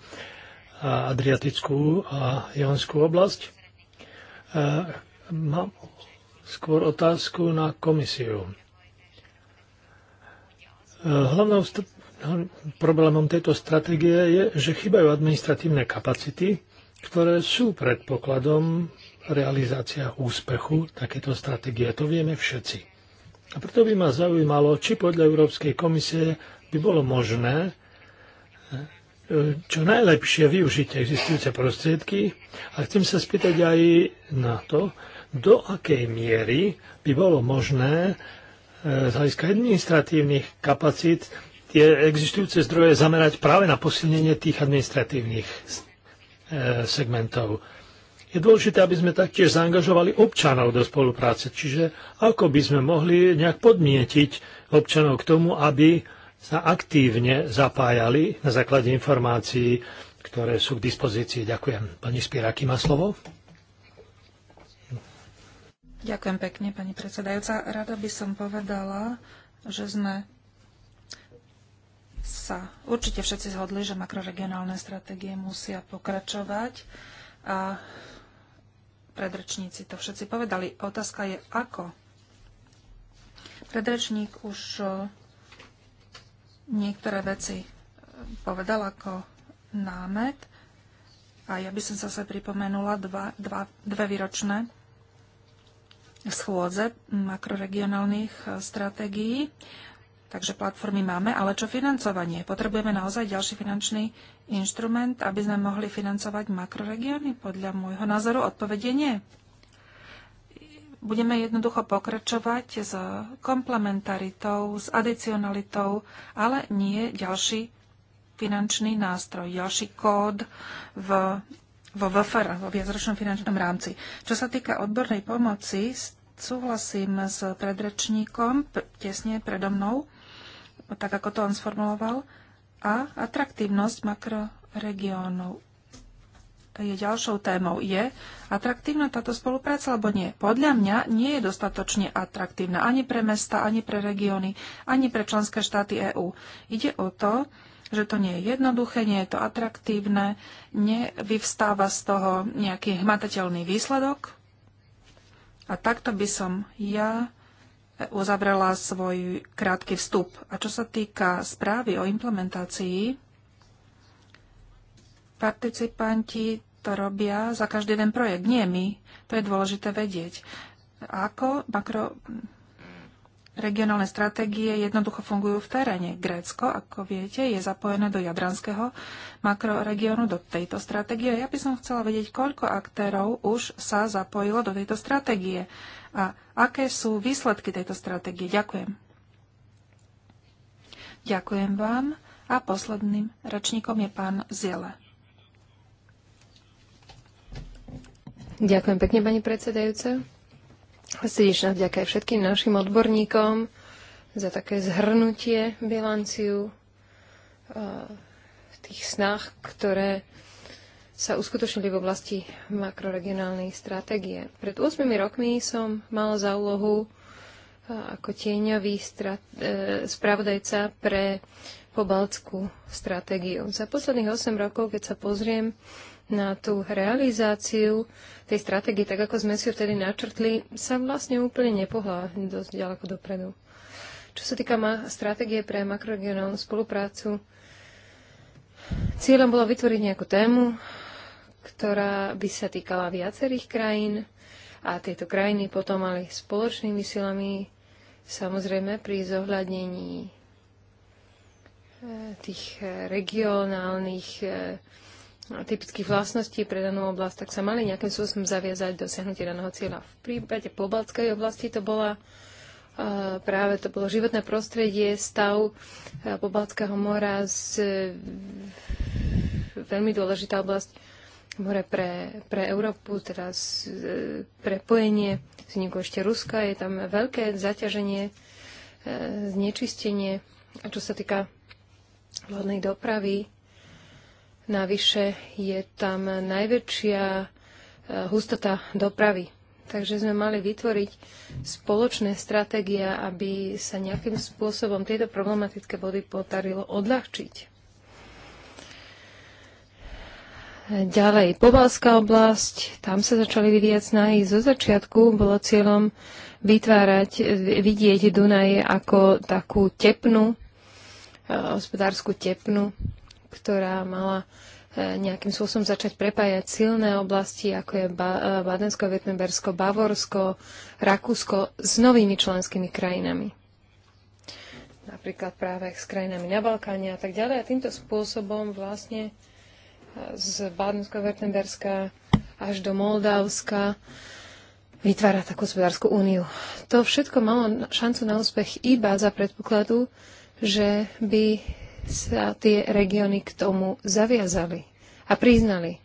Adriatickú a Jonskú oblasť. E, mám skôr otázku na komisiu. E, hlavnou problémom tejto stratégie je, že chýbajú administratívne kapacity, ktoré sú predpokladom realizácia úspechu takéto stratégie. To vieme všetci. A preto by ma zaujímalo, či podľa Európskej komisie by bolo možné e, čo najlepšie využiť existujúce prostriedky a chcem sa spýtať aj na to, do akej miery by bolo možné e, z hľadiska administratívnych kapacít tie existujúce zdroje zamerať práve na posilnenie tých administratívnych e, segmentov je dôležité, aby sme taktiež zaangažovali občanov do spolupráce. Čiže ako by sme mohli nejak podmietiť občanov k tomu, aby sa aktívne zapájali na základe informácií, ktoré sú k dispozícii. Ďakujem. Pani Spiráky má slovo. Ďakujem pekne, pani predsedajúca. Rada by som povedala, že sme sa určite všetci zhodli, že makroregionálne stratégie musia pokračovať a predrečníci to všetci povedali. Otázka je, ako? Predrečník už e, niektoré veci e, povedal ako námet a ja by som zase pripomenula dva, dva, dve výročné schôdze makroregionálnych e, stratégií Takže platformy máme, ale čo financovanie? Potrebujeme naozaj ďalší finančný inštrument, aby sme mohli financovať makroregióny? Podľa môjho názoru odpovedie nie. Budeme jednoducho pokračovať s komplementaritou, s adicionalitou, ale nie ďalší finančný nástroj, ďalší kód v, vo VFR, vo viacročnom finančnom rámci. Čo sa týka odbornej pomoci, súhlasím s predrečníkom tesne predo mnou tak ako to on sformuloval, a atraktívnosť makroregiónov je ďalšou témou. Je atraktívna táto spolupráca, alebo nie? Podľa mňa nie je dostatočne atraktívna ani pre mesta, ani pre regióny, ani pre členské štáty EÚ. Ide o to, že to nie je jednoduché, nie je to atraktívne, nevyvstáva z toho nejaký hmatateľný výsledok. A takto by som ja uzavrela svoj krátky vstup. A čo sa týka správy o implementácii, participanti to robia za každý jeden projekt, nie my. To je dôležité vedieť. Ako makro regionálne stratégie jednoducho fungujú v teréne. Grécko, ako viete, je zapojené do jadranského makroregiónu, do tejto stratégie. Ja by som chcela vedieť, koľko aktérov už sa zapojilo do tejto stratégie a aké sú výsledky tejto stratégie. Ďakujem. Ďakujem vám. A posledným rečníkom je pán Ziele. Ďakujem pekne, pani predsedajúce. Srdečná vďaka aj všetkým našim odborníkom za také zhrnutie bilanciu eh, tých snah, ktoré sa uskutočnili v oblasti makroregionálnej stratégie. Pred 8 rokmi som mala za úlohu e, ako tieňový strat, e, spravodajca pre pobaltskú stratégiu. Za posledných 8 rokov, keď sa pozriem na tú realizáciu tej stratégie, tak ako sme si ju vtedy načrtli, sa vlastne úplne nepohla dosť ďaleko dopredu. Čo sa týka ma- stratégie pre makroregionálnu spoluprácu, cieľom bolo vytvoriť nejakú tému, ktorá by sa týkala viacerých krajín a tieto krajiny potom mali spoločnými silami samozrejme pri zohľadnení e, tých e, regionálnych e, typických vlastností pre danú oblasť, tak sa mali nejakým spôsobom zaviazať dosiahnutie daného cieľa. V prípade pobaltskej oblasti to bola práve to bolo životné prostredie, stav Pobaltského mora, z, veľmi dôležitá oblasť more pre, pre Európu, teda z, e, prepojenie vzniklo ešte Ruska, je tam veľké zaťaženie, e, znečistenie. A čo sa týka vodnej dopravy, navyše je tam najväčšia e, hustota dopravy. Takže sme mali vytvoriť spoločné stratégie, aby sa nejakým spôsobom tieto problematické body podarilo odľahčiť. Ďalej, Pobalská oblasť, tam sa začali vyvíjať snahy. Zo začiatku bolo cieľom vytvárať, vidieť Dunaj ako takú tepnu, e, hospodárskú tepnu, ktorá mala e, nejakým spôsobom začať prepájať silné oblasti, ako je Badensko, e, Vetmebersko, Bavorsko, Rakúsko s novými členskými krajinami. Napríklad práve s krajinami na Balkáne a tak ďalej. A týmto spôsobom vlastne z Bádensko-Vertemberska až do Moldavska vytvára takú hospodárskú úniu. To všetko malo šancu na úspech iba za predpokladu, že by sa tie regióny k tomu zaviazali a priznali.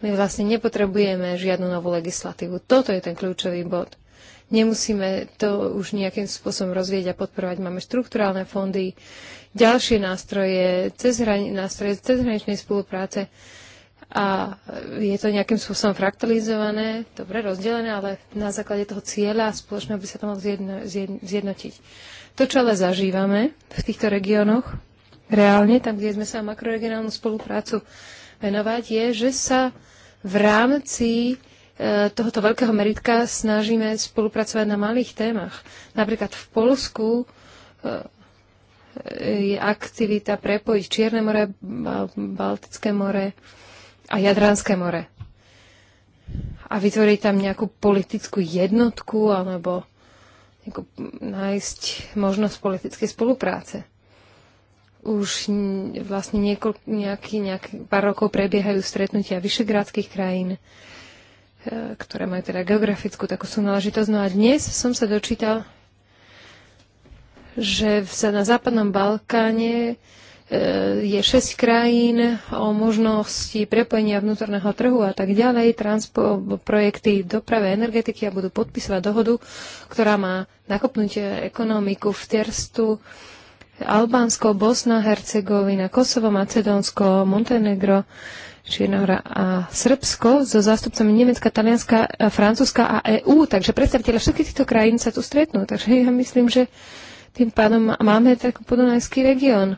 My vlastne nepotrebujeme žiadnu novú legislatívu. Toto je ten kľúčový bod. Nemusíme to už nejakým spôsobom rozvieť a podporovať. Máme štrukturálne fondy, ďalšie nástroje, cezhrani- nástroje cezhraničnej spolupráce a je to nejakým spôsobom fraktalizované, dobre rozdelené, ale na základe toho cieľa spoločného by sa to malo zjedno, zjedno, zjednotiť. To, čo ale zažívame v týchto regiónoch, reálne, tam, kde sme sa makroregionálnu spoluprácu venovať, je, že sa v rámci E, tohoto veľkého meritka snažíme spolupracovať na malých témach. Napríklad v Polsku e, e, je aktivita prepojiť Čierne more, Baltické more a Jadranské more. A vytvoriť tam nejakú politickú jednotku alebo nejakú, nájsť možnosť politickej spolupráce. Už vlastne niekoľ, nejaký, nejaký pár rokov prebiehajú stretnutia vyšegrádskych krajín, E, ktoré majú teda geografickú takú súnáležitosť. No a dnes som sa dočítal, že sa na západnom Balkáne e, je 6 krajín o možnosti prepojenia vnútorného trhu a tak ďalej, transpo, projekty doprave energetiky a budú podpisovať dohodu, ktorá má nakopnúť ekonomiku v Terstu, Albánsko, Bosna, Hercegovina, Kosovo, Macedónsko, Montenegro, Čiernohora a Srbsko so zástupcami Nemecka, Talianska, Francúzska a EÚ. Takže predstaviteľe všetkých týchto krajín sa tu stretnú. Takže ja myslím, že tým pádom máme taký podunajský región,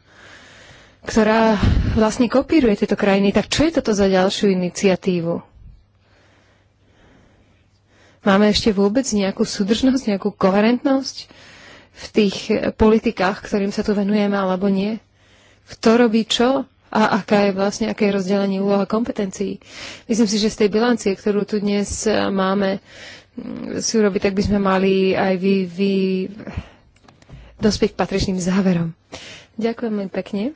ktorá vlastne kopíruje tieto krajiny. Tak čo je toto za ďalšiu iniciatívu? Máme ešte vôbec nejakú súdržnosť, nejakú koherentnosť v tých politikách, ktorým sa tu venujeme, alebo nie? Kto robí čo? a aká je vlastne, aké je rozdelenie úloha kompetencií. Myslím si, že z tej bilancie, ktorú tu dnes e, máme mm, si urobiť, tak by sme mali aj vy, vy dospieť k patričným záverom. Ďakujem veľmi pekne.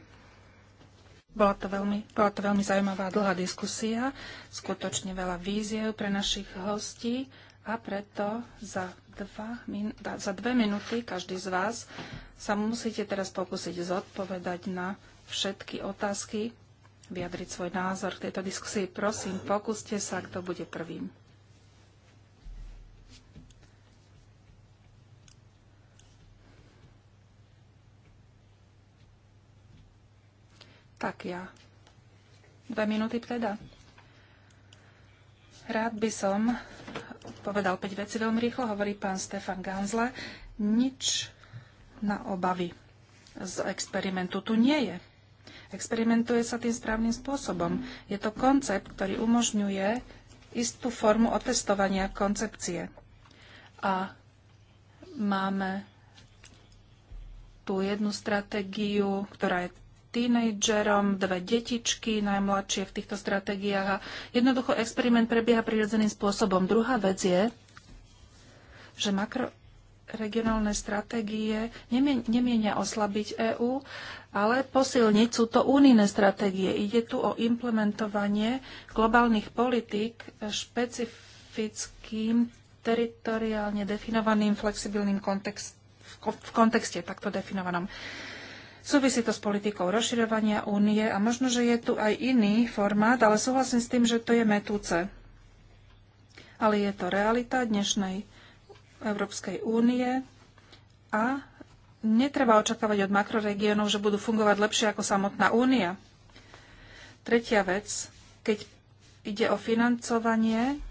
Bola to, veľmi, bola to veľmi zaujímavá dlhá diskusia, skutočne veľa víziev pre našich hostí a preto za, dva, za dve minúty každý z vás sa musíte teraz pokúsiť zodpovedať na všetky otázky, vyjadriť svoj názor k tejto diskusii. Prosím, pokúste sa, kto bude prvým. Tak ja. Dve minúty teda. Rád by som povedal 5 vecí veľmi rýchlo, hovorí pán Stefan Ganzle. Nič na obavy z experimentu tu nie je experimentuje sa tým správnym spôsobom. Je to koncept, ktorý umožňuje istú formu otestovania koncepcie. A máme tú jednu stratégiu, ktorá je tínejdžerom, dve detičky najmladšie v týchto stratégiách a jednoducho experiment prebieha prirodzeným spôsobom. Druhá vec je, že makro regionálne stratégie nemienia oslabiť EÚ, ale posilniť sú to únijné stratégie. Ide tu o implementovanie globálnych politík špecifickým teritoriálne definovaným flexibilným kontext, v kontexte takto definovanom. Súvisí to s politikou rozširovania únie a možno, že je tu aj iný formát, ale súhlasím s tým, že to je metúce. Ale je to realita dnešnej Európskej únie a netreba očakávať od makroregiónov, že budú fungovať lepšie ako samotná únia. Tretia vec, keď ide o financovanie,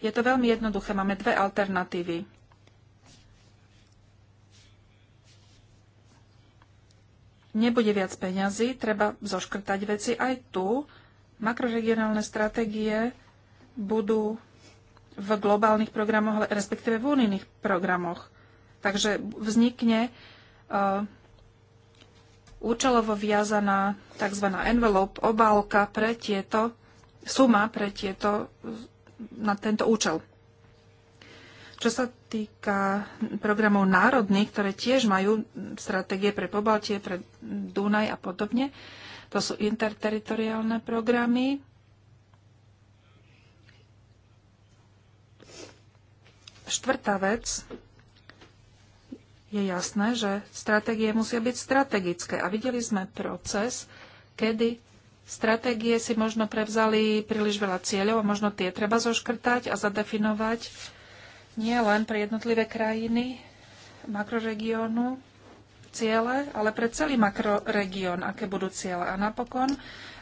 je to veľmi jednoduché. Máme dve alternatívy. Nebude viac peňazí, treba zoškrtať veci. Aj tu makroregionálne stratégie budú v globálnych programoch, respektíve v unijných programoch. Takže vznikne uh, účelovo viazaná tzv. envelope, obálka pre tieto, suma pre tieto, na tento účel. Čo sa týka programov národných, ktoré tiež majú stratégie pre Pobaltie, pre Dunaj a podobne, to sú interteritoriálne programy, štvrtá vec, je jasné, že stratégie musia byť strategické. A videli sme proces, kedy stratégie si možno prevzali príliš veľa cieľov a možno tie treba zoškrtať a zadefinovať nie len pre jednotlivé krajiny makroregiónu ciele, ale pre celý makroregión, aké budú ciele. A napokon,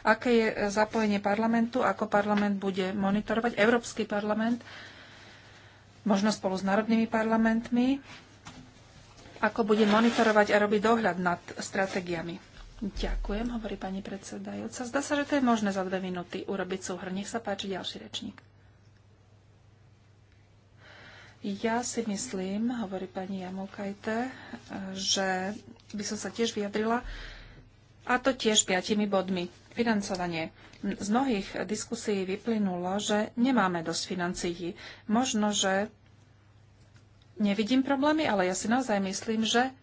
aké je zapojenie parlamentu, ako parlament bude monitorovať, Európsky parlament možno spolu s národnými parlamentmi, ako bude monitorovať a robiť dohľad nad stratégiami. Ďakujem, hovorí pani predsedajúca. Zdá sa, že to je možné za dve minúty urobiť súhr. Nech sa páči ďalší rečník. Ja si myslím, hovorí pani Jamokajte, že by som sa tiež vyjadrila, a to tiež piatimi bodmi. Financovanie. Z mnohých diskusí vyplynulo, že nemáme dosť financií. Možno, že nevidím problémy, ale ja si naozaj myslím, že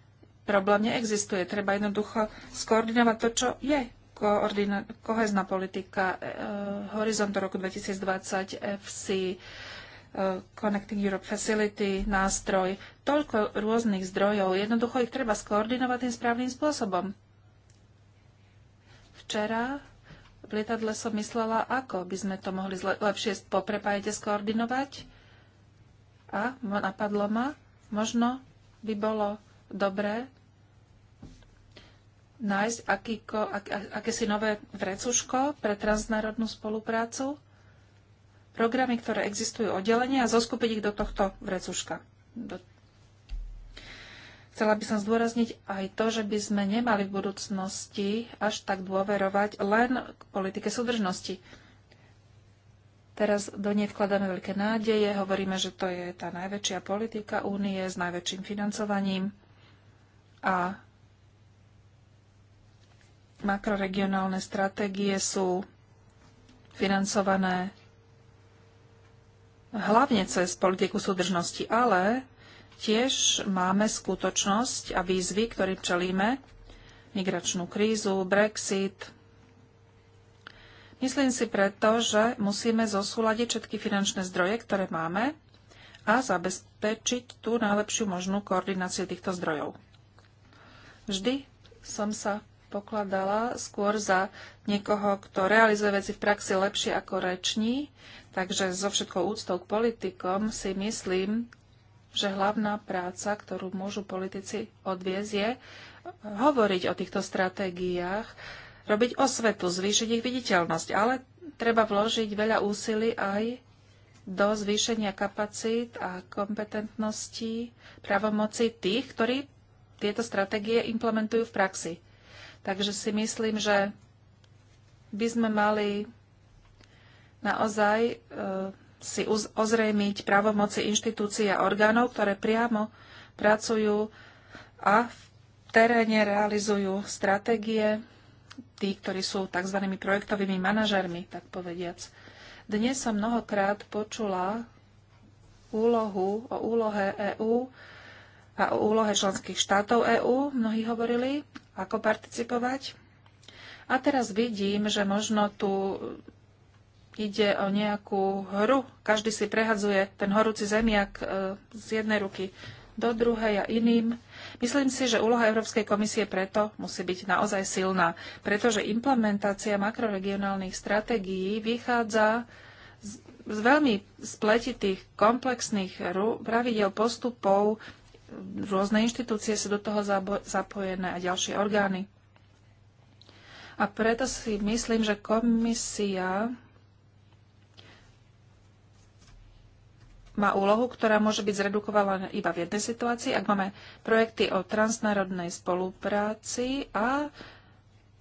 problém neexistuje. Treba jednoducho skoordinovať to, čo je koordina- kohezná politika, eh, Horizont roku 2020, FC, e, Connecting Europe Facility, nástroj. Toľko rôznych zdrojov. Jednoducho ich treba skoordinovať tým správnym spôsobom včera v lietadle som myslela, ako by sme to mohli lepšie poprepájete skoordinovať. A napadlo ma, možno by bolo dobré nájsť akýko, ak, ak, akési nové vrecuško pre transnárodnú spoluprácu, programy, ktoré existujú oddelenie a zoskupiť ich do tohto vrecuška, do Chcela by som zdôrazniť aj to, že by sme nemali v budúcnosti až tak dôverovať len k politike súdržnosti. Teraz do nej vkladáme veľké nádeje, hovoríme, že to je tá najväčšia politika únie s najväčším financovaním a makroregionálne stratégie sú financované hlavne cez politiku súdržnosti, ale Tiež máme skutočnosť a výzvy, ktorým čelíme, migračnú krízu, Brexit. Myslím si preto, že musíme zosúľadiť všetky finančné zdroje, ktoré máme a zabezpečiť tú najlepšiu možnú koordináciu týchto zdrojov. Vždy som sa pokladala skôr za niekoho, kto realizuje veci v praxi lepšie ako reční. Takže so všetkou úctou k politikom si myslím, že hlavná práca, ktorú môžu politici odviezť, je eh, hovoriť o týchto stratégiách, robiť osvetu, zvýšiť ich viditeľnosť, ale treba vložiť veľa úsilí aj do zvýšenia kapacít a kompetentností právomoci tých, ktorí tieto stratégie implementujú v praxi. Takže si myslím, že by sme mali naozaj eh, si ozrejmiť právomoci inštitúcií a orgánov, ktoré priamo pracujú a v teréne realizujú stratégie tí, ktorí sú tzv. projektovými manažermi, tak povediac. Dnes som mnohokrát počula úlohu o úlohe EÚ a o úlohe členských štátov EÚ, mnohí hovorili, ako participovať. A teraz vidím, že možno tu ide o nejakú hru. Každý si prehadzuje ten horúci zemiak e, z jednej ruky do druhej a iným. Myslím si, že úloha Európskej komisie preto musí byť naozaj silná, pretože implementácia makroregionálnych stratégií vychádza z, z veľmi spletitých, komplexných pravidel postupov, rôzne inštitúcie sú do toho zapojené a ďalšie orgány. A preto si myslím, že komisia má úlohu, ktorá môže byť zredukovaná iba v jednej situácii, ak máme projekty o transnárodnej spolupráci a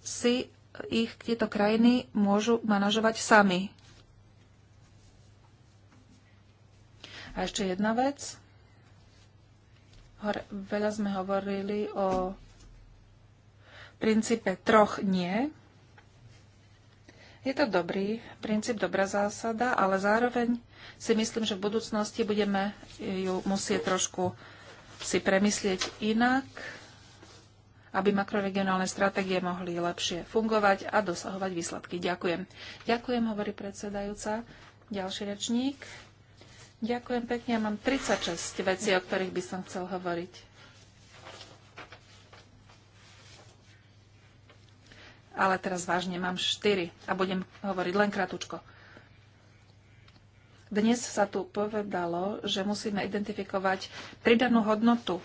si ich tieto krajiny môžu manažovať sami. A ešte jedna vec. Veľa sme hovorili o princípe troch nie. Je to dobrý princíp, dobrá zásada, ale zároveň si myslím, že v budúcnosti budeme ju musieť trošku si premyslieť inak, aby makroregionálne stratégie mohli lepšie fungovať a dosahovať výsledky. Ďakujem. Ďakujem, hovorí predsedajúca. Ďalší rečník. Ďakujem pekne. Ja mám 36 vecí, o ktorých by som chcel hovoriť. Ale teraz vážne mám 4 a budem hovoriť len kratučko. Dnes sa tu povedalo, že musíme identifikovať pridanú hodnotu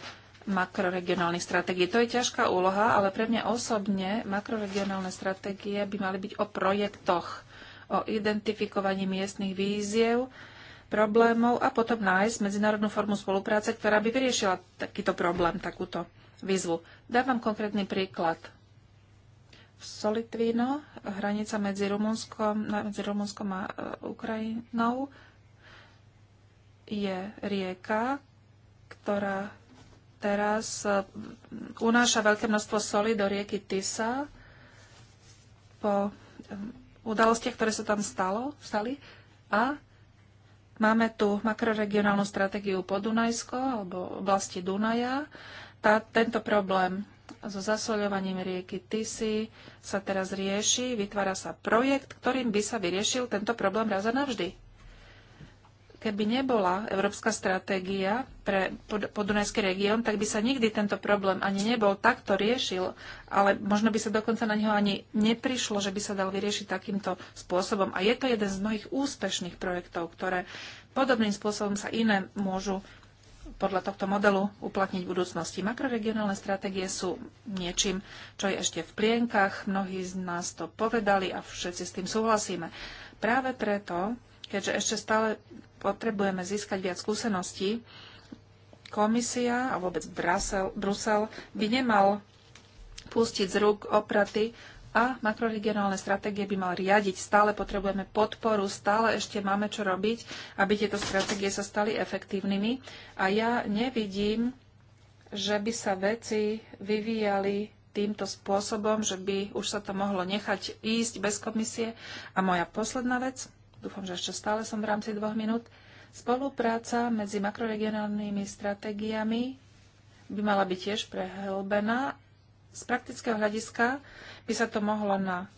makroregionálnych stratégie. To je ťažká úloha, ale pre mňa osobne makroregionálne stratégie by mali byť o projektoch, o identifikovaní miestnych víziev, problémov a potom nájsť medzinárodnú formu spolupráce, ktorá by vyriešila takýto problém, takúto výzvu. Dávam konkrétny príklad. V Solitvino, hranica medzi Rumunskom, medzi Rumunskom a e, Ukrajinou, je rieka, ktorá teraz e, unáša veľké množstvo soli do rieky Tisa po e, udalostiach, ktoré sa tam stalo, stali. A máme tu makroregionálnu stratégiu Podunajsko alebo oblasti Dunaja. Tá, tento problém so zasoľovaním rieky Tisy sa teraz rieši, vytvára sa projekt, ktorým by sa vyriešil tento problém raz a navždy. Keby nebola európska stratégia pre podunajský región, tak by sa nikdy tento problém ani nebol takto riešil, ale možno by sa dokonca na neho ani neprišlo, že by sa dal vyriešiť takýmto spôsobom. A je to jeden z mnohých úspešných projektov, ktoré podobným spôsobom sa iné môžu podľa tohto modelu uplatniť v budúcnosti. Makroregionálne stratégie sú niečím, čo je ešte v plienkach. Mnohí z nás to povedali a všetci s tým súhlasíme. Práve preto, keďže ešte stále potrebujeme získať viac skúseností. Komisia a vôbec Brusel, Brusel by nemal pustiť z rúk opraty a makroregionálne stratégie by mal riadiť. Stále potrebujeme podporu, stále ešte máme čo robiť, aby tieto stratégie sa stali efektívnymi. A ja nevidím, že by sa veci vyvíjali týmto spôsobom, že by už sa to mohlo nechať ísť bez komisie. A moja posledná vec dúfam, že ešte stále som v rámci dvoch minút, spolupráca medzi makroregionálnymi stratégiami by mala byť tiež prehlbená. Z praktického hľadiska by sa to mohlo na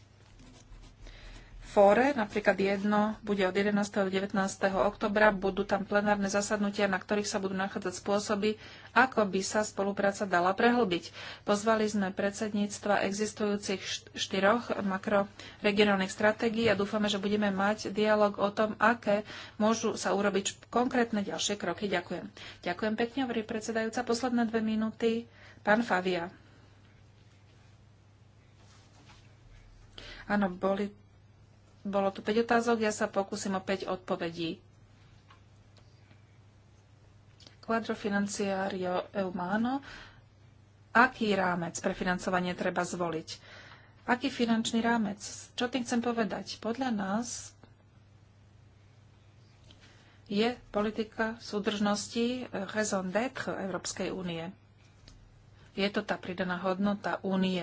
fóre, napríklad jedno bude od 11. do 19. oktobra, budú tam plenárne zasadnutia, na ktorých sa budú nachádzať spôsoby, ako by sa spolupráca dala prehlbiť. Pozvali sme predsedníctva existujúcich štyroch makroregionálnych stratégií a dúfame, že budeme mať dialog o tom, aké môžu sa urobiť konkrétne ďalšie kroky. Ďakujem. Ďakujem pekne, hovorí predsedajúca. Posledné dve minúty. Pán Favia. Áno, boli bolo tu 5 otázok, ja sa pokúsim o 5 odpovedí. Financiario Eumano. Aký rámec pre financovanie treba zvoliť? Aký finančný rámec? Čo tým chcem povedať? Podľa nás je politika súdržnosti eh, raison d'être Európskej únie. Je to tá pridaná hodnota únie.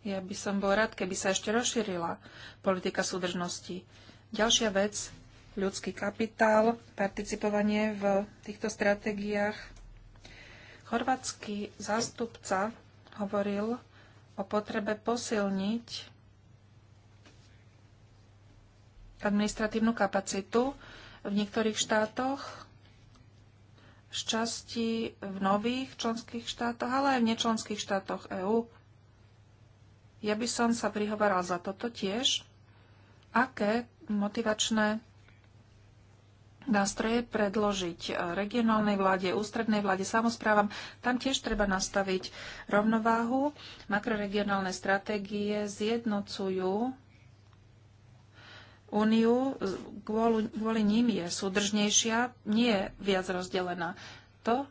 Ja by som bol rád, keby sa ešte rozšírila politika súdržnosti. Ďalšia vec, ľudský kapitál, participovanie v týchto stratégiách. Chorvátsky zástupca hovoril o potrebe posilniť administratívnu kapacitu v niektorých štátoch, v časti v nových členských štátoch, ale aj v nečlenských štátoch EÚ ja by som sa prihovaral za toto tiež. Aké motivačné nástroje predložiť e, regionálnej vláde, ústrednej vláde, samozprávam. Tam tiež treba nastaviť rovnováhu. Makroregionálne stratégie zjednocujú úniu, kvôli, kvôli ním je súdržnejšia, nie je viac rozdelená. To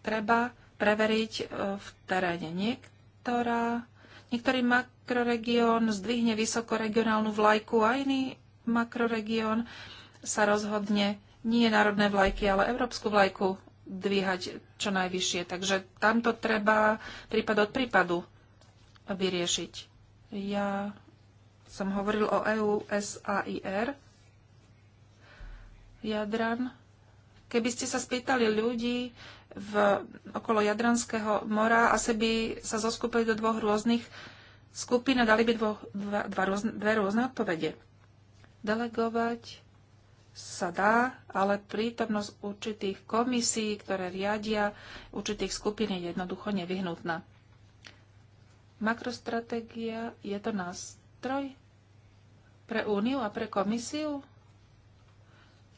treba preveriť e, v teréne. Niektorá niektorý makroregión zdvihne vysokoregionálnu vlajku a iný makroregión sa rozhodne nie národné vlajky, ale európsku vlajku dvíhať čo najvyššie. Takže tamto treba prípad od prípadu vyriešiť. Ja som hovoril o EU, SAIR, Jadran, Keby ste sa spýtali ľudí v, okolo Jadranského mora, asi by sa zoskupili do dvoch rôznych skupín a dali by dvo, dva, dva rôzne, dve rôzne odpovede. Delegovať sa dá, ale prítomnosť určitých komisí, ktoré riadia určitých skupín je jednoducho nevyhnutná. Makrostratégia je to nástroj pre úniu a pre komisiu,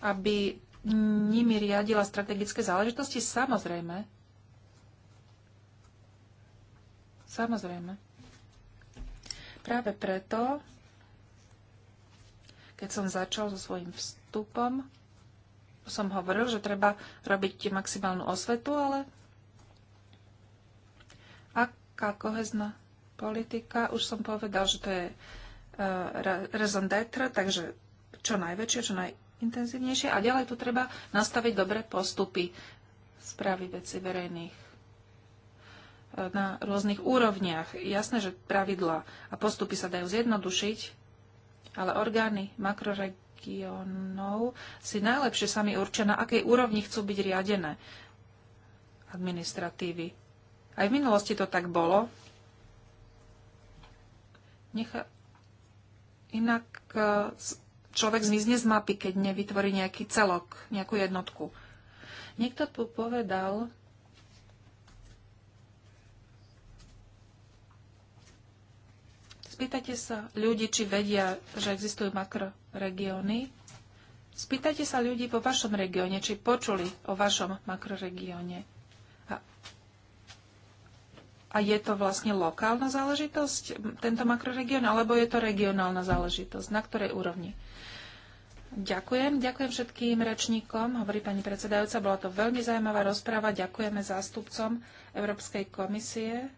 aby nimi riadila strategické záležitosti? Samozrejme. Samozrejme. Práve preto, keď som začal so svojím vstupom, som hovoril, že treba robiť maximálnu osvetu, ale aká kohezná politika, už som povedal, že to je eh, raison d'être, takže čo najväčšie, čo naj, intenzívnejšie a ďalej tu treba nastaviť dobré postupy správy veci verejných e, na rôznych úrovniach. Jasné, že pravidlá a postupy sa dajú zjednodušiť, ale orgány makroregiónov si najlepšie sami určia, na akej úrovni chcú byť riadené administratívy. Aj v minulosti to tak bolo. Necha... Inak e, človek zmizne z mapy, keď nevytvorí nejaký celok, nejakú jednotku. Niekto tu povedal, spýtajte sa ľudí, či vedia, že existujú makroregióny. Spýtajte sa ľudí vo vašom regióne, či počuli o vašom makroregióne. A, a je to vlastne lokálna záležitosť, tento makroregión, alebo je to regionálna záležitosť? Na ktorej úrovni? Ďakujem. Ďakujem všetkým rečníkom, hovorí pani predsedajúca. Bola to veľmi zaujímavá rozpráva. Ďakujeme zástupcom Európskej komisie.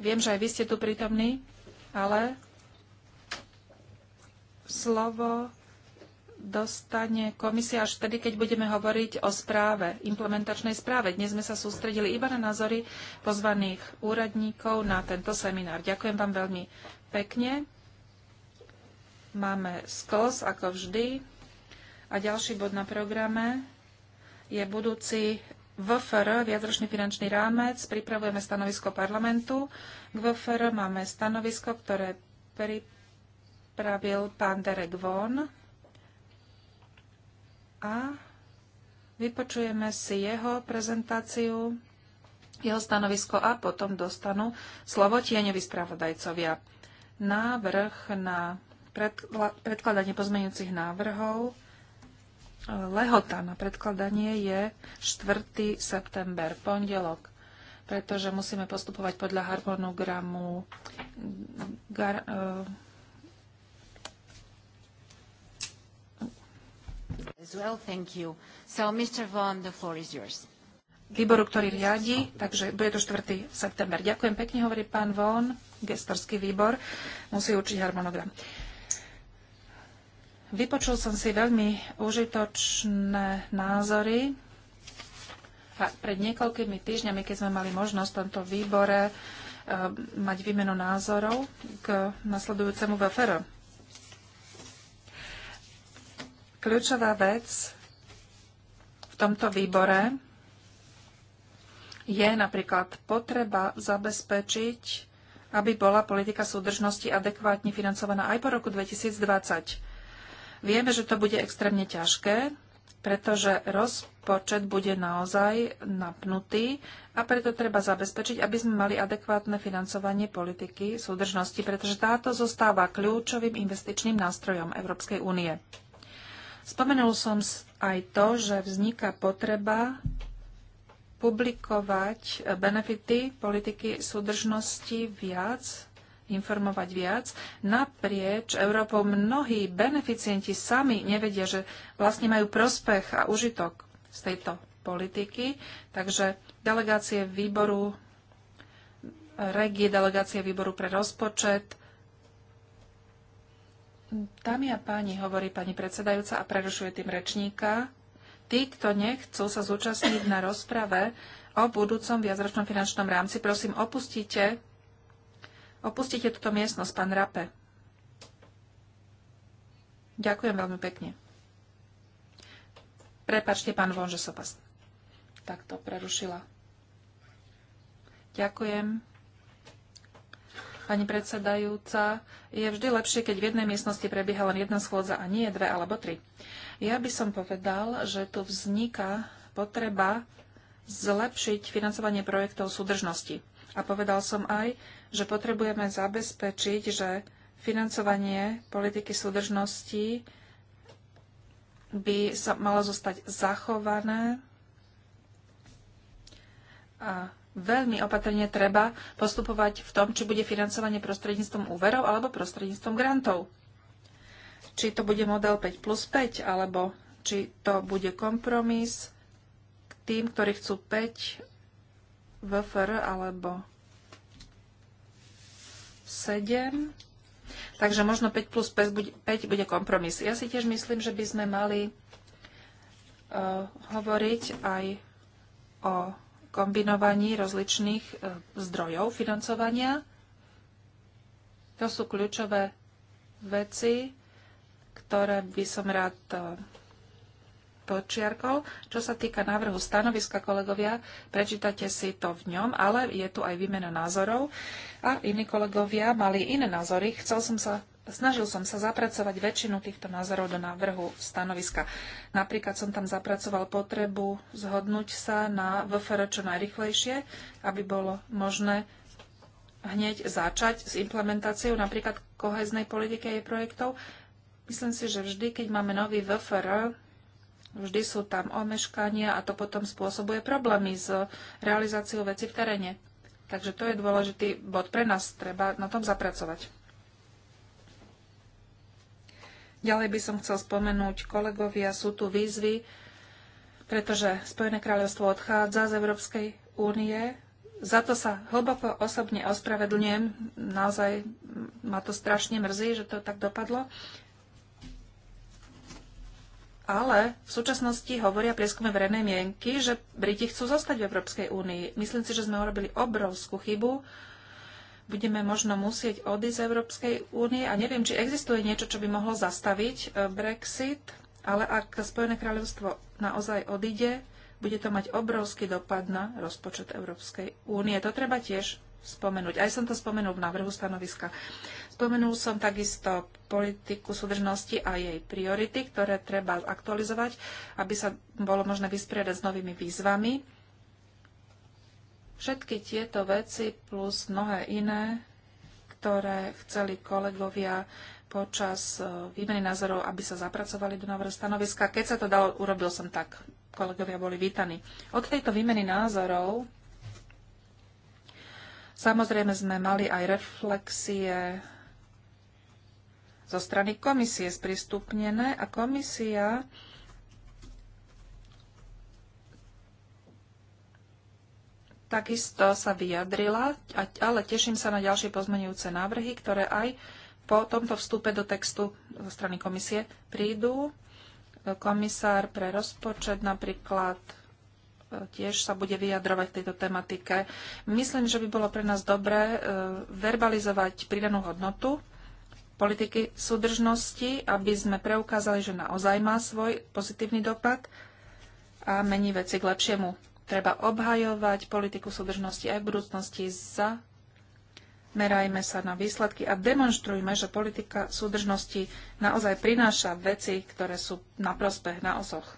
Viem, že aj vy ste tu prítomní, ale slovo dostane komisia až vtedy, keď budeme hovoriť o správe, implementačnej správe. Dnes sme sa sústredili iba na názory pozvaných úradníkov na tento seminár. Ďakujem vám veľmi pekne. Máme skos, ako vždy. A ďalší bod na programe je budúci VFR, viacročný finančný rámec. Pripravujeme stanovisko parlamentu. K VFR máme stanovisko, ktoré pripravil pán Derek Von. A vypočujeme si jeho prezentáciu, jeho stanovisko a potom dostanú slovo tieňovi spravodajcovia. Návrh na predkladanie pozmeňujúcich návrhov lehota na predkladanie je 4. september, pondelok, pretože musíme postupovať podľa harmonogramu gar, uh, As well, thank you. So, Mr. Vaughan, the floor is yours. Výboru, ktorý riadi, takže bude to 4. september. Ďakujem pekne, hovorí pán Von, gestorský výbor, musí určiť harmonogram. Uh, Vypočul som si veľmi užitočné názory a pred niekoľkými týždňami, keď sme mali možnosť v tomto výbore e, mať výmenu názorov k nasledujúcemu VFR. Kľúčová vec v tomto výbore je napríklad potreba zabezpečiť, aby bola politika súdržnosti adekvátne financovaná aj po roku 2020 Vieme, že to bude extrémne ťažké, pretože rozpočet bude naozaj napnutý a preto treba zabezpečiť, aby sme mali adekvátne financovanie politiky súdržnosti, pretože táto zostáva kľúčovým investičným nástrojom Európskej únie. Spomenul som aj to, že vzniká potreba publikovať benefity politiky súdržnosti viac informovať viac. Naprieč Európou mnohí beneficienti sami nevedia, že vlastne majú prospech a užitok z tejto politiky, takže delegácie výboru regie, delegácie výboru pre rozpočet. Dámy a páni, hovorí pani predsedajúca a prerušuje tým rečníka. Tí, kto nechcú sa zúčastniť na rozprave o budúcom viacročnom finančnom rámci, prosím, opustite Opustite túto miestnosť, pán Rape. Ďakujem veľmi pekne. Prepačte, pán Von, že som vás takto prerušila. Ďakujem. Pani predsedajúca, je vždy lepšie, keď v jednej miestnosti prebieha len jedna schôdza a nie dve alebo tri. Ja by som povedal, že tu vzniká potreba zlepšiť financovanie projektov súdržnosti. A povedal som aj, že potrebujeme zabezpečiť, že financovanie politiky súdržnosti by sa malo zostať zachované a veľmi opatrne treba postupovať v tom, či bude financovanie prostredníctvom úverov alebo prostredníctvom grantov. Či to bude model 5 plus 5, alebo či to bude kompromis k tým, ktorí chcú 5 VFR alebo 7. Takže možno 5 plus 5 bude, 5 bude kompromis. Ja si tiež myslím, že by sme mali uh, hovoriť aj o kombinovaní rozličných uh, zdrojov financovania. To sú kľúčové veci, ktoré by som rád uh, počiarkol. Čo sa týka návrhu stanoviska, kolegovia, prečítate si to v ňom, ale je tu aj výmena názorov a iní kolegovia mali iné názory. Chcel som sa Snažil som sa zapracovať väčšinu týchto názorov do návrhu stanoviska. Napríklad som tam zapracoval potrebu zhodnúť sa na VFR čo najrychlejšie, aby bolo možné hneď začať s implementáciou napríklad koheznej politiky jej projektov. Myslím si, že vždy, keď máme nový VFR, Vždy sú tam omeškania a to potom spôsobuje problémy s realizáciou veci v teréne. Takže to je dôležitý bod pre nás. Treba na tom zapracovať. Ďalej by som chcel spomenúť, kolegovia, sú tu výzvy, pretože Spojené kráľovstvo odchádza z Európskej únie. Za to sa hlboko osobne ospravedlňujem. Naozaj ma to strašne mrzí, že to tak dopadlo. Ale v súčasnosti hovoria prieskume verejnej mienky, že Briti chcú zostať v Európskej únii. Myslím si, že sme urobili obrovskú chybu. Budeme možno musieť odísť z Európskej únie a neviem, či existuje niečo, čo by mohlo zastaviť e, Brexit, ale ak Spojené kráľovstvo naozaj odíde, bude to mať obrovský dopad na rozpočet Európskej únie. To treba tiež spomenúť. Aj som to spomenul v návrhu stanoviska. Spomenul som takisto politiku súdržnosti a jej priority, ktoré treba aktualizovať, aby sa bolo možné vysporiadať s novými výzvami. Všetky tieto veci plus mnohé iné, ktoré chceli kolegovia počas e, výmeny názorov, aby sa zapracovali do návrhu stanoviska. Keď sa to dalo, urobil som tak. Kolegovia boli vítaní. Od tejto výmeny názorov Samozrejme sme mali aj reflexie zo strany komisie sprístupnené a komisia takisto sa vyjadrila, ale teším sa na ďalšie pozmenujúce návrhy, ktoré aj po tomto vstupe do textu zo strany komisie prídu. Komisár pre rozpočet napríklad tiež sa bude vyjadrovať v tejto tematike. Myslím, že by bolo pre nás dobré e, verbalizovať pridanú hodnotu politiky súdržnosti, aby sme preukázali, že naozaj má svoj pozitívny dopad a mení veci k lepšiemu. Treba obhajovať politiku súdržnosti aj v budúcnosti za Merajme sa na výsledky a demonstrujme, že politika súdržnosti naozaj prináša veci, ktoré sú na prospech na osoch.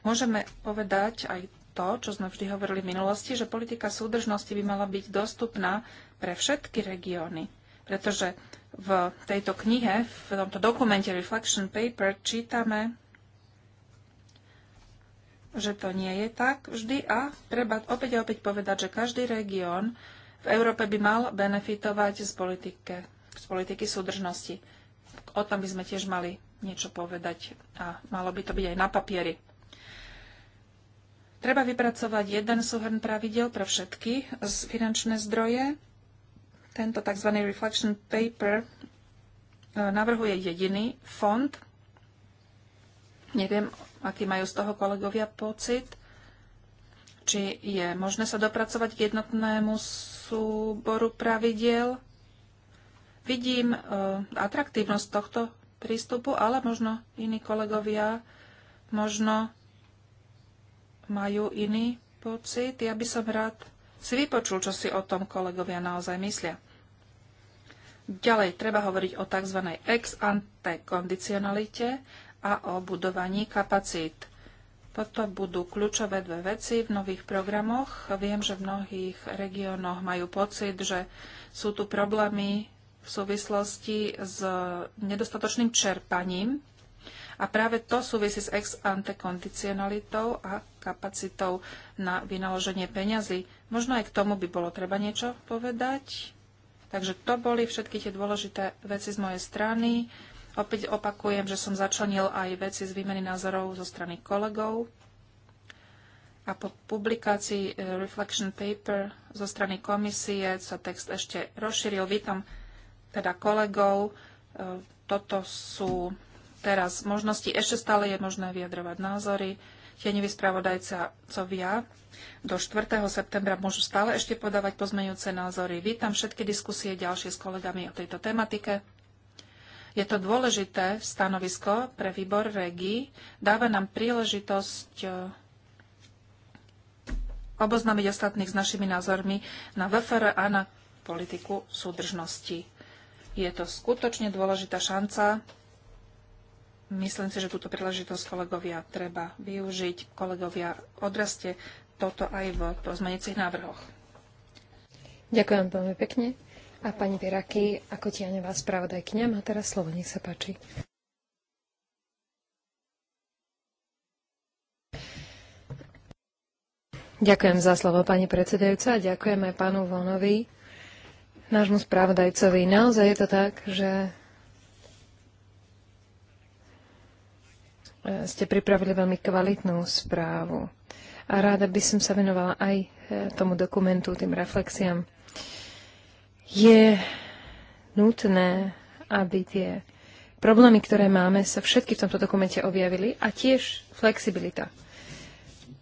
Môžeme povedať aj to, čo sme vždy hovorili v minulosti, že politika súdržnosti by mala byť dostupná pre všetky regióny. Pretože v tejto knihe, v tomto dokumente Reflection Paper čítame, že to nie je tak vždy a treba opäť a opäť povedať, že každý región v Európe by mal benefitovať z, politike, z politiky súdržnosti. O tom by sme tiež mali niečo povedať a malo by to byť aj na papieri. Treba vypracovať jeden súhrn pravidel pre všetky z finančné zdroje. Tento tzv. reflection paper e, navrhuje jediný fond. Neviem, aký majú z toho kolegovia pocit, či je možné sa dopracovať k jednotnému súboru pravidiel. Vidím e, atraktívnosť tohto prístupu, ale možno iní kolegovia možno majú iný pocit. Ja by som rád si vypočul, čo si o tom kolegovia naozaj myslia. Ďalej treba hovoriť o tzv. ex ante kondicionalite a o budovaní kapacít. Toto budú kľúčové dve veci v nových programoch. Viem, že v mnohých regiónoch majú pocit, že sú tu problémy v súvislosti s nedostatočným čerpaním a práve to súvisí s ex ante kondicionalitou a kapacitou na vynaloženie peňazí. Možno aj k tomu by bolo treba niečo povedať. Takže to boli všetky tie dôležité veci z mojej strany. Opäť opakujem, že som začlenil aj veci z výmeny názorov zo strany kolegov. A po publikácii eh, Reflection Paper zo strany komisie sa text ešte rozšíril. Vítam teda kolegov. Eh, toto sú teraz možnosti. Ešte stále je možné vyjadrovať názory. Tieňoví spravodajcovia do 4. septembra môžu stále ešte podávať pozmeňujúce názory. Vítam všetky diskusie ďalšie s kolegami o tejto tematike. Je to dôležité stanovisko pre výbor REGI. Dáva nám príležitosť e, oboznámiť ostatných s našimi názormi na VFR a na politiku súdržnosti. Je to skutočne dôležitá šanca Myslím si, že túto príležitosť kolegovia treba využiť. Kolegovia, odraste toto aj v pozmenicích návrhoch. Ďakujem veľmi pekne. A pani Viraky, ako tiaňová spravodajkňa, má teraz slovo, nech sa páči. Ďakujem za slovo, pani predsedajúca, a ďakujem aj pánu Vonovi, nášmu spravodajcovi. Naozaj je to tak, že ste pripravili veľmi kvalitnú správu. A ráda by som sa venovala aj e, tomu dokumentu, tým reflexiám. Je nutné, aby tie problémy, ktoré máme, sa všetky v tomto dokumente objavili a tiež flexibilita.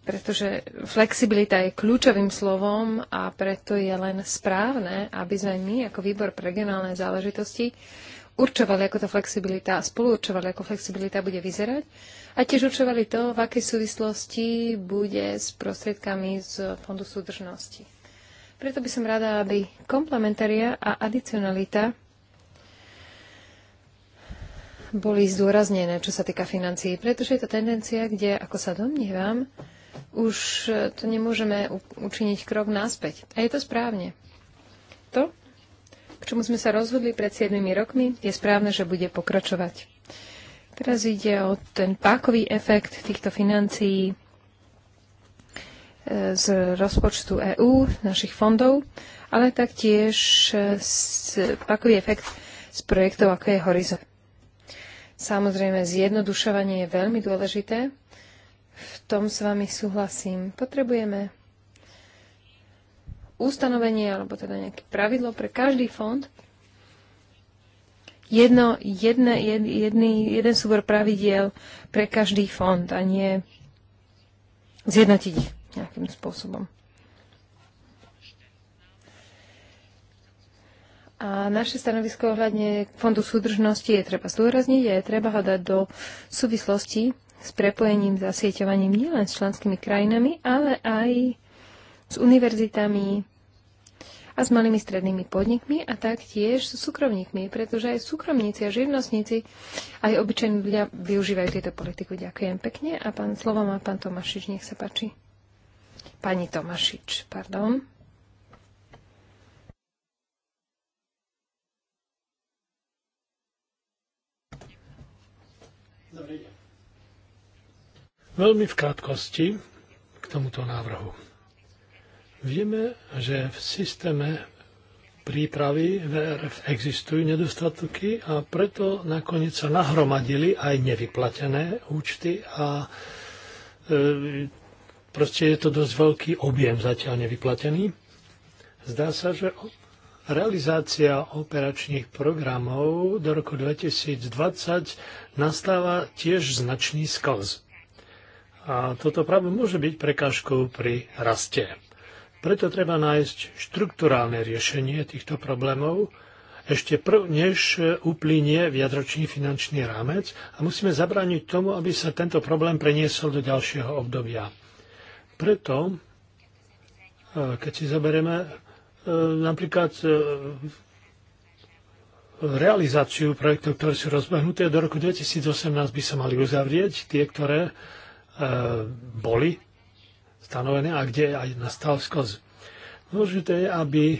Pretože flexibilita je kľúčovým slovom a preto je len správne, aby sme my ako výbor pre regionálne záležitosti určovali, ako tá flexibilita, a spoluurčovali, ako flexibilita bude vyzerať a tiež určovali to, v akej súvislosti bude s prostriedkami z Fondu súdržnosti. Preto by som rada, aby komplementaria a adicionalita boli zdôraznené, čo sa týka financií, pretože je to tendencia, kde, ako sa domnievam, už to nemôžeme učiniť krok naspäť. A je to správne. To, čomu sme sa rozhodli pred 7 rokmi, je správne, že bude pokračovať. Teraz ide o ten pákový efekt týchto financií e, z rozpočtu EÚ, našich fondov, ale taktiež e, pákový efekt z projektov, ako je Horizon. Samozrejme, zjednodušovanie je veľmi dôležité. V tom s vami súhlasím. Potrebujeme ustanovenie alebo teda nejaké pravidlo pre každý fond. Jedno, jedne, jed, jedný, jeden súbor pravidiel pre každý fond a nie zjednotiť ich nejakým spôsobom. A naše stanovisko ohľadne Fondu súdržnosti je treba zdôrazniť a je treba hľadať do súvislosti s prepojením, zasieťovaním nielen s členskými krajinami, ale aj s univerzitami, a s malými strednými podnikmi a taktiež s súkromníkmi, pretože aj súkromníci a živnostníci, aj obyčajní ľudia využívajú tieto politiku. Ďakujem pekne a pán, slovo má pán Tomašič, nech sa páči. Pani Tomašič, pardon. Veľmi v krátkosti k tomuto návrhu. Vieme, že v systéme prípravy VRF existujú nedostatky a preto nakoniec sa nahromadili aj nevyplatené účty a e, proste je to dosť veľký objem zatiaľ nevyplatený. Zdá sa, že realizácia operačných programov do roku 2020 nastáva tiež značný sklz. A toto práve môže byť prekážkou pri raste. Preto treba nájsť štruktúrálne riešenie týchto problémov ešte prv, než e, uplynie viadročný finančný rámec a musíme zabrániť tomu, aby sa tento problém preniesol do ďalšieho obdobia. Preto, e, keď si zoberieme e, napríklad realizáciu projektov, ktoré sú rozbehnuté do roku 2018, by sa mali uzavrieť tie, ktoré boli stanovené a kde aj nastal sklz. Dôležité je, aby e,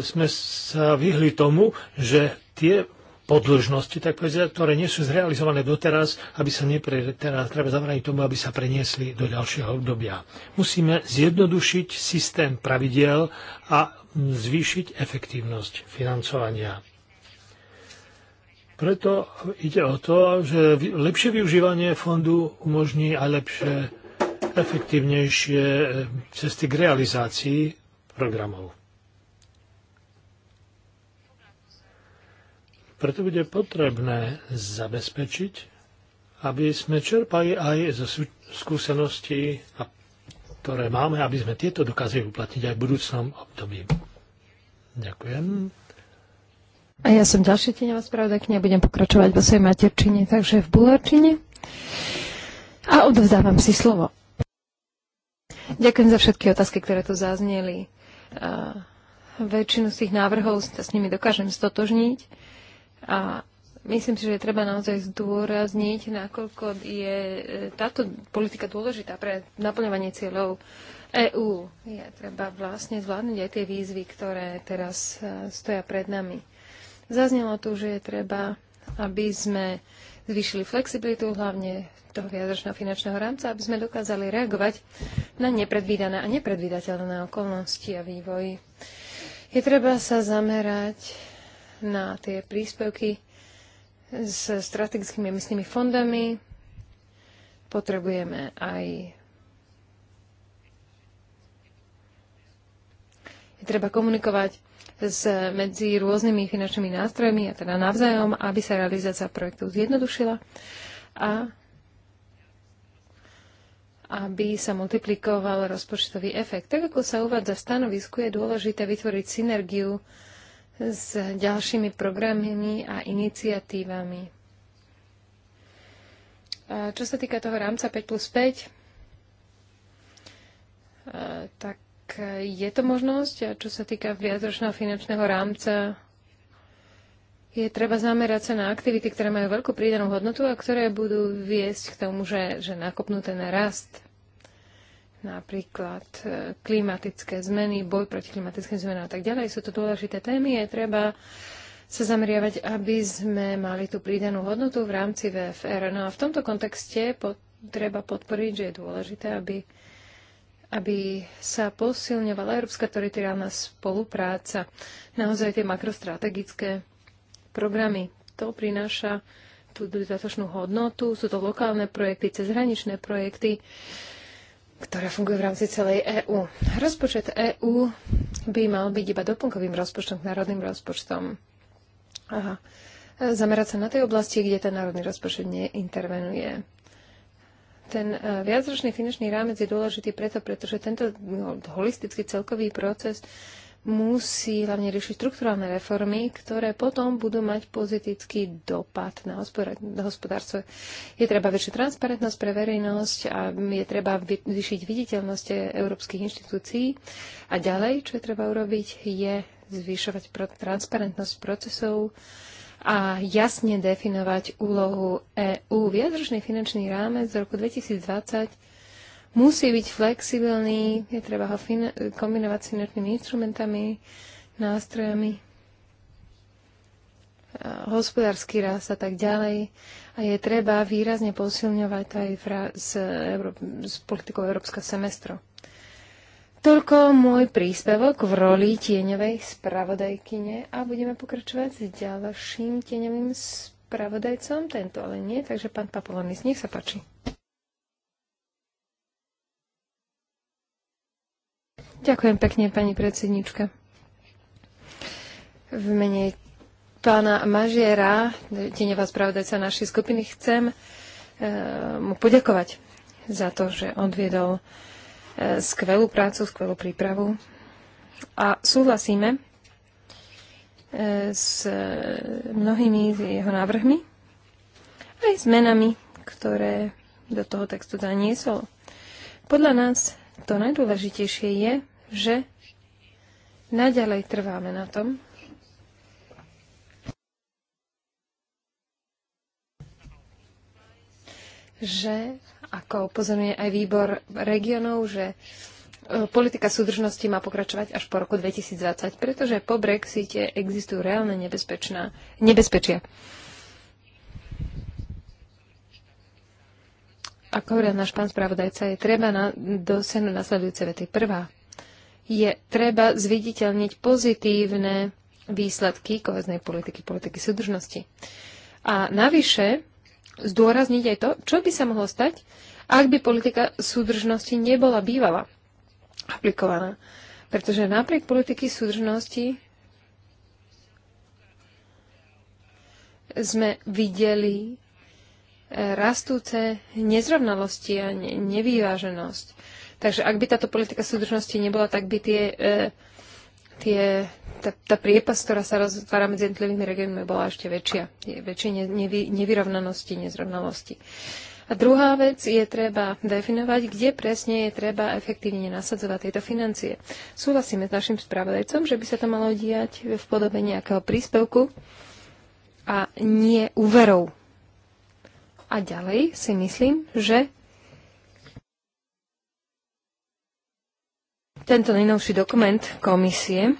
sme sa vyhli tomu, že tie podložnosti, tak povedať, ktoré nie sú zrealizované doteraz, aby sa nepre, teraz treba zabrániť tomu, aby sa preniesli do ďalšieho obdobia. Musíme zjednodušiť systém pravidiel a zvýšiť efektívnosť financovania. Preto ide o to, že lepšie využívanie fondu umožní aj lepšie, efektívnejšie eh, cesty k realizácii programov. Preto bude potrebné zabezpečiť, aby sme čerpali aj zo skúseností, ktoré máme, aby sme tieto dokázali uplatniť aj v budúcnom období. Ďakujem. A ja som ďalšia tieňová spravodajkňa, budem pokračovať vo svojej materčine, takže v bulharčine. A odovzdávam si slovo. Ďakujem za všetky otázky, ktoré tu zazneli. Uh, väčšinu z tých návrhov sa s nimi dokážem stotožniť. A myslím si, že je treba naozaj zdôrazniť, nakoľko je e, táto politika dôležitá pre naplňovanie cieľov EÚ. Je treba vlastne zvládnuť aj tie výzvy, ktoré teraz e, stoja pred nami. Zaznelo tu, že je treba, aby sme zvýšili flexibilitu, hlavne toho viacročného finančného rámca, aby sme dokázali reagovať na nepredvídané a nepredvídateľné okolnosti a vývoj. Je treba sa zamerať na tie príspevky s strategickými emisnými fondami. Potrebujeme aj je treba komunikovať s, medzi rôznymi finančnými nástrojmi a teda navzájom, aby sa realizácia projektu zjednodušila a aby sa multiplikoval rozpočtový efekt. Tak ako sa uvádza v stanovisku, je dôležité vytvoriť synergiu s ďalšími programmi a iniciatívami. A čo sa týka toho rámca 5 plus 5, tak je to možnosť. A čo sa týka viacročného finančného rámca, je treba zamerať sa na aktivity, ktoré majú veľkú prídanú hodnotu a ktoré budú viesť k tomu, že, že nakopnú ten rast. Napríklad e, klimatické zmeny, boj proti klimatickým zmenám a tak ďalej. Sú to dôležité témy. Je treba sa zameriavať, aby sme mali tú prídanú hodnotu v rámci VFR. No a v tomto kontexte treba podporiť, že je dôležité, aby aby sa posilňovala európska teritoriálna spolupráca. Naozaj tie makrostrategické programy, to prináša tú dodatočnú hodnotu. Sú to lokálne projekty, cezhraničné projekty, ktoré fungujú v rámci celej EÚ. Rozpočet EÚ by mal byť iba doplnkovým rozpočtom k národným rozpočtom. Aha. Zamerať sa na tej oblasti, kde ten národný rozpočet neintervenuje. Ten e, viacročný finančný rámec je dôležitý preto, pretože tento no, holistický celkový proces musí hlavne riešiť štruktúrálne reformy, ktoré potom budú mať pozitický dopad na hospodárstvo. Je treba väčšia transparentnosť pre verejnosť a je treba zvýšiť viditeľnosť európskych inštitúcií. A ďalej, čo je treba urobiť, je zvyšovať transparentnosť procesov, a jasne definovať úlohu EÚ. Viadržný finančný rámec z roku 2020 musí byť flexibilný, je treba ho kombinovať s finančnými instrumentami, nástrojami, hospodársky rast a tak ďalej. A je treba výrazne posilňovať aj z, Euró- politikou Európskeho semestru. Toľko môj príspevok v roli tieňovej spravodajkyne a budeme pokračovať s ďalším tieňovým spravodajcom, tento ale nie, takže pán Papolonis, nech sa páči. Ďakujem pekne, pani predsednička. V mene pána Mažiera, tieňová spravodajca našej skupiny, chcem eh, mu poďakovať za to, že odviedol skvelú prácu, skvelú prípravu a súhlasíme e, s e, mnohými jeho návrhmi, aj menami, ktoré do toho textu zaniesol. Podľa nás to najdôležitejšie je, že naďalej trváme na tom, že ako upozorňuje aj výbor regionov, že e, politika súdržnosti má pokračovať až po roku 2020, pretože po Brexite existujú reálne nebezpečná, nebezpečia. Ako hovoril náš pán spravodajca, je treba na, dosiahnuť nasledujúce vety. Prvá, je treba zviditeľniť pozitívne výsledky koheznej politiky, politiky súdržnosti. A navyše zdôrazniť aj to, čo by sa mohlo stať, ak by politika súdržnosti nebola bývala aplikovaná. Pretože napriek politiky súdržnosti sme videli e, rastúce nezrovnalosti a nevýváženosť. Takže ak by táto politika súdržnosti nebola, tak by tie e, tie, tá, tá priepas, ktorá sa rozvára medzi jednotlivými regiónmi, bola ešte väčšia. Je väčšie nevy, nevyrovnanosti, nezrovnalosti. A druhá vec je treba definovať, kde presne je treba efektívne nasadzovať tieto financie. Súhlasíme s našim spravodajcom, že by sa to malo diať v podobe nejakého príspevku a nie úverov. A ďalej si myslím, že Tento najnovší dokument komisie e,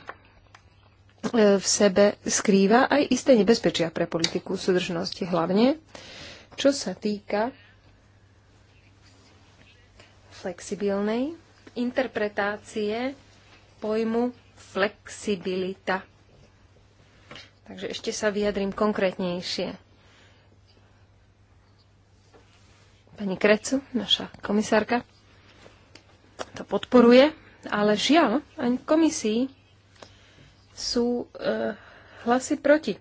v sebe skrýva aj isté nebezpečia pre politiku súdržnosti, hlavne čo sa týka flexibilnej interpretácie pojmu flexibilita. Takže ešte sa vyjadrím konkrétnejšie. Pani Krecu, naša komisárka, to podporuje ale žiaľ, ani komisii sú e, hlasy proti.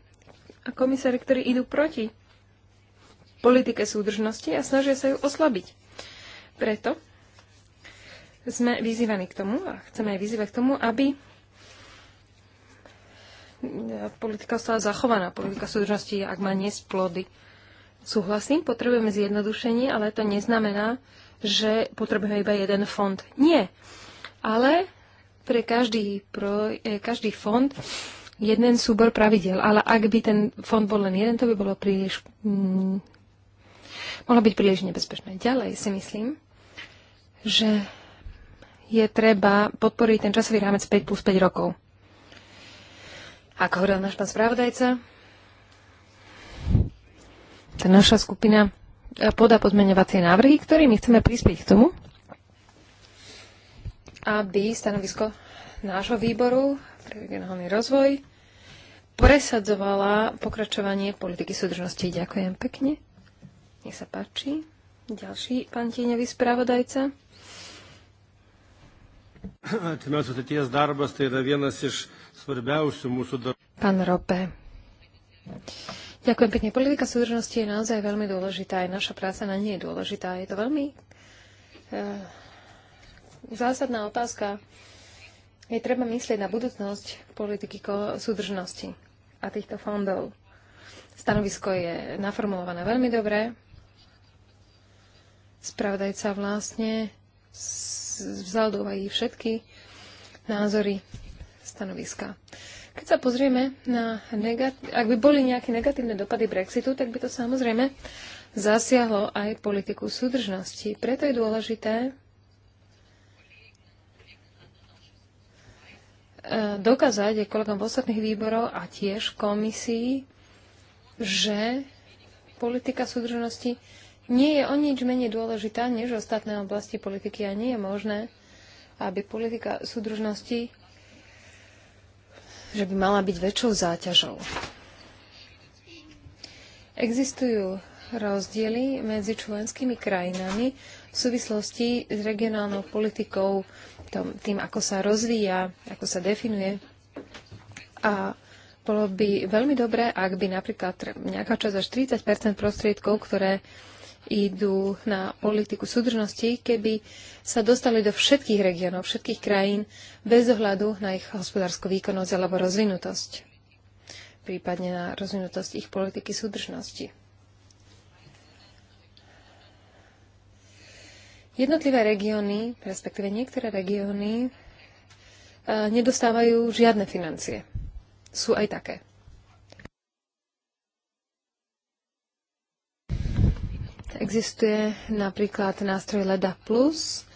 A komisári, ktorí idú proti politike súdržnosti a snažia sa ju oslabiť. Preto sme vyzývaní k tomu a chceme aj vyzývať k tomu, aby e, politika ostala zachovaná, politika súdržnosti, ak má nesplody. Súhlasím, potrebujeme zjednodušenie, ale to neznamená, že potrebujeme iba jeden fond. Nie ale pre každý, pro, eh, každý fond jeden súbor pravidel. Ale ak by ten fond bol len jeden, to by bolo príliš... Mm, mohlo byť príliš nebezpečné. Ďalej si myslím, že je treba podporiť ten časový rámec 5 plus 5 rokov. Ako hovoril náš pán spravodajca, tá naša skupina eh, podá pozmeňovacie návrhy, ktorými chceme prispieť k tomu, aby stanovisko nášho výboru pre regionálny rozvoj presadzovala pokračovanie politiky súdržnosti. Ďakujem pekne. Nech sa páči. Ďalší pán tieňový spravodajca. Pán Rope. Ďakujem pekne. Politika súdržnosti je naozaj veľmi dôležitá. Aj naša práca na nej je dôležitá. Je to veľmi eh, zásadná otázka. Je treba myslieť na budúcnosť politiky súdržnosti a týchto fondov. Stanovisko je naformulované veľmi dobre. Spravodajca vlastne vzal do úvahy všetky názory stanoviska. Keď sa pozrieme na ak by boli nejaké negatívne dopady Brexitu, tak by to samozrejme zasiahlo aj politiku súdržnosti. Preto je dôležité dokázať aj kolegom v ostatných výborov a tiež komisii, že politika súdržnosti nie je o nič menej dôležitá než ostatné oblasti politiky a nie je možné, aby politika súdržnosti že by mala byť väčšou záťažou. Existujú rozdiely medzi členskými krajinami v súvislosti s regionálnou politikou tom, tým, ako sa rozvíja, ako sa definuje. A bolo by veľmi dobré, ak by napríklad nejaká časť až 30 prostriedkov, ktoré idú na politiku súdržnosti, keby sa dostali do všetkých regiónov, všetkých krajín, bez ohľadu na ich hospodárskú výkonnosť alebo rozvinutosť, prípadne na rozvinutosť ich politiky súdržnosti. Jednotlivé regióny, respektíve niektoré regióny, e, nedostávajú žiadne financie. Sú aj také. Existuje napríklad nástroj LEDA+, Plus,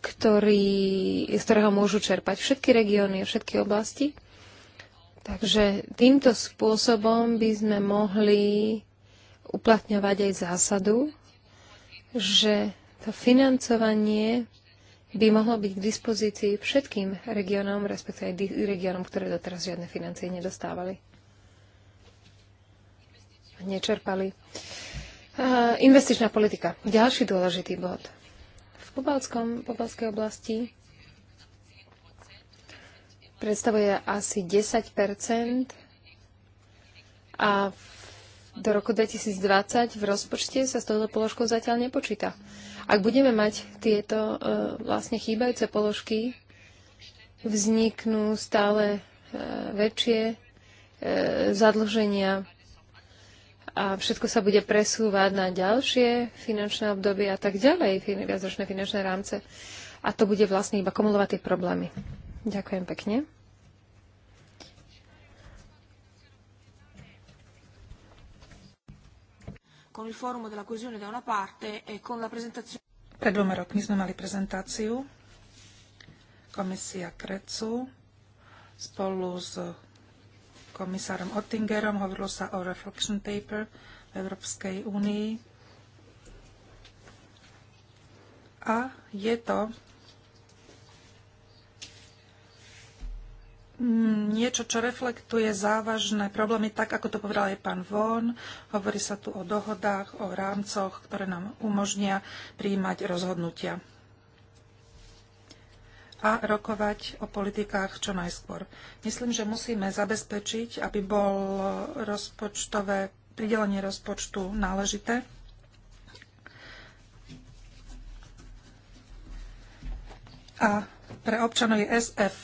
ktorý, z ktorého môžu čerpať všetky regióny a všetky oblasti. Takže týmto spôsobom by sme mohli uplatňovať aj zásadu, že to financovanie by mohlo byť k dispozícii všetkým regiónom, respektíve aj regiónom, ktoré doteraz žiadne financie nedostávali. Nečerpali. Uh, investičná politika. Ďalší dôležitý bod. V Pobalskom, Pobalskej oblasti predstavuje asi 10 a do roku 2020 v rozpočte sa s touto položkou zatiaľ nepočíta. Uh, ak budeme mať tieto e, vlastne chýbajúce položky, vzniknú stále e, väčšie e, zadlženia a všetko sa bude presúvať na ďalšie finančné obdobie a tak ďalej, viacročné finančné rámce. A to bude vlastne iba kumulovať tie problémy. Ďakujem pekne. con il forum della coesione da una parte e con la presentazione... Pred dvoma rokmi sme mali prezentáciu komisia Krecu spolu s komisárom Ottingerom. Hovorilo sa o reflection paper v Európskej únii. A je to Mm, niečo, čo reflektuje závažné problémy, tak ako to povedal aj pán Von. Hovorí sa tu o dohodách, o rámcoch, ktoré nám umožnia príjmať rozhodnutia a rokovať o politikách čo najskôr. Myslím, že musíme zabezpečiť, aby bol rozpočtové pridelenie rozpočtu náležité. A pre občanov je SF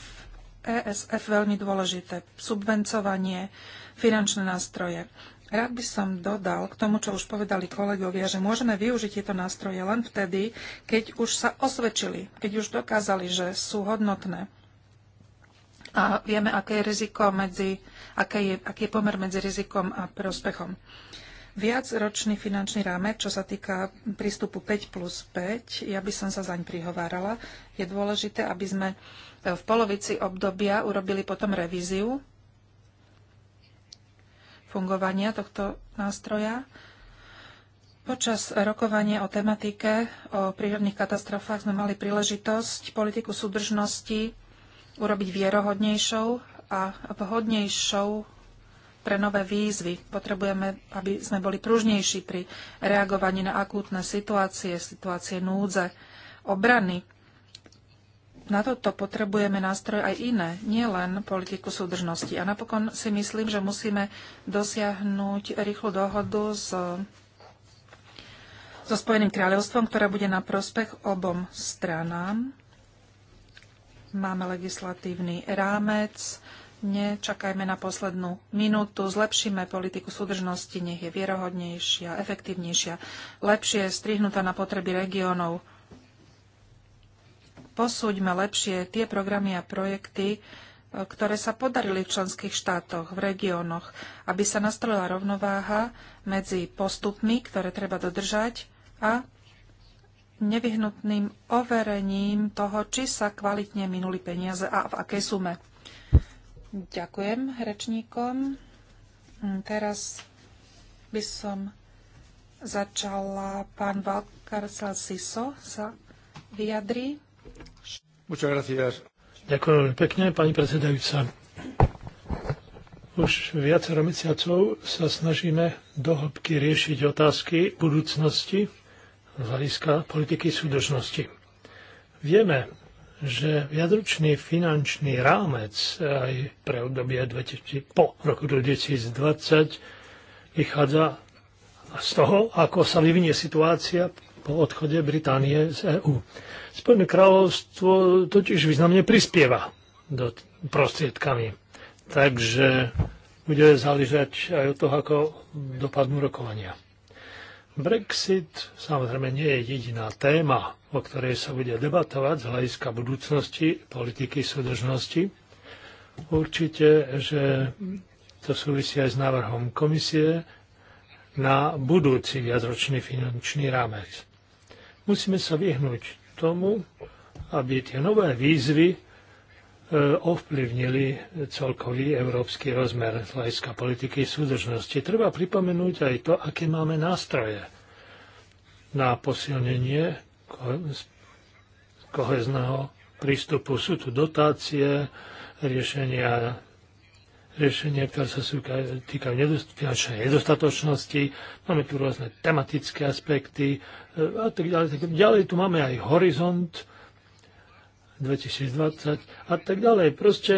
ESF veľmi dôležité. Subvencovanie, finančné nástroje. Rád by som dodal k tomu, čo už povedali kolegovia, že môžeme využiť tieto nástroje len vtedy, keď už sa osvedčili, keď už dokázali, že sú hodnotné. A vieme, aké je riziko medzi, aké je, aký je pomer medzi rizikom a prospechom. Viacročný finančný rámec, čo sa týka prístupu 5 plus 5, ja by som sa zaň prihovárala. Je dôležité, aby sme v polovici obdobia urobili potom revíziu fungovania tohto nástroja. Počas rokovania o tematike o prírodných katastrofách sme mali príležitosť politiku súdržnosti urobiť vierohodnejšou a vhodnejšou pre nové výzvy. Potrebujeme, aby sme boli pružnejší pri reagovaní na akútne situácie, situácie núdze, obrany na toto potrebujeme nástroj aj iné, nielen politiku súdržnosti. A napokon si myslím, že musíme dosiahnuť rýchlu dohodu s so Spojeným kráľovstvom, ktorá bude na prospech obom stranám. Máme legislatívny rámec, nečakajme na poslednú minútu, zlepšíme politiku súdržnosti, nech je vierohodnejšia, efektívnejšia, lepšie strihnutá na potreby regiónov posúďme lepšie tie programy a projekty, e, ktoré sa podarili v členských štátoch, v regiónoch, aby sa nastrojila rovnováha medzi postupmi, ktoré treba dodržať, a nevyhnutným overením toho, či sa kvalitne minuli peniaze a v akej sume. Ďakujem rečníkom. Hm, teraz by som začala pán Valkar Siso sa vyjadri. Ďakujem veľmi pekne, pani predsedajúca. Už viacero mesiacov sa snažíme dohlbky riešiť otázky budúcnosti z hľadiska politiky súdržnosti. Vieme, že viadručný finančný rámec aj pre obdobie 2000, po roku 2020 vychádza z toho, ako sa vyvinie situácia po odchode Británie z EÚ. Spojené kráľovstvo totiž významne prispieva do prostriedkami. Takže bude záležať aj od toho, ako dopadnú rokovania. Brexit samozrejme nie je jediná téma, o ktorej sa bude debatovať z hľadiska budúcnosti politiky súdržnosti. Určite, že to súvisí aj s návrhom komisie na budúci viacročný finančný rámec. Musíme sa vyhnúť tomu, aby tie nové výzvy e, ovplyvnili celkový európsky rozmer hľadiska politiky súdržnosti. Treba pripomenúť aj to, aké máme nástroje na posilnenie kohezného prístupu. Sú tu dotácie, riešenia riešenia, ktoré sa týkajú nedost, finančnej nedostatočnosti, máme tu rôzne tematické aspekty e, a tak ďalej. Tak ďalej tu máme aj horizont 2020 a tak ďalej. Proste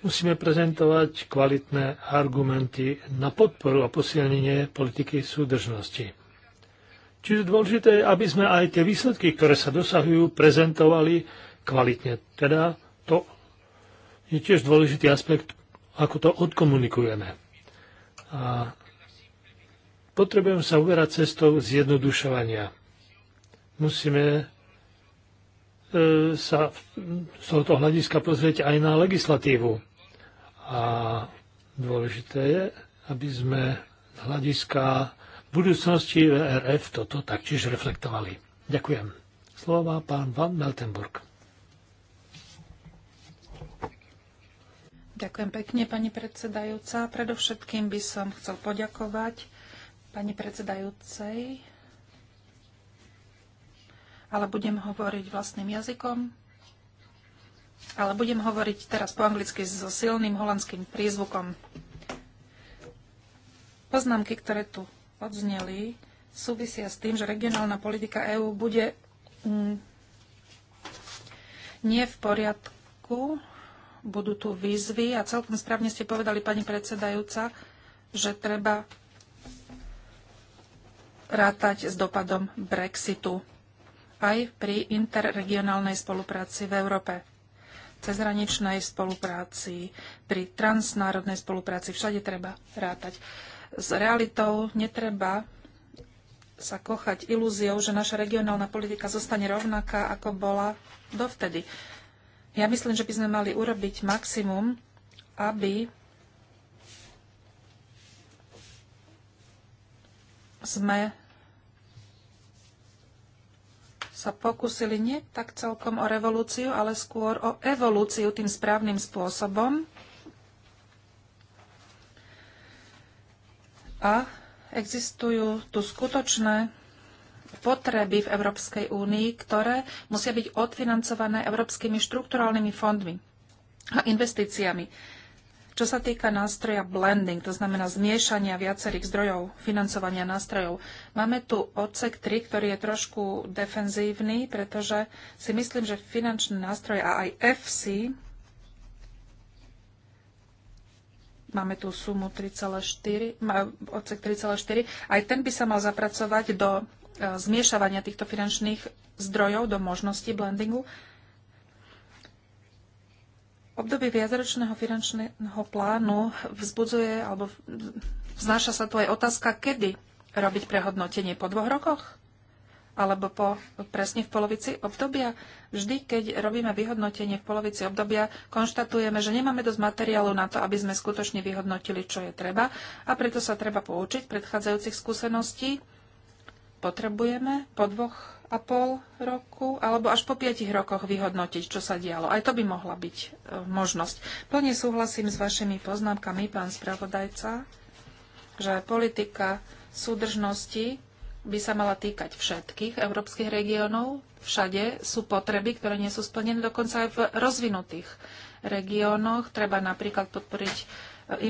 musíme prezentovať kvalitné argumenty na podporu a posilnenie politiky súdržnosti. Čiže dôležité je, aby sme aj tie výsledky, ktoré sa dosahujú, prezentovali kvalitne. Teda to, je tiež dôležitý aspekt, ako to odkomunikujeme. A potrebujeme sa uverať cestou zjednodušovania. Musíme e, sa z tohoto hľadiska pozrieť aj na legislatívu. A dôležité je, aby sme z hľadiska budúcnosti VRF e toto taktiež reflektovali. Ďakujem. Slova pán Van Meltenburg. Ďakujem pekne, pani predsedajúca. Predovšetkým by som chcel poďakovať pani predsedajúcej, ale budem hovoriť vlastným jazykom. Ale budem hovoriť teraz po anglicky so silným holandským prízvukom. Poznámky, ktoré tu odzneli, súvisia s tým, že regionálna politika EÚ bude mm, nie v poriadku budú tu výzvy a celkom správne ste povedali, pani predsedajúca, že treba rátať s dopadom Brexitu aj pri interregionálnej spolupráci v Európe cezhraničnej spolupráci, pri transnárodnej spolupráci, všade treba rátať. S realitou netreba sa kochať ilúziou, že naša regionálna politika zostane rovnaká, ako bola dovtedy. Ja myslím, že by sme mali urobiť maximum, aby sme sa pokúsili nie tak celkom o revolúciu, ale skôr o evolúciu tým správnym spôsobom. A existujú tu skutočné potreby v Európskej únii, ktoré musia byť odfinancované európskymi štrukturálnymi fondmi a investíciami. Čo sa týka nástroja blending, to znamená zmiešania viacerých zdrojov financovania nástrojov, máme tu odsek 3, ktorý je trošku defenzívny, pretože si myslím, že finančné nástroje a aj FC, máme tu sumu 3,4, odsek 3,4, aj ten by sa mal zapracovať do E, zmiešavania týchto finančných zdrojov do možnosti blendingu. Obdobie viacročného finančného plánu vzbudzuje, alebo vznáša sa tu aj otázka, kedy robiť prehodnotenie po dvoch rokoch? Alebo po, presne v polovici obdobia? Vždy, keď robíme vyhodnotenie v polovici obdobia, konštatujeme, že nemáme dosť materiálu na to, aby sme skutočne vyhodnotili, čo je treba a preto sa treba poučiť predchádzajúcich skúseností potrebujeme po dvoch a pol roku alebo až po piatich rokoch vyhodnotiť, čo sa dialo. Aj to by mohla byť e, možnosť. Plne súhlasím s vašimi poznámkami, pán spravodajca, že politika súdržnosti by sa mala týkať všetkých európskych regiónov. Všade sú potreby, ktoré nie sú splnené dokonca aj v rozvinutých regiónoch. Treba napríklad podporiť e,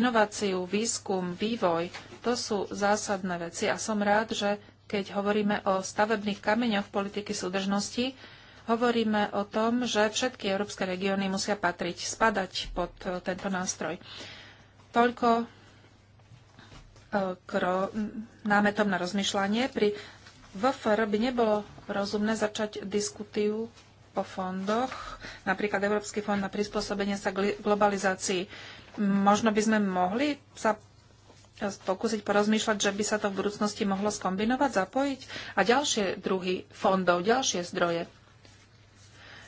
inováciu, výskum, vývoj. To sú zásadné veci a som rád, že keď hovoríme o stavebných kameňoch politiky súdržnosti, hovoríme o tom, že všetky európske regióny musia patriť, spadať pod e, tento nástroj. Toľko e, k námetom na rozmýšľanie. Pri VFR by nebolo rozumné začať diskutiu o fondoch, napríklad Európsky fond na prispôsobenie sa globalizácii. Možno by sme mohli sa pokúsiť porozmýšľať, že by sa to v budúcnosti mohlo skombinovať, zapojiť a ďalšie druhy fondov, ďalšie zdroje.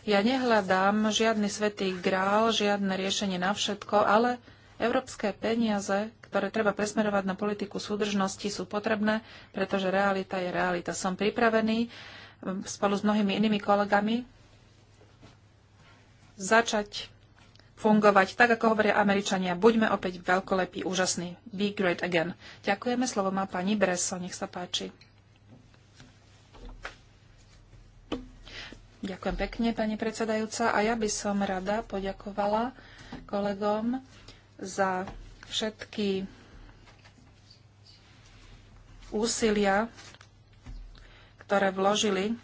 Ja nehľadám žiadny svetý grál, žiadne riešenie na všetko, ale európske peniaze, ktoré treba presmerovať na politiku súdržnosti, sú potrebné, pretože realita je realita. Som pripravený um, spolu s mnohými inými kolegami začať fungovať tak, ako hovoria Američania. Buďme opäť veľkolepí, úžasní. Be great again. Ďakujeme. Slovo má pani Breso. Nech sa páči. Ďakujem pekne, pani predsedajúca. A ja by som rada poďakovala kolegom za všetky úsilia, ktoré vložili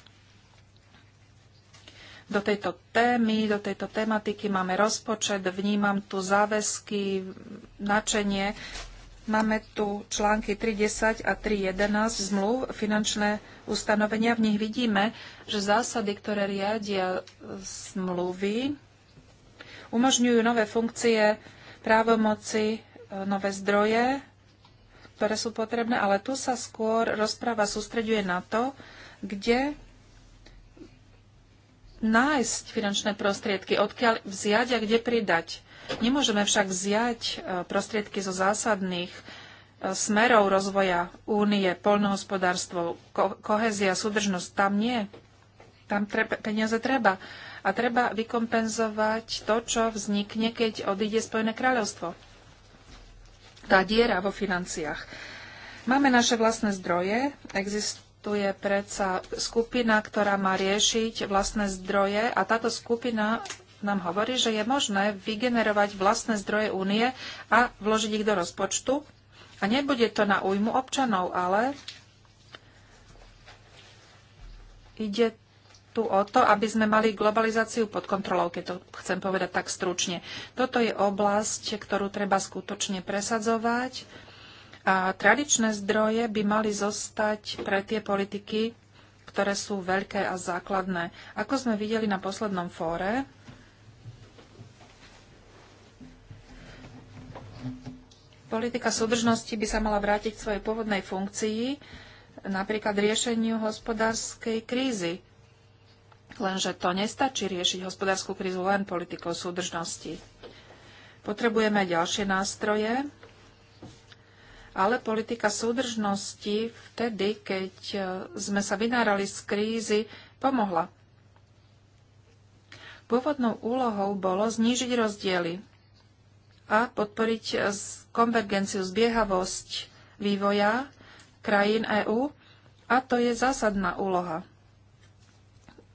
do tejto témy, do tejto tematiky. Máme rozpočet, vnímam tu záväzky, načenie. Máme tu články 3.10 a 3.11 zmluv, finančné ustanovenia. V nich vidíme, že zásady, ktoré riadia zmluvy, umožňujú nové funkcie, právomoci, e, nové zdroje, ktoré sú potrebné, ale tu sa skôr rozpráva sústreďuje na to, kde nájsť finančné prostriedky, odkiaľ vziať a kde pridať. Nemôžeme však vziať e, prostriedky zo zásadných e, smerov rozvoja únie, poľnohospodárstvo, ko- kohezia, súdržnosť. Tam nie. Tam tre- peniaze treba. A treba vykompenzovať to, čo vznikne, keď odíde Spojené kráľovstvo. Tá diera vo financiách. Máme naše vlastné zdroje, exist- tu je predsa skupina, ktorá má riešiť vlastné zdroje a táto skupina nám hovorí, že je možné vygenerovať vlastné zdroje únie a vložiť ich do rozpočtu. A nebude to na újmu občanov, ale ide tu o to, aby sme mali globalizáciu pod kontrolou, keď to chcem povedať tak stručne. Toto je oblasť, ktorú treba skutočne presadzovať a tradičné zdroje by mali zostať pre tie politiky, ktoré sú veľké a základné. Ako sme videli na poslednom fóre, politika súdržnosti by sa mala vrátiť k svojej pôvodnej funkcii, napríklad riešeniu hospodárskej krízy. Lenže to nestačí riešiť hospodárskú krízu len politikou súdržnosti. Potrebujeme ďalšie nástroje, ale politika súdržnosti vtedy, keď e, sme sa vynárali z krízy, pomohla. Pôvodnou úlohou bolo znížiť rozdiely a podporiť e, konvergenciu, zbiehavosť vývoja krajín EÚ a to je zásadná úloha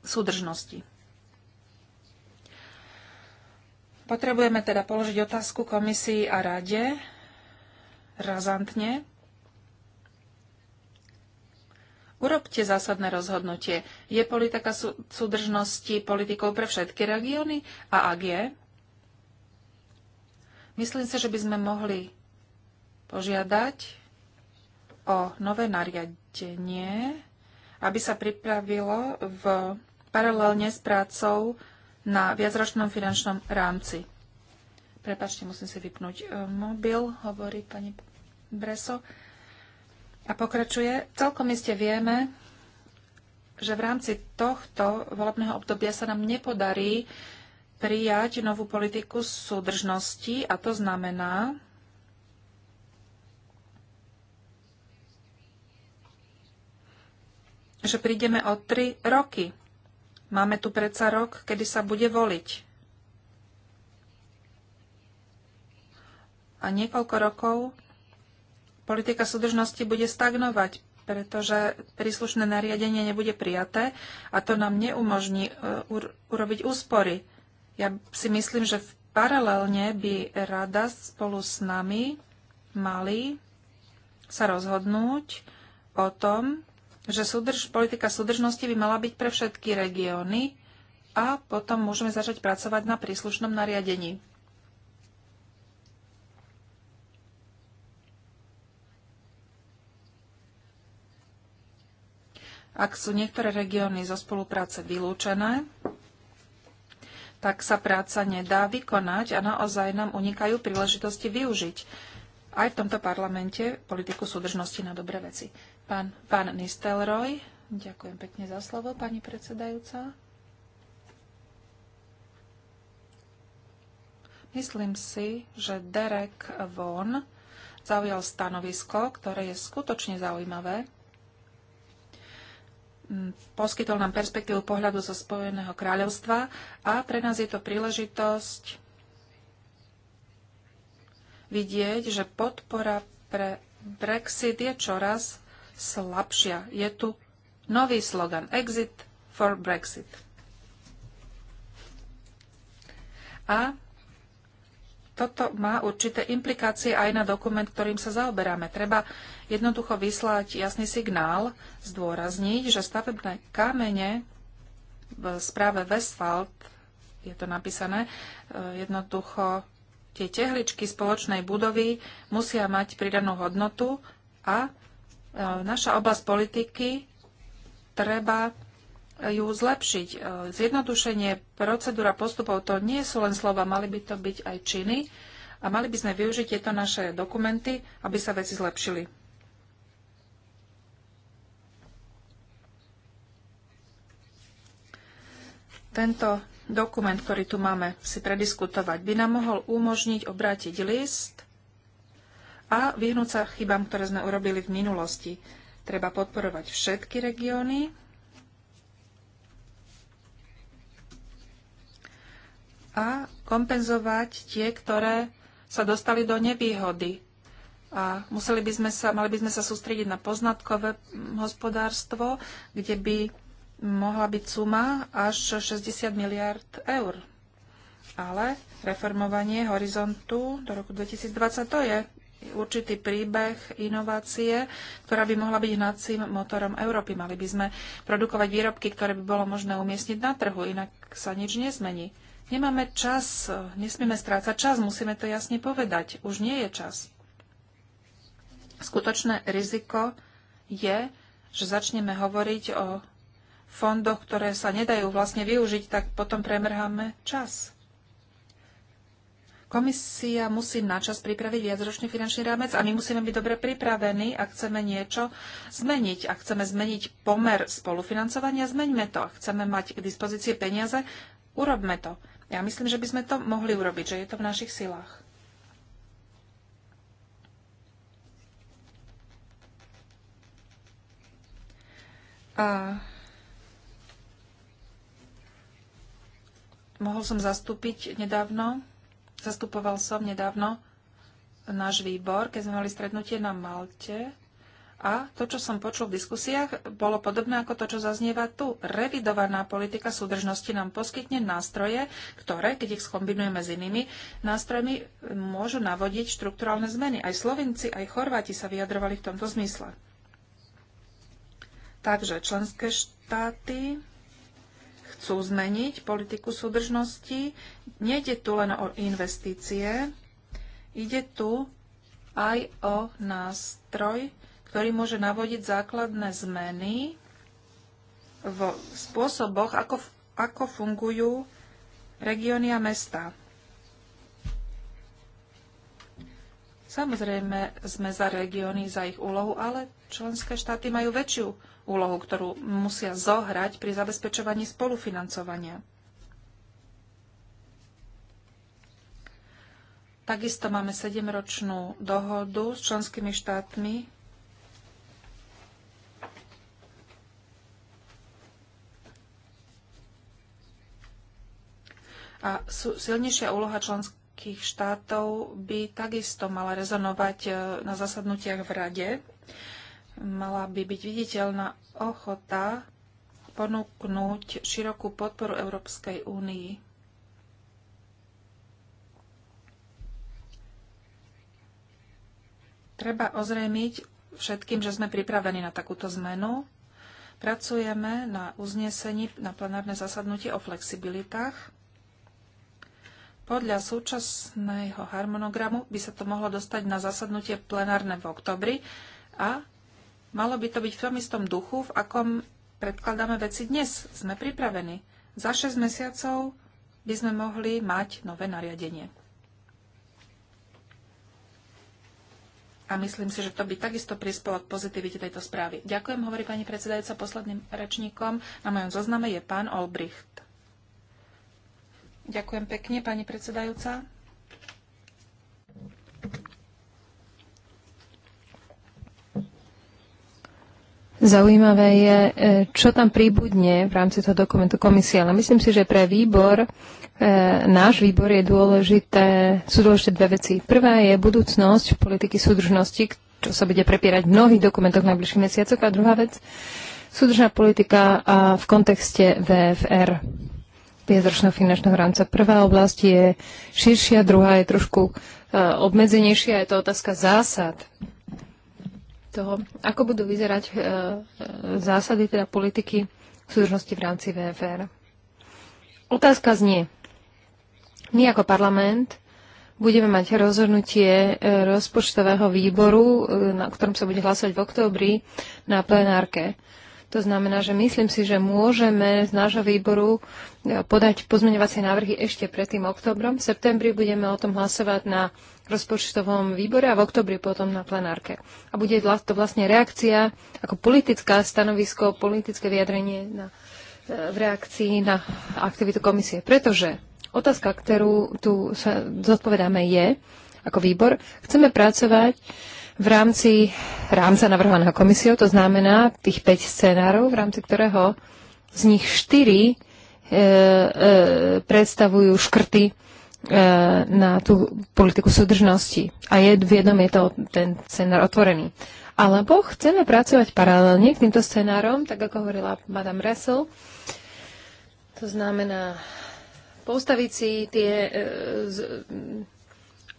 súdržnosti. Potrebujeme teda položiť otázku komisii a rade, razantne. Urobte zásadné rozhodnutie. Je politika súdržnosti politikou pre všetky regióny? A ak je, myslím si, že by sme mohli požiadať o nové nariadenie, aby sa pripravilo v paralelne s prácou na viacročnom finančnom rámci. Prepačte, musím si vypnúť eh, mobil, hovorí pani Breso. A pokračuje, celkom iste vieme, že v rámci tohto volebného obdobia sa nám nepodarí prijať novú politiku súdržnosti a to znamená, že prídeme o tri roky. Máme tu predsa rok, kedy sa bude voliť. A niekoľko rokov politika súdržnosti bude stagnovať, pretože príslušné nariadenie nebude prijaté a to nám neumožní e, urobiť úspory. Ja si myslím, že paralelne by rada spolu s nami mali sa rozhodnúť o tom, že súdrž, politika súdržnosti by mala byť pre všetky regióny a potom môžeme začať pracovať na príslušnom nariadení. Ak sú niektoré regióny zo spolupráce vylúčené, tak sa práca nedá vykonať a naozaj nám unikajú príležitosti využiť aj v tomto parlamente politiku súdržnosti na dobré veci. Pán, pán Nistelroj, ďakujem pekne za slovo, pani predsedajúca. Myslím si, že Derek Von zaujal stanovisko, ktoré je skutočne zaujímavé poskytol nám perspektívu pohľadu zo Spojeného kráľovstva a pre nás je to príležitosť vidieť, že podpora pre Brexit je čoraz slabšia. Je tu nový slogan Exit for Brexit. A toto má určité implikácie aj na dokument, ktorým sa zaoberáme. Treba jednoducho vyslať jasný signál, zdôrazniť, že stavebné kamene v správe Westfalt je to napísané, e, jednoducho tie tehličky spoločnej budovy musia mať pridanú hodnotu a e, naša oblasť politiky treba ju zlepšiť. E, zjednodušenie procedúra postupov to nie sú len slova, mali by to byť aj činy a mali by sme využiť tieto naše dokumenty, aby sa veci zlepšili. tento dokument, ktorý tu máme si prediskutovať, by nám mohol umožniť obrátiť list a vyhnúť sa chybám, ktoré sme urobili v minulosti. Treba podporovať všetky regióny, a kompenzovať tie, ktoré sa dostali do nevýhody. A museli by sme sa, mali by sme sa sústrediť na poznatkové hospodárstvo, kde by mohla byť suma až 60 miliard eur. Ale reformovanie horizontu do roku 2020 to je určitý príbeh inovácie, ktorá by mohla byť hnacím motorom Európy. Mali by sme produkovať výrobky, ktoré by bolo možné umiestniť na trhu, inak sa nič nezmení. Nemáme čas, nesmieme strácať čas, musíme to jasne povedať. Už nie je čas. Skutočné riziko je, že začneme hovoriť o fondoch, ktoré sa nedajú vlastne využiť, tak potom premrháme čas. Komisia musí na čas pripraviť viacročný finančný rámec a my musíme byť dobre pripravení, ak chceme niečo zmeniť. Ak chceme zmeniť pomer spolufinancovania, zmeňme to. Ak chceme mať k dispozícii peniaze, urobme to. Ja myslím, že by sme to mohli urobiť, že je to v našich silách. A mohol som zastúpiť nedávno, zastupoval som nedávno náš výbor, keď sme mali stretnutie na Malte a to, čo som počul v diskusiách, bolo podobné ako to, čo zaznieva tu. Revidovaná politika súdržnosti nám poskytne nástroje, ktoré, keď ich skombinujeme s inými nástrojmi, môžu navodiť štrukturálne zmeny. Aj Slovinci, aj Chorváti sa vyjadrovali v tomto zmysle. Takže členské štáty chcú zmeniť politiku súdržnosti. Nejde tu len o investície, ide tu aj o nástroj, ktorý môže navodiť základné zmeny v spôsoboch, ako, ako fungujú regióny a mesta. Samozrejme sme za regióny, za ich úlohu, ale členské štáty majú väčšiu úlohu, ktorú musia zohrať pri zabezpečovaní spolufinancovania. Takisto máme sedemročnú dohodu s členskými štátmi A silnejšia úloha členských štátov by takisto mala rezonovať e, na zasadnutiach v Rade. Mala by byť viditeľná ochota ponúknuť širokú podporu Európskej únii. Treba ozrejmiť všetkým, že sme pripravení na takúto zmenu. Pracujeme na uznesení na plenárne zasadnutie o flexibilitách. Podľa súčasného harmonogramu by sa to mohlo dostať na zasadnutie plenárne v oktobri a malo by to byť v tom istom duchu, v akom predkladáme veci dnes. Sme pripravení. Za 6 mesiacov by sme mohli mať nové nariadenie. a myslím si, že to by takisto prispelo k pozitivite tejto správy. Ďakujem, hovorí pani predsedajúca. Posledným rečníkom na mojom zozname je pán Olbricht. Ďakujem pekne, pani predsedajúca. Zaujímavé je, e, čo tam príbudne v rámci toho dokumentu komisie, ale myslím si, že pre výbor, e, náš výbor je dôležité, sú dôležité dve veci. Prvá je budúcnosť politiky súdržnosti, čo sa bude prepierať v mnohých dokumentoch v najbližších mesiacoch. A druhá vec, súdržná politika v kontexte VFR viacročného finančného rámca. Prvá oblasť je širšia, druhá je trošku e, obmedzenejšia, je to otázka zásad toho, ako budú vyzerať e, e, zásady teda politiky súdržnosti v rámci VFR. Otázka znie. My ako parlament budeme mať rozhodnutie rozpočtového výboru, na ktorom sa bude hlasovať v októbri na plenárke. To znamená, že myslím si, že môžeme z nášho výboru e, podať pozmeňovacie návrhy ešte pred tým oktobrom. V septembri budeme o tom hlasovať na rozpočtovom výbore a v oktobri potom na plenárke. A bude to vlastne reakcia ako politická stanovisko, politické vyjadrenie na, e, v reakcii na aktivitu komisie. Pretože otázka, ktorú tu sa zodpovedáme je, ako výbor, chceme pracovať v rámci rámca navrhovaného komisiou, to znamená tých 5 scenárov, v rámci ktorého z nich 4 e, e, predstavujú škrty e, na tú politiku súdržnosti. A je, v jednom je to ten scenár otvorený. Alebo chceme pracovať paralelne k týmto scenárom, tak ako hovorila Madame Russell. To znamená postaviť si tie, e, z,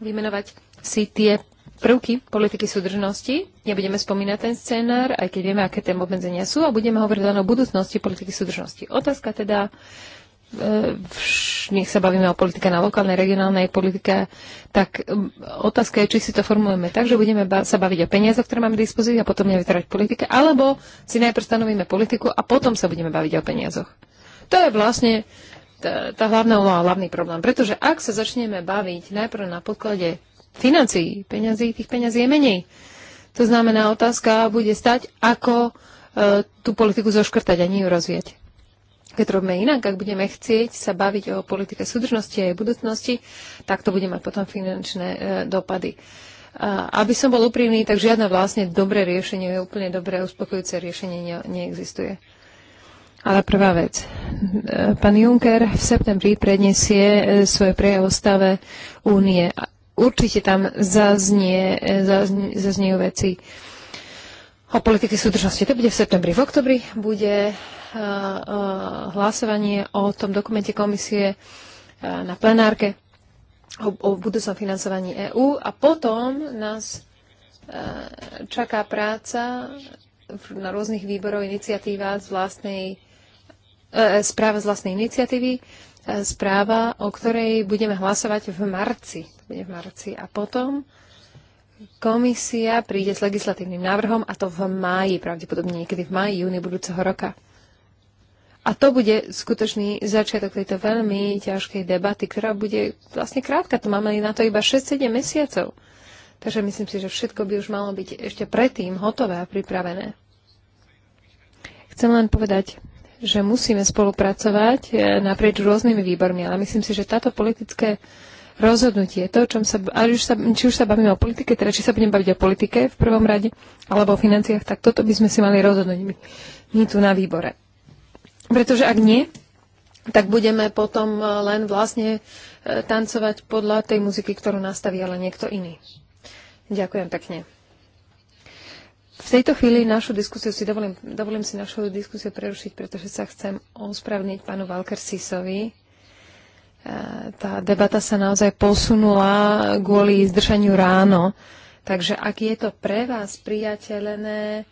vymenovať si tie prvky politiky súdržnosti. Nebudeme spomínať ten scénar, aj keď vieme, aké tie obmedzenia sú, a budeme hovoriť len o budúcnosti politiky súdržnosti. Otázka teda, e, nech sa bavíme o politike na lokálnej, regionálnej politike, tak e, otázka je, či si to formujeme tak, že budeme sa baviť o peniazoch, ktoré máme v dispozícii a potom nevytrať politike, alebo si najprv stanovíme politiku a potom sa budeme baviť o peniazoch. To je vlastne tá, tá hlavná úloha, hlavný problém. Pretože ak sa začneme baviť najprv na podklade financií. Peňazí, tých peňazí je menej. To znamená, otázka bude stať, ako e, tú politiku zoškrtať a nie ju rozvieť. Keď robíme inak, ak budeme chcieť sa baviť o politike súdržnosti a jej budúcnosti, tak to bude mať potom finančné e, dopady. A, e, aby som bol úprimný, tak žiadne vlastne dobré riešenie, je úplne dobré uspokojujúce riešenie ne, neexistuje. Ale prvá vec. E, pán Juncker v septembri predniesie e, svoje prejav o stave únie určite tam zaznie, e, zaznie, zaznie veci o politike súdržnosti. To bude v septembri. V oktobri bude e, e, hlasovanie o tom dokumente komisie na plenárke o, o budúcom financovaní EÚ a potom nás čaká práca na rôznych výborov iniciatíva z vlastnej správa z vlastnej iniciatívy, správa, o ktorej budeme hlasovať v marci bude v marci. A potom komisia príde s legislatívnym návrhom a to v máji, pravdepodobne niekedy v máji, júni budúceho roka. A to bude skutočný začiatok tejto veľmi ťažkej debaty, ktorá bude vlastne krátka. To máme na to iba 6-7 mesiacov. Takže myslím si, že všetko by už malo byť ešte predtým hotové a pripravené. Chcem len povedať, že musíme spolupracovať eh, naprieč rôznymi výbormi, ale myslím si, že táto politické rozhodnutie. To, čom sa, už sa, či už sa bavíme o politike, teda či sa budeme baviť o politike v prvom rade, alebo o financiách, tak toto by sme si mali rozhodnúť my, my tu na výbore. Pretože ak nie, tak budeme potom e, len vlastne e, tancovať podľa tej muziky, ktorú nastaví ale niekto iný. Ďakujem pekne. V tejto chvíli našu diskusiu si dovolím, dovolím si našu diskusiu prerušiť, pretože sa chcem ospravniť pánu Valkersisovi, E, tá debata sa naozaj posunula kvôli zdržaniu ráno. Takže ak je to pre vás priateľené,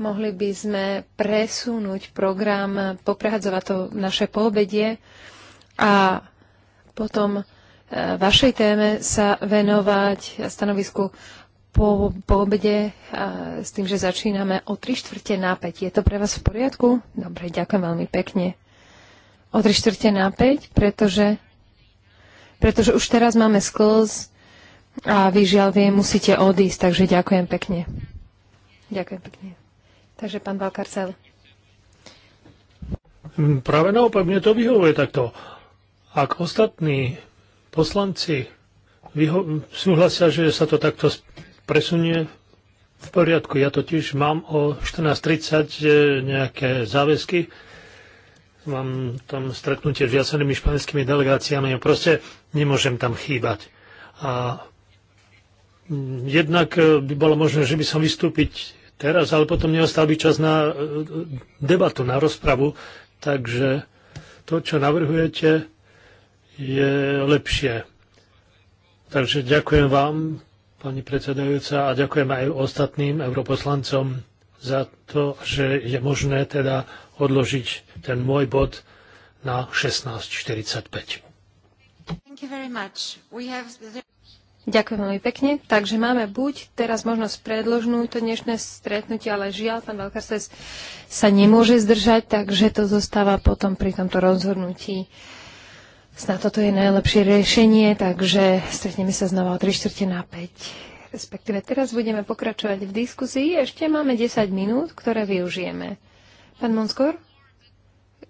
mohli by sme presunúť program, poprehadzovať to naše poobedie a potom e, vašej téme sa venovať stanovisku po, po obede e, s tým, že začíname o 3 čtvrte na 5. Je to pre vás v poriadku? Dobre, ďakujem veľmi pekne. O 3 čtvrte na 5, pretože pretože už teraz máme sklz a vy žiaľ vie, musíte odísť, takže ďakujem pekne. Ďakujem pekne. Takže pán Valkarcel. Hm, práve naopak, mne to vyhovuje takto. Ak ostatní poslanci súhlasia, že sa to takto presunie, v poriadku. Ja totiž mám o 14.30 e, nejaké záväzky, mám tam stretnutie s viacerými španielskými delegáciami a proste nemôžem tam chýbať. A jednak e, by bolo možné, že by som vystúpiť teraz, ale potom neostal by čas na e, debatu, na rozpravu, takže to, čo navrhujete, je lepšie. Takže ďakujem vám, pani predsedajúca, a ďakujem aj ostatným europoslancom za to, že je možné teda odložiť ten môj bod na 16.45. Ďakujem veľmi pekne. Takže máme buď teraz možnosť predložnúť to dnešné stretnutie, ale žiaľ, pán Valkarses sa nemôže zdržať, takže to zostáva potom pri tomto rozhodnutí. Snad toto je najlepšie riešenie, takže stretneme sa znova o 3 čtvrte na 5 respektíve teraz budeme pokračovať v diskusii. Ešte máme 10 minút, ktoré využijeme. Pán Monskor?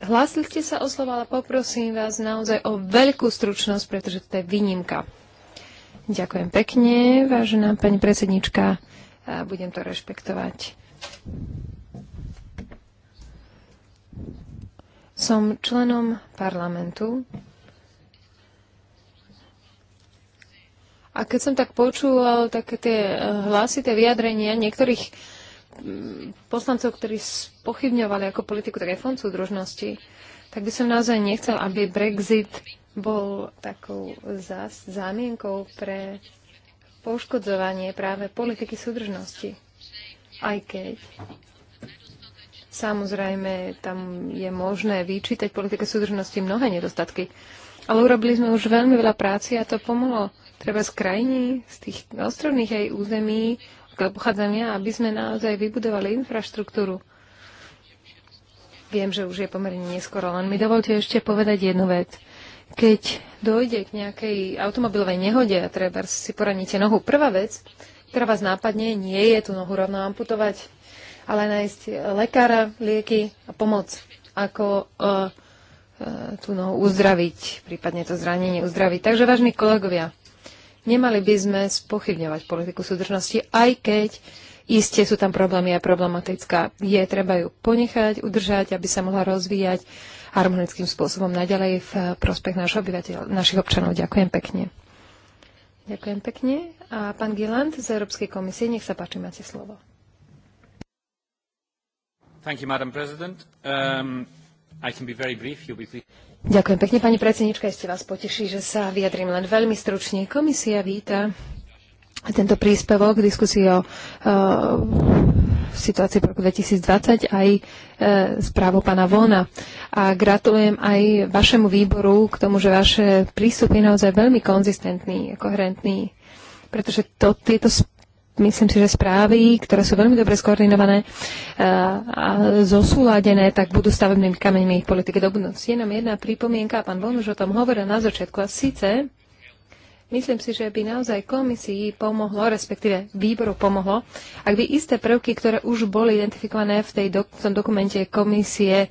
Hlásil ste sa o slovo, ale poprosím vás naozaj o veľkú stručnosť, pretože to je výnimka. Ďakujem pekne, vážená pani predsednička. A budem to rešpektovať. Som členom parlamentu A keď som tak počúval také tie e, hlasy, tie vyjadrenia niektorých poslancov, ktorí pochybňovali ako politiku také fond súdružnosti, tak by som naozaj nechcel, aby Brexit bol takou zás, zámienkou pre poškodzovanie práve politiky súdržnosti. Aj keď samozrejme tam je možné vyčítať politike súdržnosti mnohé nedostatky. Ale urobili sme už veľmi veľa práci a to pomohlo treba z krajiny, z tých ostrovných aj území, ktoré pochádzam ja, aby sme naozaj vybudovali infraštruktúru. Viem, že už je pomerne neskoro, len mi dovolte ešte povedať jednu vec. Keď dojde k nejakej automobilovej nehode a treba si poraníte nohu, prvá vec, ktorá vás nápadne, nie je tú nohu rovno amputovať, ale nájsť lekára, lieky a pomoc, ako uh, uh, tú nohu uzdraviť, prípadne to zranenie uzdraviť. Takže, vážni kolegovia, Nemali by sme spochybňovať politiku súdržnosti, aj keď iste sú tam problémy a problematická. Je treba ju ponechať, udržať, aby sa mohla rozvíjať harmonickým spôsobom naďalej v prospech našich obyvateľ, našich občanov. Ďakujem pekne. Ďakujem pekne. A pán Giland z Európskej komisie, nech sa páči, máte slovo. Thank you, Madam President. Um, I can be very brief. You'll be pleased. Ďakujem pekne, pani predsednička. Ešte vás poteší, že sa vyjadrím len veľmi stručne. Komisia víta tento príspevok k diskusii o uh, situácii v roku 2020 aj uh, správu pána Vona. A gratulujem aj vašemu výboru k tomu, že vaše prístup je naozaj veľmi konzistentný koherentný, pretože to, tieto myslím si, že správy, ktoré sú veľmi dobre skoordinované eh, a zosúladené, tak budú stavebnými kameňmi ich politiky do budúcnosti. Jenom jedna pripomienka, pán Von už o tom hovoril na začiatku, a síce Myslím si, že by naozaj komisii pomohlo, respektíve výboru pomohlo, ak by isté prvky, ktoré už boli identifikované v, tej do, v tom dokumente komisie, e,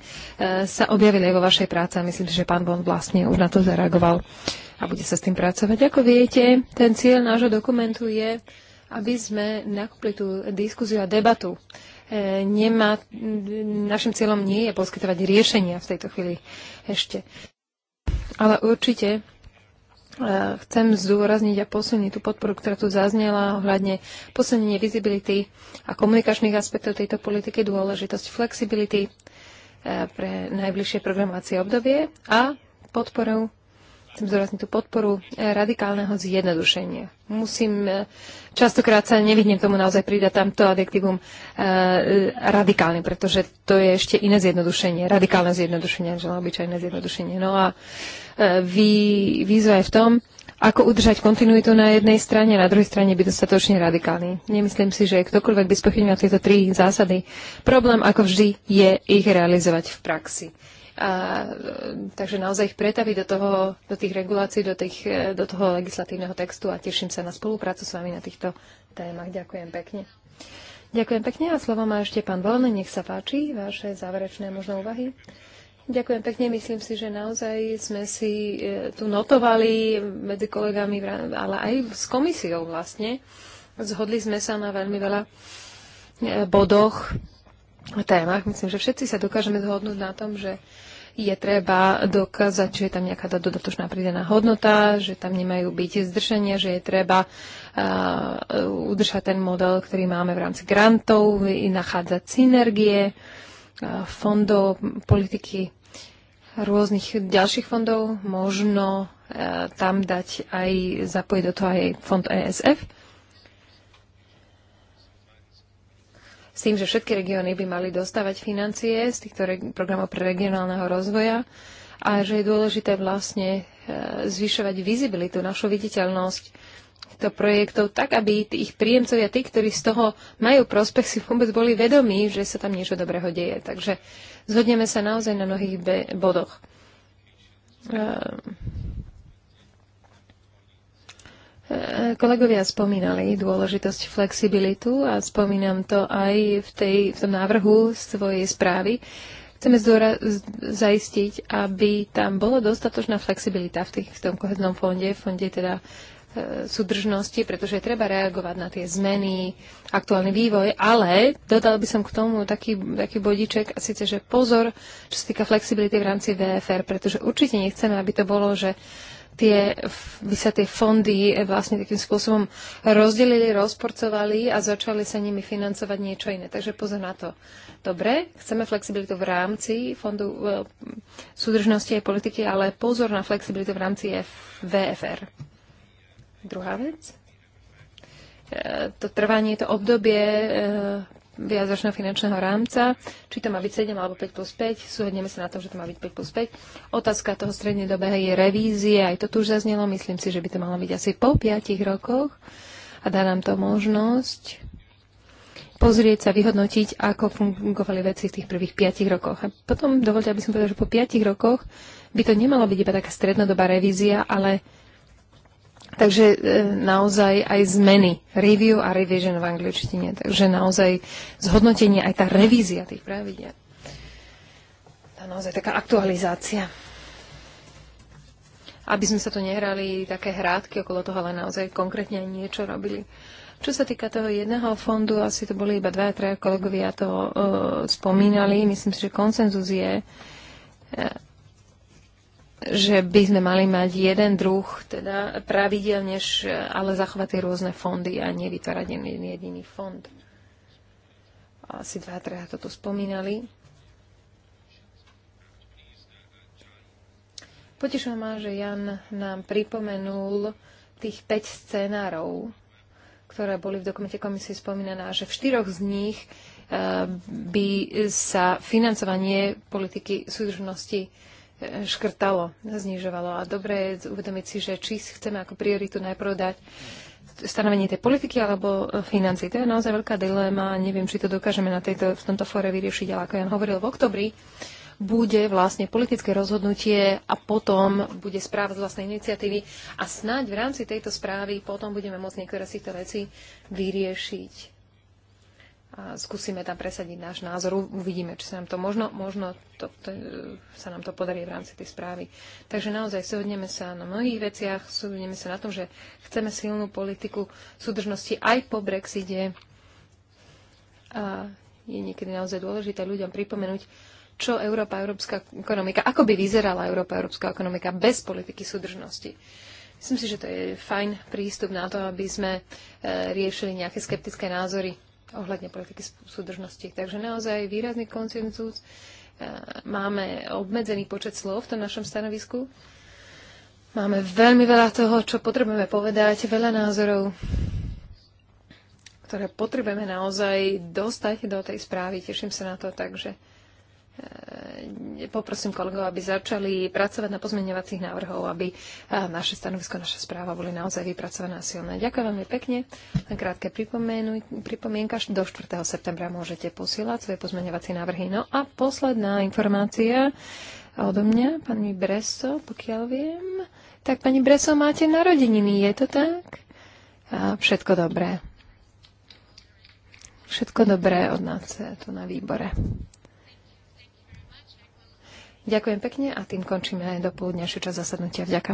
sa objavili aj vo vašej práci. A myslím si, že pán Bon vlastne už na to zareagoval a bude sa s tým pracovať. Ako viete, ten cieľ nášho dokumentu je aby sme nakúpli tú diskuziu a debatu. E, nemá, našim cieľom nie je poskytovať riešenia v tejto chvíli ešte. Ale určite e, chcem zdôrazniť a posilniť tú podporu, ktorá tu zaznela ohľadne posilnenie visibility a komunikačných aspektov tejto politiky, dôležitosť flexibility e, pre najbližšie programovacie obdobie a podporu chcem zdôrazniť tú podporu eh, radikálneho zjednodušenia. Musím, eh, častokrát sa nevyhnem tomu naozaj pridať tamto adjektívum e, eh, radikálne, pretože to je ešte iné zjednodušenie, radikálne zjednodušenie, že obyčajné zjednodušenie. No a vý, výzva je v tom, ako udržať kontinuitu na jednej strane a na druhej strane byť dostatočne radikálny. Nemyslím si, že ktokoľvek by spochybnil tieto tri zásady. Problém, ako vždy, je ich realizovať v praxi. A, e, takže naozaj ich pretaviť do, toho, do tých regulácií, do, tých, e, do toho legislatívneho textu a teším sa na spoluprácu s vami na týchto témach. Ďakujem pekne. Ďakujem pekne a slovo má ešte pán Volný. Nech sa páči, vaše záverečné možno úvahy. Ďakujem pekne. Myslím si, že naozaj sme si e, tu notovali medzi kolegami, ale aj s komisiou vlastne. Zhodli sme sa na veľmi veľa bodoch, témach. Myslím, že všetci sa dokážeme zhodnúť na tom, že je treba dokázať, že je tam nejaká tá dodatočná pridaná hodnota, že tam nemajú byť zdržania, že je treba uh, udržať ten model, ktorý máme v rámci grantov, i nachádzať synergie uh, fondov, politiky rôznych ďalších fondov, možno uh, tam dať aj, zapojiť do toho aj fond ESF s tým, že všetky regióny by mali dostávať financie z týchto programov pre regionálneho rozvoja a že je dôležité vlastne e, zvyšovať vizibilitu, našu viditeľnosť týchto projektov tak, aby ich príjemcovia, tí, ktorí z toho majú prospech, si vôbec boli vedomí, že sa tam niečo dobrého deje. Takže zhodneme sa naozaj na mnohých bodoch. E, Kolegovia spomínali dôležitosť flexibilitu a spomínam to aj v, tej, v tom návrhu svojej správy. Chceme zaistiť, aby tam bola dostatočná flexibilita v, tých, v tom kohednom fonde, v fonde teda e, súdržnosti, pretože treba reagovať na tie zmeny, aktuálny vývoj, ale dodal by som k tomu taký, taký bodiček, a síce, že pozor, čo sa týka flexibility v rámci VFR, pretože určite nechceme, aby to bolo, že tie, by sa tie fondy eh, vlastne takým spôsobom rozdelili, rozporcovali a začali sa nimi financovať niečo iné. Takže pozor na to. Dobre, chceme flexibilitu v rámci fondu e, súdržnosti a politiky, ale pozor na flexibilitu v rámci F- VFR. Druhá vec. E, to trvanie, to obdobie e, viacročného finančného rámca, či to má byť 7 alebo 5 plus 5. Súhodneme sa na tom, že to má byť 5 plus 5. Otázka toho dobe je revízie. Aj to tu už zaznelo. Myslím si, že by to malo byť asi po 5 rokoch a dá nám to možnosť pozrieť sa, vyhodnotiť, ako fungovali veci v tých prvých 5 rokoch. A potom dovolte, aby som povedal, že po 5 rokoch by to nemalo byť iba taká strednodobá revízia, ale Takže e, naozaj aj zmeny, review a revision v angličtine. Takže naozaj zhodnotenie, aj tá revízia tých pravidel. Tá naozaj taká aktualizácia. Aby sme sa tu nehrali také hrádky okolo toho, ale naozaj konkrétne aj niečo robili. Čo sa týka toho jedného fondu, asi to boli iba dva, traja kolegovia to e, spomínali. Myslím si, že konsenzus je, e, že by sme mali mať jeden druh, teda pravidelne, ale zachovať tie rôzne fondy a nevytvárať jeden jediný fond. Asi dva, treja to tu spomínali. Potešujem ma, že Jan nám pripomenul tých 5 scenárov, ktoré boli v dokumente komisie spomínané, a že v štyroch z nich eh, by sa financovanie politiky súdržnosti škrtalo, znižovalo. A dobre je uvedomiť si, že či chceme ako prioritu najprv dať stanovenie tej politiky alebo e, financí. To je naozaj veľká dilema. Neviem, či to dokážeme na tejto, v tomto fóre vyriešiť, ale ako Jan hovoril v oktobri, bude vlastne politické rozhodnutie a potom bude správa z vlastnej iniciatívy a snáď v rámci tejto správy potom budeme môcť niektoré z týchto veci vyriešiť skúsime tam presadiť náš názor. Uvidíme, či sa nám to možno, možno to, to, sa nám to podarí v rámci tej správy. Takže naozaj súdneme sa na mnohých veciach, súdneme sa na tom, že chceme silnú politiku súdržnosti aj po Brexite. A je niekedy naozaj dôležité ľuďom pripomenúť, čo Európa, európska ekonomika, ako by vyzerala Európa, európska ekonomika bez politiky súdržnosti. Myslím si, že to je fajn prístup na to, aby sme e, riešili nejaké skeptické názory ohľadne politiky súdržnosti. Takže naozaj výrazný koncenzus. E, máme obmedzený počet slov v tom našom stanovisku. Máme veľmi veľa toho, čo potrebujeme povedať, veľa názorov, ktoré potrebujeme naozaj dostať do tej správy. Teším sa na to, takže E, poprosím kolegov, aby začali pracovať na pozmeňovacích návrhov, aby e, naše stanovisko, naša správa boli naozaj vypracované a silné. Ďakujem veľmi pekne. Na krátke pripomienka. Do 4. septembra môžete posielať svoje pozmeňovacie návrhy. No a posledná informácia odo mňa, pani Breso, pokiaľ viem. Tak, pani Breso, máte narodeniny, je to tak? A všetko dobré. Všetko dobré od nás tu na výbore. Ďakujem pekne a tým končíme dopoludnejšiu časť zasadnutia. Vďaka.